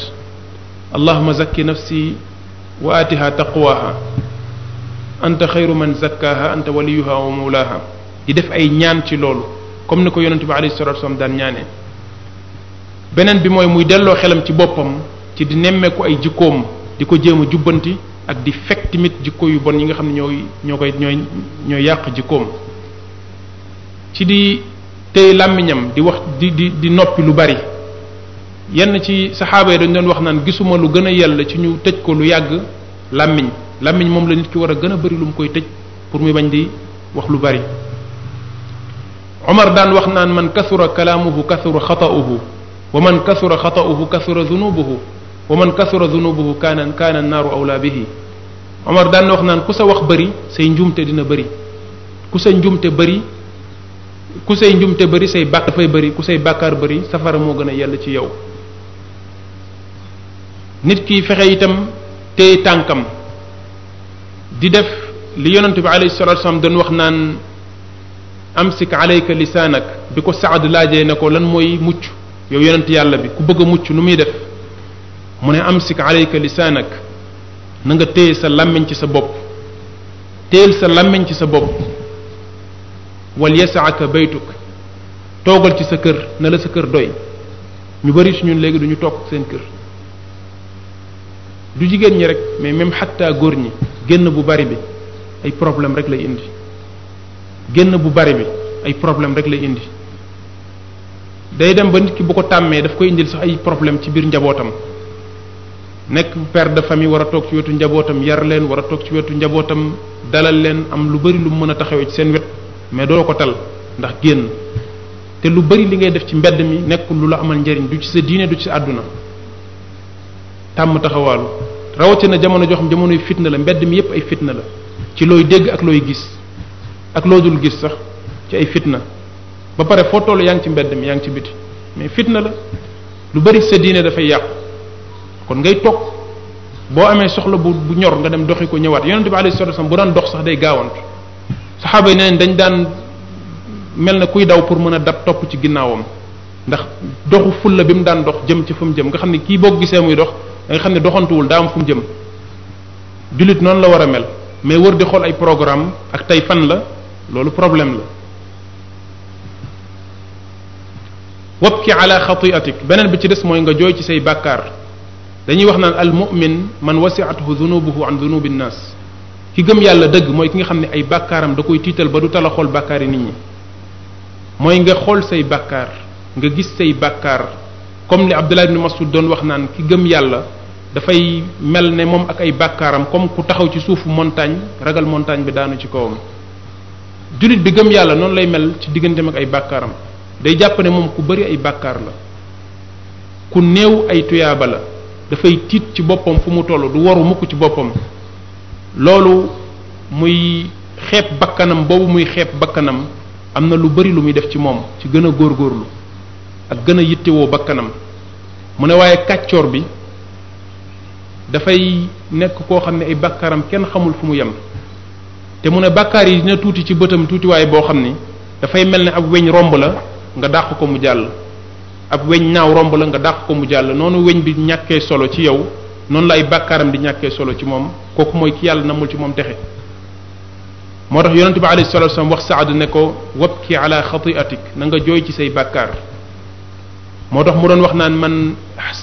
allahuma zakki nafsi wa aatiha taqwaha anta xayru man zakkaha anta waliyuha wa mawlaha di def ay ñaan ci loolu comme ni ko yonente bi alayhi salatu wasallam daan ñaanee beneen bi mooy muy delloo xelam ci boppam ci di nemmeeku ay jikkoom di ko jéem a jubbanti ak di fekk tamit jikko yu bon yi nga xam ne ñoo ñoo koy ñoo ñooy yàq jikkoom ci di tey làmmiñam di wax di di di noppi lu bari yenn ci saxaaba yi dañ doon wax naan gisuma lu gën a yell ci ñu tëj ko lu yàgg làmmiñ làmmiñ moom la nit ki war a gën a bari lu mu koy tëj pour muy bañ di wax lu bari Omar daan wax naan man kasura kalaamuhu kasura xata'uhu wa man kasura xata'uhu kasura zunubuhu wa man kasura zunubuhu kaana kaana naaru awlaa bihi Omar daan wax naan ku sa wax bari say njuumte dina bari ku sa njuumte bari ku say njuumte bari say bàq bari ku say bàkkaar bari safara moo gën a yell ci yow nit ki fexe itam tey tànkam di def li yonent bi alayhi salatu wasallam doon wax naan amsik alayka lisaanak bi ko saad laajee ne ko lan mooy mucc yow yonent yàlla bi ku bëgg a mucc nu muy def mu ne amsik alayka lisaanak na nga téye sa làmmiñ ci sa bopp téyel sa làmmiñ ci sa bopp wal yasaaka baytuk toogal ci sa kër na la sa kër doy ñu bari su ñun léegi duñu toog seen kër du jigéen ñi rek mais même xatta góor ñi génn bu bari bi ay problème rek lay indi génn bu bari bi ay problème rek lay indi day dem ba nit ki bu ko tàmmee daf koy indil sax ay problème ci biir njabootam nekk père de famille war a toog ci wetu njabootam yar leen war a toog ci wetu njabootam dalal leen am lu bari lu mën a taxawee ci seen wet mais doo ko tal ndax génn te lu bari li ngay def ci mbedd mi nekk lu la amal njariñ du ci sa diine du ci àdduna tàmm taxawaalu rawatina jamono joo xam jamonoy fitna la mbedd mi yépp ay fitna la ci looy dégg ak looy gis ak loo dul gis sax ci ay fitna ba pare foo toll yaa ngi ci mbedd mi yaa ngi ci biti mais fitna la lu bari sa diine dafay yàqu kon ngay toog boo amee soxla bu bu ñor nga dem doxi ko ñëwaat yonente bi alayhi salatu wasallam bu daan dox sax day gaawantu saxaaba yi neen dañ daan mel na kuy daw pour mën a dab topp ci ginnaawam ndax doxu fulla bi mu daan dox jëm ci fu mu jëm nga xam ne kii boo gisee muy dox da xam ne doxantuwul daa fu mu jëm jullit noonu la war a mel mais wër di xool ay programme ak tey fan la loolu problème la wabki ala xatiatik beneen bi ci des mooy nga jooy ci say bàkkaar dañuy wax naan al mu'min man wasi'athu dunubuhu an dunubi nnaas ki gëm yàlla dëgg mooy ki nga xam ne ay bàkkaaram da koy tiital ba du tala xool bàkkaari nit ñi mooy nga xool say bàkkaar nga gis say bàkkaar comme li Abdullah ibn Mas'ud doon wax naan ki gëm yàlla dafay mel ne moom ak ay bàkkaaram comme ku taxaw ci suufu montagne ragal montagne bi daanu ci kawam jullit bi gëm yàlla noonu lay mel ci digganteem ak ay bàkkaaram day jàpp ne moom ku bari ay bàkkaar la ku néew ay tuyaaba la dafay tiit ci boppam fu mu toll du waru mukk ci boppam loolu muy xeeb bakkanam boobu muy xeep bakkanam am na lu bari lu muy def ci moom ci gën a góorlu ak gën a yittewoo bakkanam mu ne waaye kàccoor bi dafay nekk koo xam ne ay bàkkaaram kenn xamul fu mu yem te mu ne bàkkaar yi dina tuuti ci bëtam tuutiwaay boo xam ni dafay mel ne ab weñ romb la nga dàq ko mu jàll ab weñ naaw romb la nga dàq ko mu jàll noonu weñ bi ñàkkee solo ci yow noonu la ay bàkkaaram di ñàkkee solo ci moom kooku mooy ki yàlla namul ci moom texe moo tax yonente bi alayhi salatu wasallam wax saad ne ko wabki ala xatiatik na nga jooy ci say bàkkaar moo tax mu doon wax naan man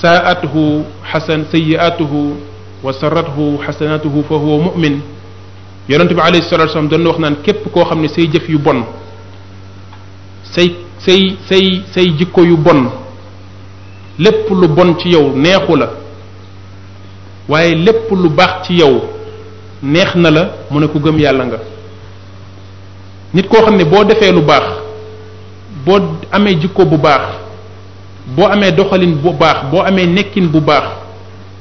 saatuhu xasan sayiatuhu wa sarathu xasanatuhu fa huwa mumin yonente bi alayhi salatu wasalam doon wax naan képp koo xam ne say jëf yu bon say say say say jikko yu bon lépp lu bon ci yow neexu la waaye lépp lu baax ci yow neex na la mu ne ku gëm yàlla nga nit koo xam ne boo defee lu baax boo amee jikko bu baax boo amee doxalin bu baax boo amee nekkin bu baax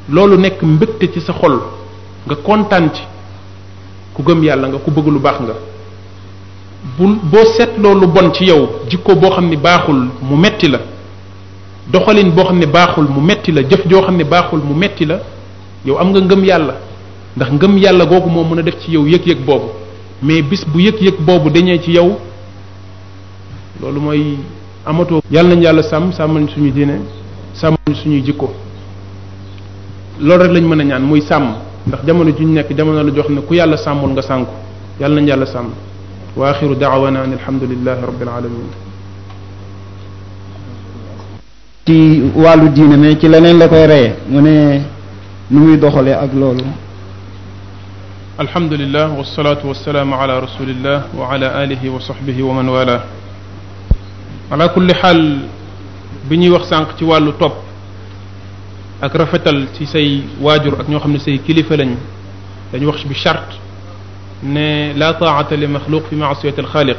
loolu nekk mbëgte ci sa xol nga kontaan ci ku gëm yàlla nga ku bëgg lu baax nga bu boo seetloo lu bon ci yow jikko boo xam ne baaxul mu metti la doxalin boo xam ne baaxul mu metti la jëf joo xam ne baaxul mu metti la yow am nga ngëm yàlla ndax ngëm yàlla googu moo mën a def ci yow yëg-yëg boobu mais bis bu yëg-yëg boobu deñee ci yow loolu mooy amatoo yàlla nañu yàlla sàmm sàmmal ñu suñu diine sàmmal ñu suñuy jikko loolu rek lañ mën a ñaan muy sàmm ndax jamono ju ñu nekk jamono la jox ne ku yàlla sàmmul nga sànku yàlla nañu yàlla sàmm wa axiru daawana an alhamdulillahi rabbil alamin ci wàllu diine mais ci leneen la koy reye mu ne nu muy doxalee ak loolu alhamdulilah wasalaatu wasalaamu ala rasulillah wa ala alihi wa sahbihi wa ala kulli xaal bi ñuy wax sànq ci wàllu topp ak rafetal ci say waajur ak ñoo xam ne say kilifa lañ dañu wax bi charte ne la taata li maxluq fi maasiyati alxaaliq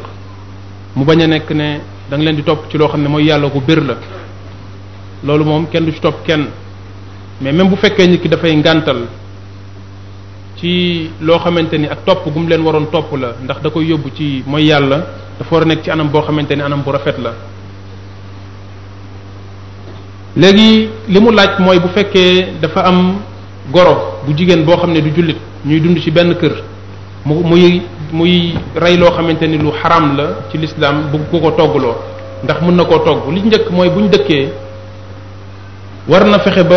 mu bañ a nekk ne da leen di topp ci loo xam ne mooy yàlla ko bir la loolu moom kenn du ci topp kenn mais même bu fekkee nit ki dafay ngàntal ci loo xamante ni ak topp gu mu leen waroon topp la ndax da koy yóbbu ci mooy yàlla dafa war nekk ci anam boo xamante ni anam bu rafet la léegi li mu laaj mooy bu fekkee dafa am goro bu jigéen boo xam ne du jullit ñuy dund ci benn kër mu muy muy rey loo xamante ni lu xaram la ci lislaam bëgg ko ko toggloo ndax mun na koo togg li njëkk mooy bu ñu dëkkee war na fexe ba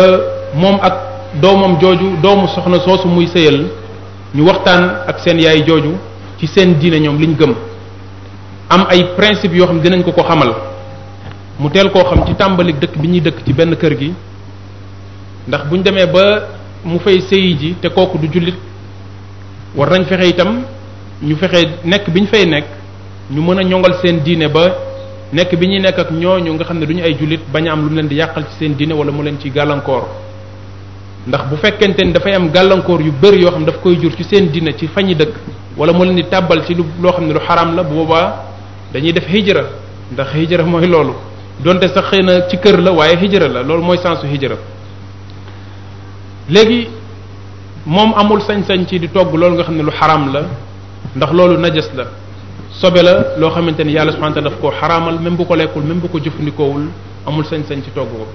moom ak doomam jooju doomu soxna soosu muy sëyal ñu waxtaan ak seen yaay jooju ci seen diine ñoom liñ gëm am ay principe yoo xam ne dinañ ko ko xamal mu teel koo xam ci tàmbalik dëkk bi ñuy dëkk ci benn kër gi ndax buñ demee ba mu fay sëyi ji te kooku du jullit war nañ fexe itam ñu fexe nekk bi ñu fay nekk ñu mën a ñongal seen diine ba nekk bi ñuy nekk ak ñooñu nga xam ne du ñu ay jullit bañ a am lu mu leen di yàqal ci seen diine wala mu leen ci gàllankoor ndax bu fekkente ni dafay am gàllankoor yu bëri yoo xam daf koy jur ci seen dina ci fañi dëkk wala mu leen di tàbbal ci lu loo xam ne lu xaram la bu boobaa dañuy def hijra ndax hijra mooy loolu donte sax xëy na ci kër la waaye hijra la loolu mooy sensu hijra léegi moom amul sañ-sañ ci di togg loolu nga xam ne lu xaram la ndax loolu najas la sobe la loo xamante ni yàlla subhanahu wa ta'ala daf koo xaraamal bu ko lekkul même bu ko jëfandikoowul amul sañ-sañ ci togg ko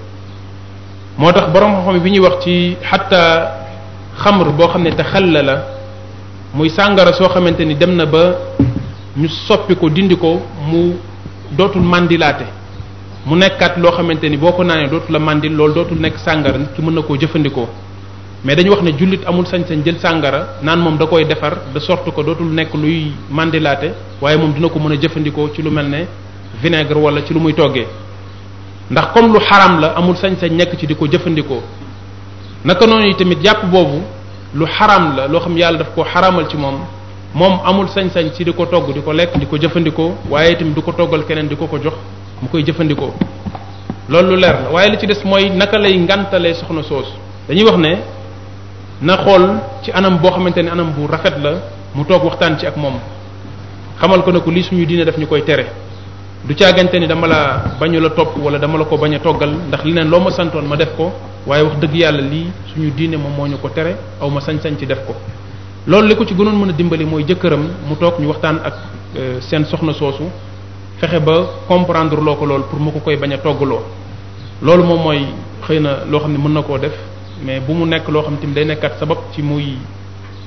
moo tax borom xam bi ñuy wax ci xatta xamr boo xam ne te xal la la muy sàngara soo xamante ni dem na ba ñu soppi ko dindi ko mu dootul mandilaate mu nekkaat loo xamante ni boo ko naanee dootul la mandil loolu dootul nekk sàngara nit ki mën na koo jëfandikoo mais dañu wax ne jullit amul sañ-sañ jël sàngara naan moom da koy defar de sorte que dootul nekk luy mandilaate waaye moom dina ko mën a jëfandikoo ci lu mel ne vinaigre wala ci lu muy toggee ndax comme lu xaram la amul sañ-sañ nekk ci di ko jëfandikoo naka noonu yi tamit jàpp boobu lu xaram la loo xam yàlla daf koo xaramal ci moom moom amul sañ-sañ ci di ko togg di ko lekk di ko jëfandikoo waaye itam du ko toggal keneen di ko ko jox mu koy jëfandikoo loolu lu leer waaye li ci des mooy naka lay ngantalee soxna soosu dañuy wax ne na xool ci anam boo xamante ne anam bu rafet la mu toog waxtaan ci ak moom xamal ko ne ko lii suñu dina daf ñu koy tere du càggante ni dama la bañu la topp wala dama la ko bañ a toggal ndax li neen loo ma santoon ma def ko waaye wax dëgg yàlla lii suñu diine moom moo ñu ko tere aw ma sañ-sañ ci def ko loolu li ko ci gënoon mën a dimbali mooy jëkkëram mu toog ñu waxtaan ak euh, seen soxna soosu fexe ba comprendre loo ko lool pour mu ko koy bañ a togg loo loolu moom mooy xëy na loo xam ne mën na koo def mais bu mu nekk loo xam ne day nekkaat sabab ci muy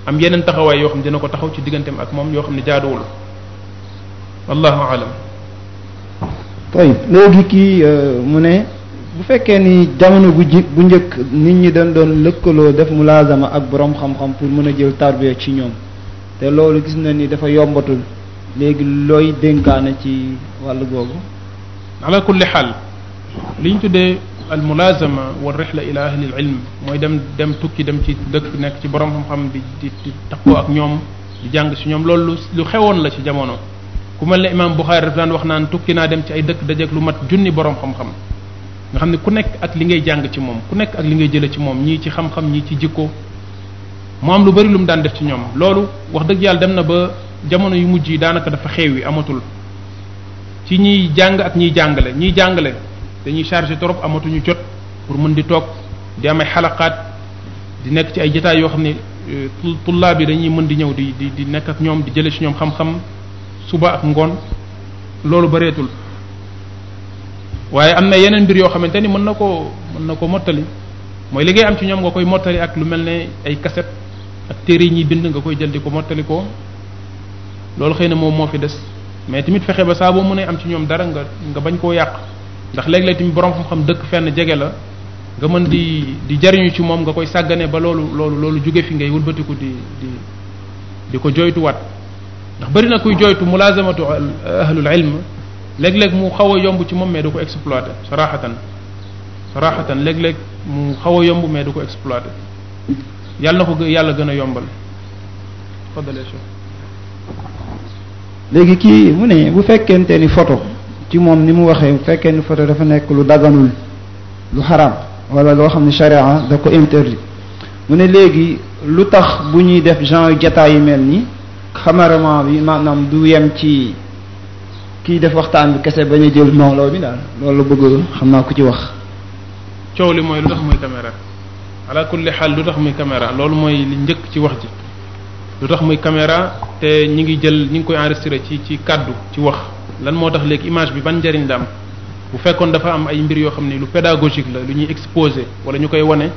am yeneen taxawaay yoo xam ne dina ko taxaw ci digganteem ak moom yoo xam ne jaaduwul wallahu alam tayib léegi kii euh, mu ne bu fekkee ni jamono bu ji bu njëkk nit ñi dañ doon lëkkaloo def mulaazama ak boroom xam-xam pour mën a jël tarbiya ci ñoom te loolu gis na ni dafa yombatul léegi looy dénkaane ci wàll googu ala kulli xaal li ñu tuddee al mulazama wal rihla ila ahli al ilm mooy dem dem tukki dem ci dëkk nekk ci borom xam-xam di di di takkoo ak ñoom di jàng ci ñoom loolu lu xewoon la ci jamono ku mel ne imaam Buxaari daf daan wax naan tukki naa dem ci ay dëkk dajeeg lu mat junni borom xam-xam nga xam ne ku nekk ak li ngay jàng ci moom ku nekk ak li ngay jële ci moom ñii ci xam-xam ñii ci jikko mu am lu bari lu mu daan def ci ñoom loolu wax dëgg yàlla dem na ba jamono yu mujj yi daanaka dafa xeew yi amatul ci ñiy jàng ak ñiy jàngale ñiy jàngale dañuy chargé trop amatuñu jot pour mën di toog di am ay xalaqaat di nekk ci ay jotaay yoo xam ne euh, tullaa bi dañuy mën di ñëw di di di nekk ñoom di jële ci ñoom suba ak ngoon loolu bareetul waaye am na yeneen mbir yoo xamante ni mën na koo mën na ko mottali mooy liggéey am ci ñoom nga koy mottali ak lu mel ne ay kaset ak téere bind nga koy jël ko mottali ko loolu xëy na moom moo fi des mais tamit fexe ba saa boo mënee am ci ñoom dara nga nga bañ koo yàq ndax léeg-léeg tamit borom xam-xam dëkk fenn jege la nga mën di di jariñu ci moom nga koy sàggane ba loolu loolu loolu jóge fi ngay wëlbatiku di di di ko joytuwaat ndax bari na kuy jooytu mulazamatu ahlul ilm léeg-léeg mu xaw a yomb ci moom mais du ko exploité sarahatan sarahatan léeg-léeg mu xaw a yomb mais du ko exploité yàlla na ko yàlla gën a yombal fadale léegi kii mu ne bu fekkente ni photo ci moom ni mu waxee bu ni photo dafa nekk lu daganul lu xaraam wala loo xam ne charia da ko interdit mu ne léegi lu tax bu ñuy def genre jataay yu mel nii cameraman bi maanaam du yem ci kiy def waxtaan bi kese bañ a jël mawloo bi daal loolu la bëgg xam naa ku ci wax coow li mooy lu tax muy caméra ala kulli xaal lu tax muy caméra loolu mooy li njëkk ci wax ji lu tax muy caméra te ñi ngi jël ñi ngi koy enregistré ci ci kàddu ci wax lan moo tax léegi image bi ban njariñ la bu fekkoon dafa am ay mbir yoo xam ne lu pédagogique la lu ñuy exposé wala ñu koy wane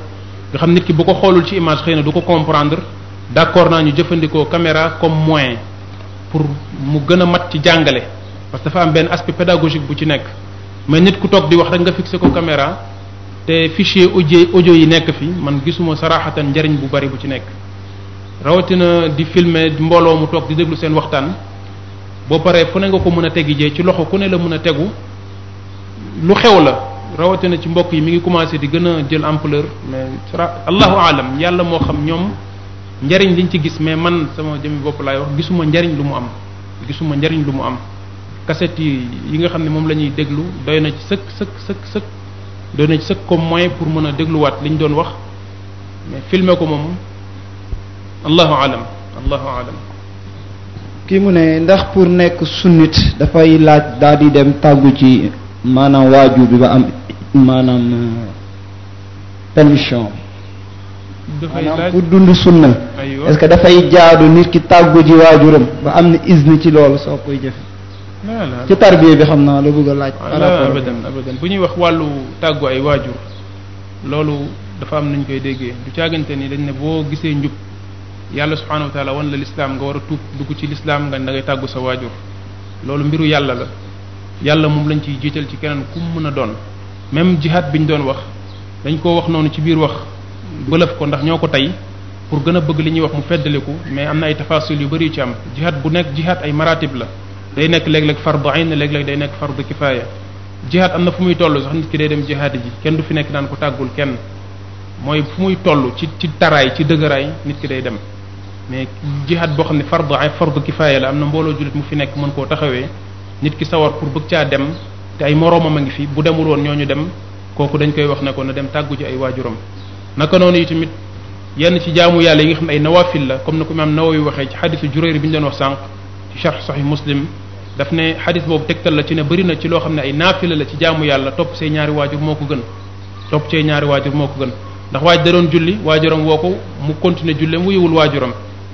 nga xam nit ki bu ko xoolul ci image xëy na du ko comprendre d'accord naa ñu jëfandikoo caméra comme moyen pour mu gën a mat ci jàngale parce que dafa am benn aspect pédagogique bu ci nekk mais nit ku toog di wax rek nga fixé ko caméra te fichier audio audio yi nekk fi man gisuma saraxatan njariñ bu bari bu ci nekk rawatina di filmer mbooloo mu toog di déglu seen waxtaan boo paree fu ne nga ko mën a tegi jee ci loxo ku ne la mën a tegu lu xew la rawatina ci mbokk yi mi ngi commencé di gën a jël ampleur mais sara allahu alam moo xam ñoom njariñ liñ ci gis mais man sama jëmmi bopp laay wax gisuma njariñ lu mu am gisuma njariñ lu mu am cassette yi yi nga xam ne moom la ñuy déglu doy na ci sëkk sëkk sëkk sëkk doy na ci sëkk comme moyen pour mën a dégluwaat ñu doon wax mais filmer ko moom allahu alam allahu alam kii mu ne ndax pour nekk sunnit dafay laaj daal di dem tàggu ci maanaam waajur bi ba am maanaam euh, permission maanaam pour dund sunna est-ce que dafay jaadu nit ki tàggu ji waajuram ba am na isne ci loolu soo koy jëf ci tarbiya bi xam naa la bëgg a laaj abadan abadan bu ñuy wax wàllu tàggu ay waajur loolu dafa am nañ koy déggee du caagante ni dañ ne boo gisee njub yàlla subhanahu wa taala wan la lislaam nga war a tuub dugg ci lislaam nga da ngay tàggu sa waajur loolu mbiru yàlla la yàlla moom lañ ciy jiital ci keneen ku mën a doon même jihad bi ñu doon wax dañ koo wax noonu ci biir wax bëlëf ko ndax ñoo ko tey pour gën a bëgg li ñuy wax mu feddaliku mais am na ay tafasil yu bëri ci am jihaad bu nekk jihaad ay maratib la day nekk léeg-léeg fardu ayn léeg-léeg day nekk fardu kifaaya jihaad am na fu muy toll sax nit ki day dem jihaad ji kenn du fi nekk naan ko tàggul kenn mooy fu toll ci ci taraay ci dëgëraay nit ki day dem mais jihaad boo xam ne fardu ayn fardu kifaaya la am na mbooloo jullit mu fi nekk mën koo taxawee nit ki sawar pour bëgg caa dem te ay moroomam a ngi fi bu demul woon ñu dem kooku dañ koy wax nekkoon a dem tàggu ji ay waajuram naka noonu yi tamit yenn ci jaamu yàlla yi nga xam ne ay nawafil la comme na ko imaam Nawawi waxee ci xadisu Jurayr bi ñu doon wax sànq ci sharh Sahih Muslim daf ne xadis boobu la ci ne bëri na ci loo xam ne ay naafila la ci jaamu yàlla topp see ñaari moo ko gën topp see ñaari moo ko gën ndax waaj da doon julli waajuram woo ko mu continuer julli mu wuyuwul waajuram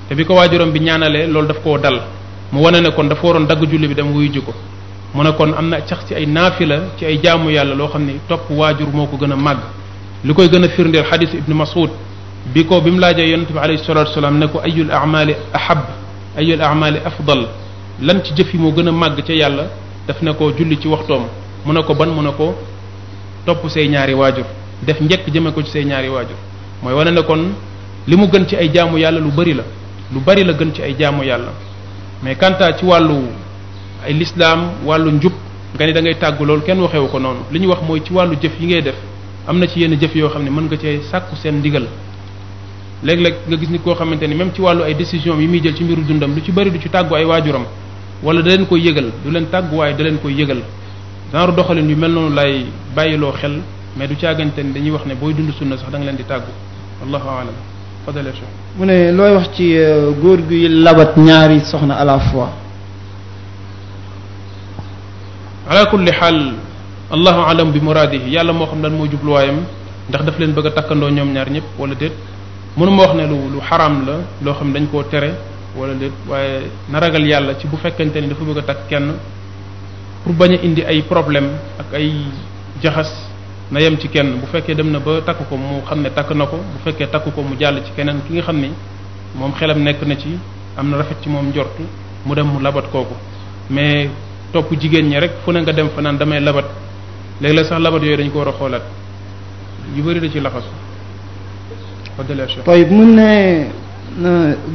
te bi ko waajuram bi ñaanalee loolu daf koo dal mu wane ne kon dafa waroon dagg julli bi dem wuyu ji ko mu ne kon am na sax ci ay naafila ci ay jaamu yàlla loo xam ne topp waajur moo ko gën a màgg li koy gën a firndeel xadisu ibnu masud bi ko bi mu laajee yonente bi alayhi salatu wasalaam ne ko ayul amali ahab ayul amali afdal lan ci jëf yi moo gën a màgg ca yàlla daf ne ko julli ci waxtoom mu ne ko ban mu ne ko topp say ñaari waajur def njëkk jëme ko ci say ñaari waajur mooy wane ne kon li mu gën ci ay jaamu yàlla lu bari la lu bari la gën ci ay jaamu yàlla mais kanta ci wàllu ay lislaam wàllu njub nga ne da ngay tàggu loolu kenn waxewu ko noonu li ñu wax mooy ci wàllu jëf yi ngay def am na ci yenn jëf yoo xam ne mën nga cee sàkku seen diggal léeg-léeg nga gis nit koo xamante ni même ci wàllu ay décision yi muy jël ci mbiru dundam lu ci bari du ci tàggu ay waajuram wala da leen koy yëgal du leen tàgguwaay da leen koy yëgal genre doxalin yu mel noonu laay bàyyiloo xel mais du caagante ni dañuy wax ne booy dund sunna sax da nga leen di tàggu allahu alam fadale mu ne looy wax ci euh, góor gi labat ñaari soxna à fois ala allahu alam bi muraadihi yàlla moo xam lan moo jubluwaayam ndax daf leen bëgg a takkandoo ñoom ñaar ñëpp wala déet mënu ma wax ne lu lu xaraam la loo xam dañ koo tere wala déet waaye na ragal yàlla ci bu fekkente ni dafa bëgg a takk kenn pour bañ indi ay problème ak ay jaxas na yem ci kenn bu fekkee dem na ba takk ko mu xam ne takk na ko bu fekkee takk ko mu jàll ci keneen ki nga xam ni moom xelam nekk na ci am na rafet ci moom njortu mu dem mu labat kooku mais topp jigéen ñi rek fu ne nga dem fa naan damay labat léeg-léeg sax labat yooyu dañ ko war a xoolaat yu bari da ci laxasu waddala cheikh tayib mu ne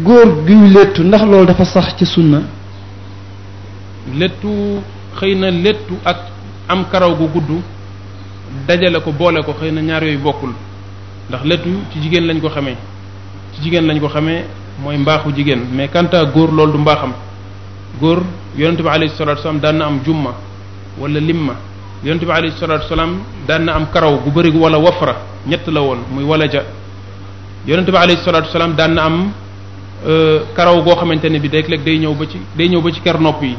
góor guy léttu ndax loolu dafa sax ci sunna léttu xëy na léttu ak am karaw gu gudd dajale ko boole ko xëy na ñaar yooyu bokkul ndax léttu ci jigéen lañ ko xame ci jigéen lañ ko xamee mooy mbaaxu jigéen mais kanta góor loolu du mbaaxam góor yonente bi alayhi salatu wasallam daan na am juma wala limma yonent bi alayhi salaam daan na am karaw gu bari wala wafra ñett la woon muy wala ja yonent bi alayhi salaatu salaam daan na am euh, karaw goo xamante ne bi léeg day ñëw ba ci day ñëw ba ci ker nopp yi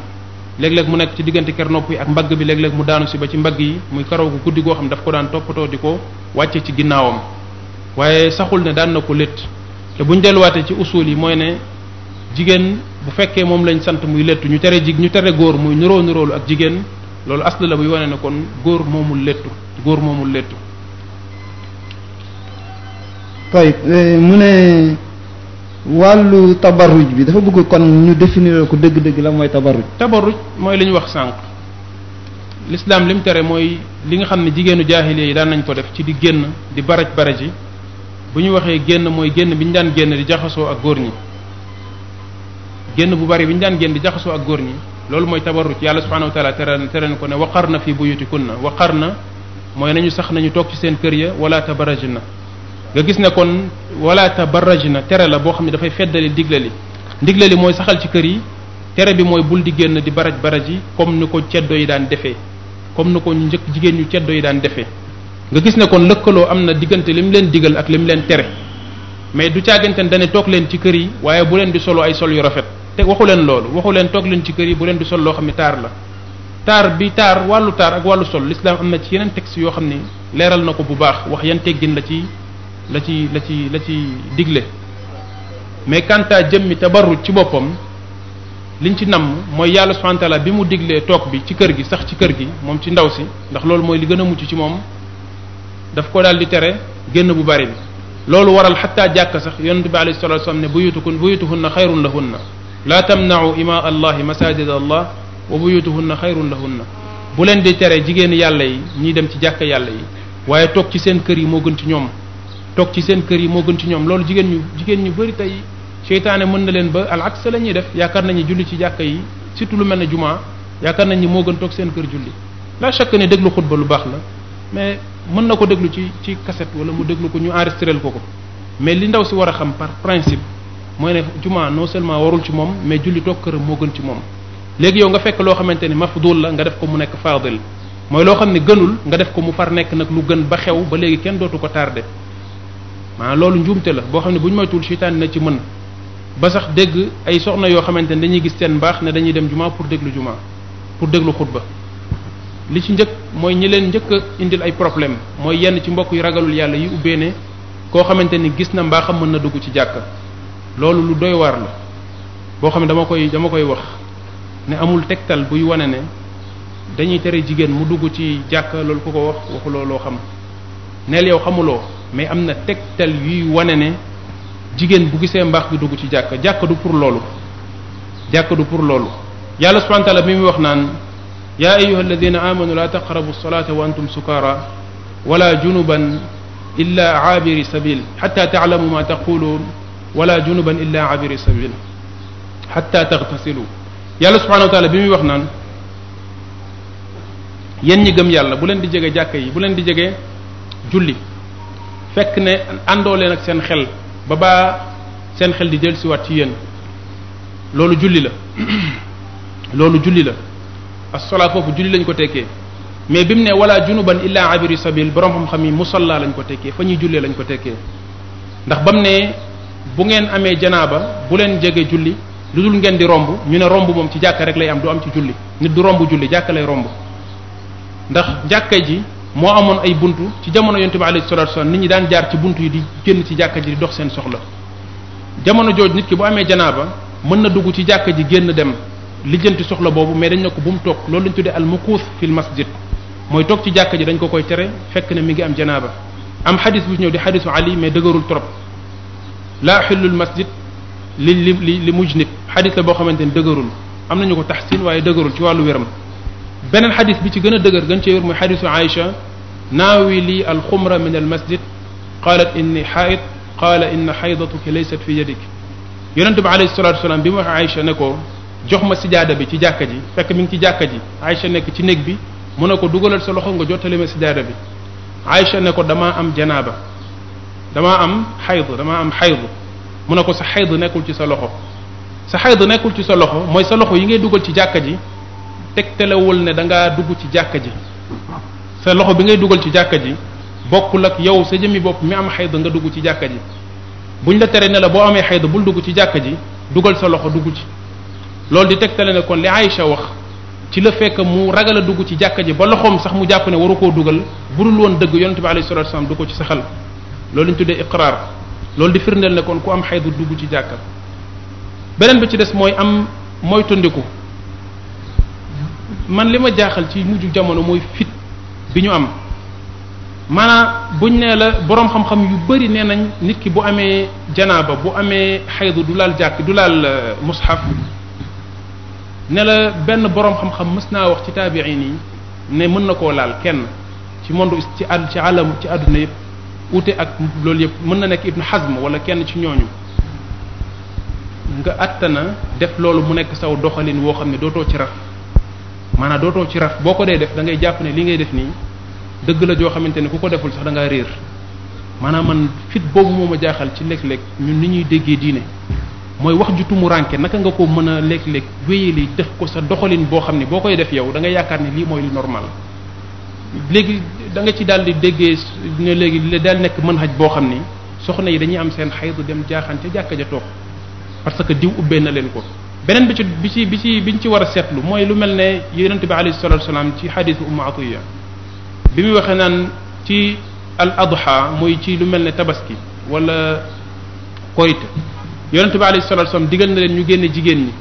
léeg-léeg mu nekk ci diggante ker nopp yi ak mbagg bi léeg mu daanu si ba ci mbagg yi muy karaw gu guddi goo xam daf ko daan toppatoo di ko wàcce ci ginnaawam waaye saxul ne daan na ko létt te buñ delluwaatee ci usul yi mooy ne jigéen bu fekkee moom lañ sant muy léttu ñu tere jig ñu tere góor muy niroo niroolu ak jigéen loolu asla la buy wane ne kon góor moomul léttu góor moomul léttu tayib eh, mu ne wàllu tabarruj bi dafa bëgg kon ñu définir ko dëgg-dëgg la mooy tabarruj tabarruj mooy li ñu wax sànq l'islam lim tere mooy li nga xam ne jigéenu jaahiliya yi daan nañ ko def ci di génn di baraj baraj yi bu ñu waxee génn mooy génn bi ñu daan génn di jaxasoo ak góor ñi génn bu bari bi ñu daan génn di jaxasoo ak góor ñi loolu mooy tabarru ci yàlla subhanahu wa taala tere tere ko ne waqar na fi buyutikunna waqar na na mooy nañu sax nañu toog ci seen kër ya wala tabarraj na nga gis ne kon wala tabarraj na tere la boo xam ne dafay feddali ndigle li ndigle li mooy saxal ci kër yi tere bi mooy bul di génn di baraj baraj yi comme ni ko ceddo yi daan defee comme ni ko njëkk jigéen ñu ceddo yi daan defee nga gis ne kon lëkkaloo am na diggante li mu leen digal ak li mu leen tere mais du caagante ne dane toog leen ci kër yi waaye bu leen di solo ay sol yu rafet te waxu leen loolu waxu leen toog leen ci kër yi bu leen di sol loo xam ne taar la taar bi taar wàllu taar ak wàllu sol l'islam am na ci yeneen texte yoo xam ne leeral na ko bu baax wax yan teggin la ci la ci la ci la ci digle mais kanta jëmmi tabarruj ci boppam liñ ci namm mooy yàlla subhanahu bi mu diglee toog bi ci kër gi sax ci kër gi moom ci ndaw si ndax loolu mooy li gën a mucc ci moom daf ko daal di tere génn bu bari bi loolu waral xataa jàkk sax yonente bi alayhi salatu wasallam ne buyutukun buyutuhunna xayrun lahunna laa tamnau ima allahi masajid allah wa buyutuhunna xayrun na bu leen di tere jigéen yàlla yi ñiy dem ci jàkka yàlla yi waaye toog ci seen kër yi moo gën ci ñoom toog ci seen kër yi moo gën ci ñoom loolu jigéen ñu jigéen ñu bëri tey seytaane mën na leen ba al aks la ñuy def yaakaar nañu julli ci jàkka yi surtout lu mel ne jumaa yaakaar nañ ni moo gën toog seen kër julli la chaque ne déglu xutba lu baax la mais mën na ko déglu ci ci cassette wala mu déglu ko ñu enregistrel ko ko mais li ndaw si war a xam par principe mooy ne jumaa non seulement warul ci moom mais julli toog këram moo gën ci moom léegi yow nga fekk loo xamante ni mafdul la nga def ko mu nekk fadil mooy loo xam ne gënul nga def ko mu far nekk nag lu gën ba xew ba léegi kenn dootu ko tardé maa loolu njuumte la boo xam ne bu ñu moytuwul seytaan na ci mën ba sax dégg ay soxna yoo xamante ne dañuy gis seen mbaax ne dañuy dem jumaa pour déglu jumaa pour déglu xutba li ci njëkk mooy ñi leen njëkk a indil ay problème mooy yenn ci mbokk yu ragalul yàlla yi ubbee ne koo xamante ni gis na mbaaxam mën na dugg ci jàkka loolu lu doy waar la boo xam ne dama koy dama koy wax ne amul tegtal buy wane ne dañuy tere jigéen mu dugg ci jàkka loolu ku ko wax waxuloo loo xam neel yow xamuloo mais am na tegtal yuy wane ne jigéen bu gisee mbaax gi dugg ci jàkk jàkka pour loolu jàkka pour loolu yàlla subhanahu wa bi muy wax naan yaa ayyuha alladina amanu la taqrabu salata wa antum sukara wala junuban illa aabiri sabil hatta taalamu ma taqulun wala junuban illa abiri sabil xatta taxtasilu yàlla subhanahu wa bi muy wax naan yéen ñi gëm yàlla bu leen di jege jàkka yi bu leen di jege julli fekk ne àndoo leen ak seen xel ba baa seen xel di si wat ci yéen loolu julli la loolu julli la assolaa foofu julli lañ ko tekkee mais bi mu ne wala junuban illa abiri sabil borom xam-xam yi musalla lañ ko tekkee fa ñuy jullee lañ ko tekkee ndax ba mu ne bu ngeen amee janaaba bu leen jege julli lu dul ngeen di romb ñu ne romb moom ci jàkka rek lay am du am ci julli nit du romb julli jàkka lay romb ndax jàkka ji moo amoon ay buntu ci jamono yonent bi alayhi salatu wasallam nit ñi daan jaar ci buntu yi di génn ci jàkka ji dox seen soxla jamono jooj nit ki bu amee janaaba mën na dugg ci jàkka ji génn dem lijjanti soxla boobu mais dañ ne ko bu mu toog loolu lañ tuddee al mukuus fil masjid mooy toog ci jàkka ji dañ ko koy tere fekk ne mi ngi am janaaba am xadis bu ñëw di xadisu ali mais dëgërul trop laa xillul masjid li li li li mujnib xadis la boo xamante ni dëgërul am nañu ko taxsin waaye dëgërul ci wàllu weram beneen xadis bi ci gën a dëgër gën cee wér mooy xadisu Aïcha naawi lii alxumra min al masjid qaalat inni xaid qaala inna xaydatuki laysat fi yadik yonente bi alayhi salatu wasalaam bi mu wax Aïcha ne ko jox ma sijaada bi ci jàkka ji fekk mi ngi ci jàkka ji Aïcha nekk ci néeg bi mu ne ko dugalal sa loxo nga jottali ma sijaada bi Aïcha ne ko damaa am janaaba damaa am xaydu dama am xaydu mu ne ko sa xaydu nekkul ci sa loxo sa xaydu nekkul ci sa loxo mooy sa loxo yi ngay dugal ci jàkka ji tegtalewul ne da dugg ci jàkka ji sa loxo bi ngay dugal ci jàkka ji bokkul ak yow sa jëmmi bokk mi am xaydu nga dugg ci jàkka ji buñ la tere ne la boo amee xaydu bul dugg ci jàkka ji dugal sa loxo dugg ci loolu di teg tegtale ne kon li ay Aïcha wax ci la fekk mu ragal a dugg ci jàkka ji ba loxoom sax mu jàpp ne waru koo dugal budul woon dëgg yonente bi alayhi salatu wasallam du ko ci saxal loolu ñu tuddee iqraar loolu di firndeel nekkoon kon ku am xaydu dugg ci jàkka beneen bi ci des mooy am mooy man li ma jaaxal ci mujj jamono mooy fit bi ñu am maanaam buñ nee la boroom xam-xam yu bari nee nañ nit ki bu amee janaaba bu amee xaydu du laal jàkk du laal euh, mushaf ne la benn boroom xam-xam mës naa wax ci taabiin yi ne mën na koo laal kenn ci monde ci àll ci àllam ci àdduna yëpp ute ak loolu yëpp mën na nekk Ibn Hazm wala kenn ci ñooñu nga attana def loolu mu nekk saw doxalin woo xam ne dootoo ci raf maanaam dootoo ci raf boo ko dee def da ngay jàpp ne li ngay def nii dëgg la joo xamante ne ku ko deful sax da ngaa réer maanaam man fit boobu moo ma jaaxal ci léeg-léeg ñun ni ñuy déggee diine mooy wax ju tumuranke naka nga ko mën a léeg-léeg wéyali def ko sa doxalin boo xam ne boo koy def yow da nga yaakaar ne lii mooy li normal léegi da nga ci daal di déggee ne léegi daal nekk mën xaj boo xam ni soxna yi dañuy am seen xaydu dem jaaxaan ca jàkka ja toog parce que diw ubbee na leen ko beneen bi ci bi ci bi ci biñ ci war a seetlu mooy lu mel ne yonente bi alayhi salatu wasalaam ci xadisu ummu atiya bi muy waxee naan ci al adha mooy ci lu mel ne tabaski wala korite yonente bi alayhi salatu wasalaam digal na leen ñu génne jigéen ñi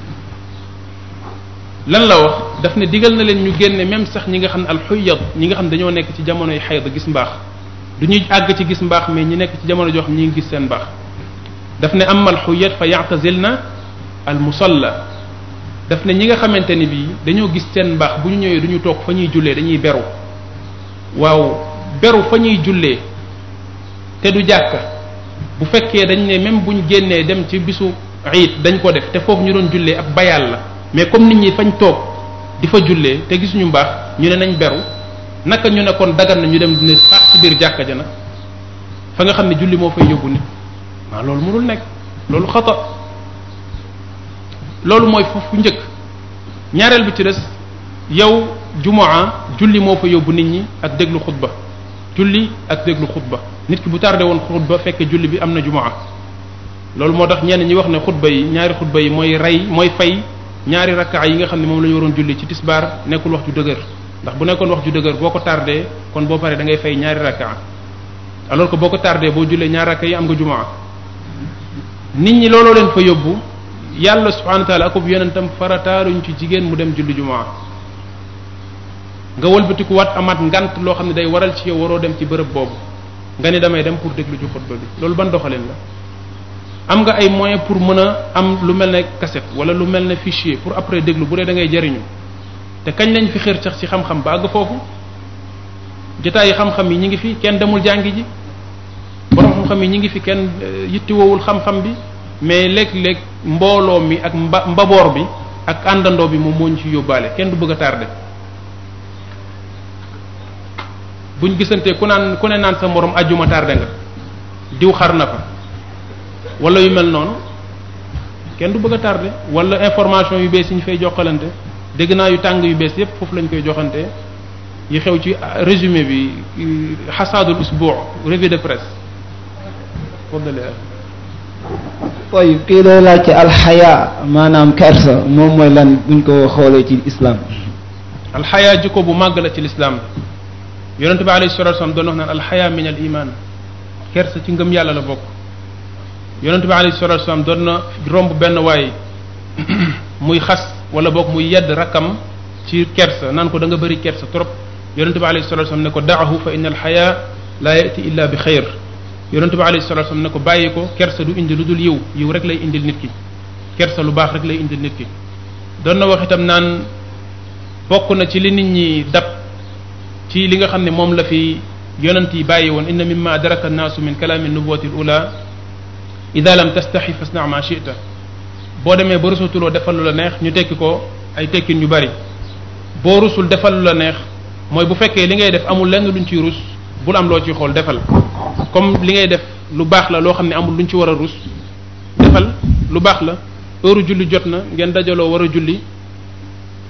lan la wax daf ne digal na leen ñu génne même sax ñi nga xam ne alxuyad ñi nga xam ne dañoo nekk ci jamonoy xayd gis mbaax du ñuy àgg ci gis mbaax mais ñi nekk ci jamono joo xam ñi ngi gis seen mbaax daf ne am alxuyad fa yatazil na al musalla daf ne ñi nga xamante ni bii dañoo gis seen mbaax bu ñu ñëwee du ñu toog fa ñuy jullee dañuy beru waaw beru fa ñuy jullee te du jàkka bu fekkee dañ ne même buñ génnee dem ci bisu iid dañ ko def te foofu ñu doon jullee ab bayal la mais comme nit ñi fañ toog di fa jullee te gisuñu mbaax ñu ne nañ beru naka ñu nekkoon kon dagan ñu dem ne faax ci biir jàkka ja fa nga xam ne julli moo fay yóbbu nit loolu mënul nekk loolu xata loolu mooy foofu njëkk ñaareel bi ci des yow jumaa julli moo fa yóbbu nit ñi ak déglu xutba julli ak déglu xutba nit ki bu tardé woon xutba fekk julli bi am na juma loolu moo tax ñenn ñi wax ne xutba yi ñaari xutba yi mooy rey mooy fay ñaari rakka yi nga xam ne moom la ñu waroon julli ci tisbaar nekkul wax ju dëgër ndax bu nekkoon wax ju dëgër boo ko tardé kon boo paree da ngay fay ñaari rakka alors que boo ko tardé boo jullee ñaari rakka yi am nga jumaa nit ñi looloo leen fa yóbbu yàlla subhanahu wa taala akub yonentam farataaluñ ci jigéen mu dem julli jumaa nga wëlbatiku wat amaat ngant loo xam ne day waral ci yow waroo dem ci bërëb boobu nga ni damay dem pour déglu ju xutba bi loolu ban doxalin la am nga ay moyen pour mën a am lu mel ne cassette wala lu mel ne fichier pour après déglu bu dee dangay jariñu te kañ lañ fi xër sax ci xam-xam ba àgg foofu jotaay yi xam-xam yi ñu ngi fi kenn demul jàngi ji borom xam-xam yi ñu ngi fi kenn euh, yittiwoowul xam-xam bi mais léeg-léeg mbooloo mi ak mba mbaboor bi ak àndandoo bi moom moo ñu ci yóbbaale kenn du bëgg a tardé buñ gisantee ku naan ku ne naan sa morom ajjuma tardé nga diw xar na fa. wala yu mel noonu kenn du bëgg a tardé wala information yu bees yi ñu fay jokkalante dégg naa yu tàng yu bees yépp foofu lañ koy joxante yi xew ci résumé bi xasaadul usbuu revue de presse foddale tayib ci alxaya maanaam kersa moom mooy lan buñ ko xoolee ci islam alxaya jikko bu màgg la ci lislaam bi yonente bi alayhi salatu wasallam doon wax naan alxaya min al iman kersa ci ngëm yàlla la bokk yonent bi alayhi salatu na romb benn waay muy xas wala book muy yedd rakkam ci kersa naan ko da nga bëri kersa trop yonent bi alayhi salatu ko daahu fa inna bi xayr yonent bi alayhi salatu ko bàyyi ko kersa du indi lu dul yiw yiw rek lay indil nit ki kersa lu baax rek lay indil nit ki doon na wax itam naan bokk na ci li nit ñi dab ci li nga xam ne moom la fi yonent yi bàyyi woon inna mimma adraka annaasu min kalaami nubuwati al ula ida lam tastaxi fasna ma chita boo demee ba rusatuloo defal lu la neex ñu tekki ko ay tekkin yu bari boo rusul defal lu la neex mooy bu fekkee li ngay def amul lenn luñ ciy rus bul am loo ciy xool defal comme li ngay def lu baax la loo xam ne amul luñ ci war a rus defal lu baax la heure julli jot na ngeen dajaloo war a julli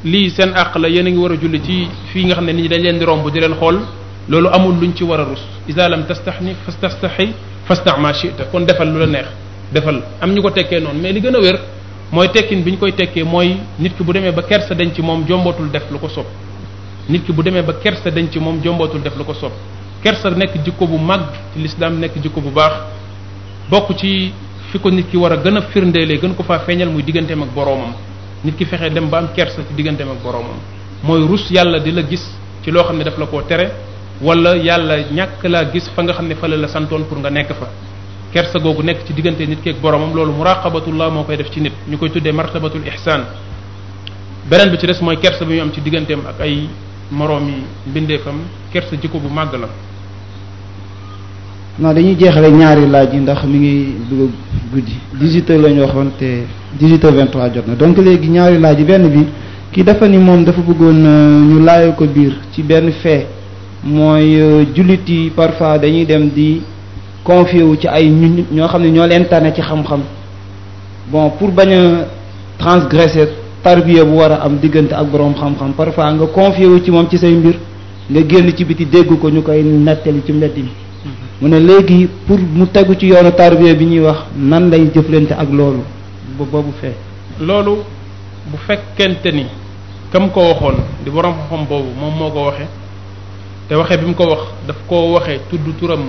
lii seen àq la yéen a ngi war a julli ci fii nga xam ne nit ñi dañ leen di romb xool loolu amul luñ ci war a rus isa lam tastaxni fastastaxi fasna ma chita kon defal lu la neex defal am ñu ko tekkee noonu mais li gën a wér mooy tekkin bi ñu koy tekkee mooy nit ki bu demee ba kersa dañ ci moom jombootul def lu ko sob nit ki bu demee ba kersa dañ ci moom jombootul def lu ko sopp kersa nekk jikko bu mag ci lislaam nekk jikko bu baax bokk ci fi ko nit ki war a gën a firndeelee gën ko faa feeñal muy digganteem ak boroomam nit ki fexe dem ba am kersa ci digganteem ak boroomam mooy rus yàlla di la gis ci loo xam ne daf la koo tere wala yàlla ñàkk laa gis fa nga xam ne fa la la pour nga nekk fa kersa googu nekk ci diggante nit keeg boromam loolu muraqabatullah moo koy def ci nit ñu koy tuddee martabatul ihsan beneen bi ci des mooy kerse bi ñu am ci digganteem ak ay moroom yi mbindeefam kersa jikko bu màgg la ma dañuy jeexale ñaari laaj yi ndax mi ngi dugg guddi 18 heures la ñu waxoon te 18 heures 23 jot na donc léegi ñaari laaj yi benn bi kii dafa ni moom dafa bëggoon euh, ñu laayoo ko biir ci benn fee mooy euh, jullit yi parfois dañuy dem di confier wu ci ay ñu ñoo xam ne ñoo leen tane ci xam-xam bon pour bañ a transgresser tarbiya bu war a am diggante ak boroom xam-xam parfois nga confier wu ci moom ci say mbir nga génn ci biti dégg ko ñu koy nettali ci mbedd mi mm-hmm. mu ne léegi pour mu tegu ci yoonu tarbiya bi ñuy wax nan lay jëflante ak loolu ba boobu fee loolu bu fekkente ni kam ko waxoon di boroom xam-xam boobu moom moo ko waxe te waxee bi mu ko wax daf koo waxee tudd turam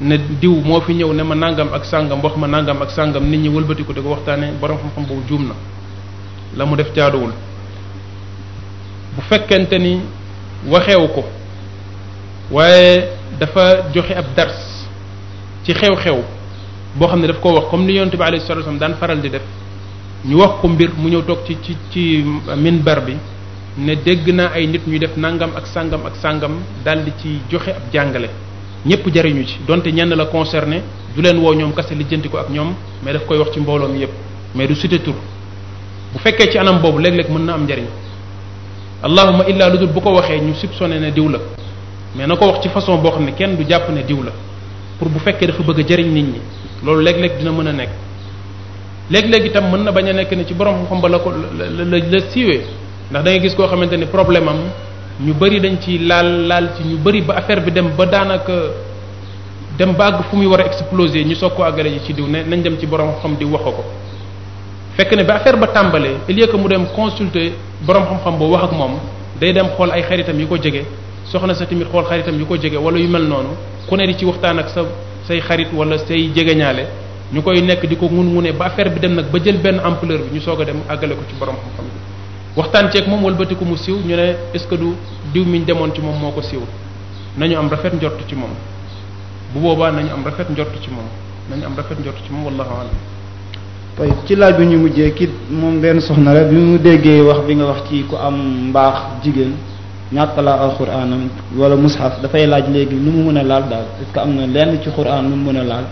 ne diw moo fi ñëw ne ma nangam ak sàngam wax ma nangam ak sàngam nit ñi wëlbatiku di ko waxtaanee borom xam-xam boobu juum na la mu def jaaduwul bu fekkente ni waxeewu ko waaye dafa joxe ab dars ci xew-xew boo xam ne daf koo wax comme ni yonent bi alayhi salaatu daan faral di def ñu wax ko mbir mu ñëw toog ci ci ci min minbar bi ne dégg na ay nit ñuy def nangam ak sangam ak sangam daal di ci joxe ab jàngale ñépp jariñu ci donte ñenn la concerné du leen woo ñoom kase lijjanti ko ak ñoom mais daf koy wax ci mbooloo mi yépp mais du cité tur bu fekkee ci anam boobu léeg-léeg mën na am njariñ allahuma illaa lu dul bu ko waxee ñu soupçonné ne diw la mais na ko wax ci façon boo xam ne kenn du jàpp ne diw la pour bu fekkee dafa bëgg a jariñ nit ñi loolu léeg-léeg dina mën a nekk léeg-léeg itam mën na bañ nekk ne ci borom xam ba la ko la la siiwee ndax da gis koo xamante ni problème am ñu bëri dañ ci laal laal ci ñu bëri ba affaire bi dem ba daanaka dem ba àgg fu muy war a ñu soog ko àggale ji ci diw ne nañ dem ci borom xam di wax ko fekk ne ba affaire ba tàmbalee il que mu dem consulter borom xam-xam boo wax ak moom day dem xool ay xaritam yi ko jege soxna sa tamit xool xaritam yi ko jege wala yu mel noonu ku ne di ci waxtaan ak sa say xarit wala say jegeñaale ñu koy nekk di ko mun mu ne ba affaire bi dem nag ba jël benn empleur bi ñu soog a dem àggale ko ci borom waxtaan ceeg moom ko mu siiw ñu ne est-ce que du diw miñ demoon ci moom moo ko siiw nañu am rafet njort ci moom bu boobaa nañu am rafet njort ci moom nañu am rafet njort ci moom wallahu alam tey ci laaj bi ñu mujjee kiit moom benn soxna rek bi mu déggee wax bi nga wax ci ku am mbaax jigéen ñàkk laa alxuraanam wala mushaf dafay laaj léegi nu mu mën a laal daal est que am na lenn ci xuraan nu mu mën a laal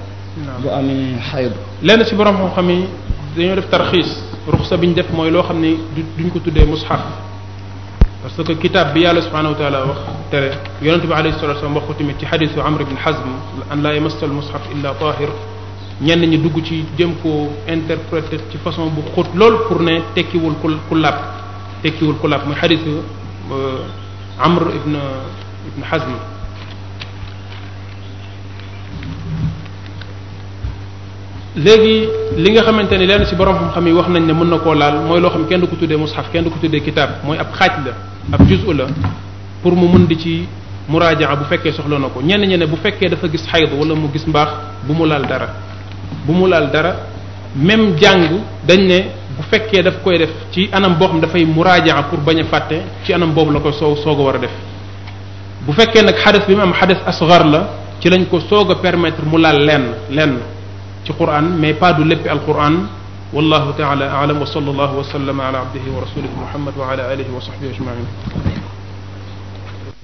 bu amee xayb lenn ci borom xam-xam dañoo def tarxiis ruxsa bi ñu def mooy loo xam ne duñ ko tuddee mushaf parce que kitaab bi yàlla subhanahu wa taala wax tere yonente bi alayhi salatu wasallam wax ko tamit ci xadisu amr ibn hazm an laa yamassal mushaf illa tahir ñenn ñi dugg ci jëm koo interpréter ci façon bu xóot lool pour ne tekkiwul ku ku làpp tekkiwul ku làpp muy xadisu euh, amr ibn ibn hazm léegi li nga xamante ni lenn ci borom xam-xam yi wax nañ ne mën na koo laal mooy loo xam kenn du ko tuddee mushaf kenn du ko tuddee kitaab mooy ab xaaj la ab juz'u la pour mu mun di ci muraajaa bu fekkee soxla na ko ñenn ñi ne bu fekkee dafa gis xayd wala mu gis bu mu laal dara bu mu laal dara même jàng dañ ne bu fekkee daf koy def ci anam boo xam dafay muraajaa pour bañ a fàtte ci anam boobu la ko soo soog a war a def bu fekkee nag xades bi mu am xades asgar la ci lañ ko soog a permettre mu laal lenn lenn ci quran mais pas du lépp alquran wallahu taala alam wa sallallahu wa sallama ala abdihi wa rasulihi muhammad wa ala alihi wa sahbihi ajmain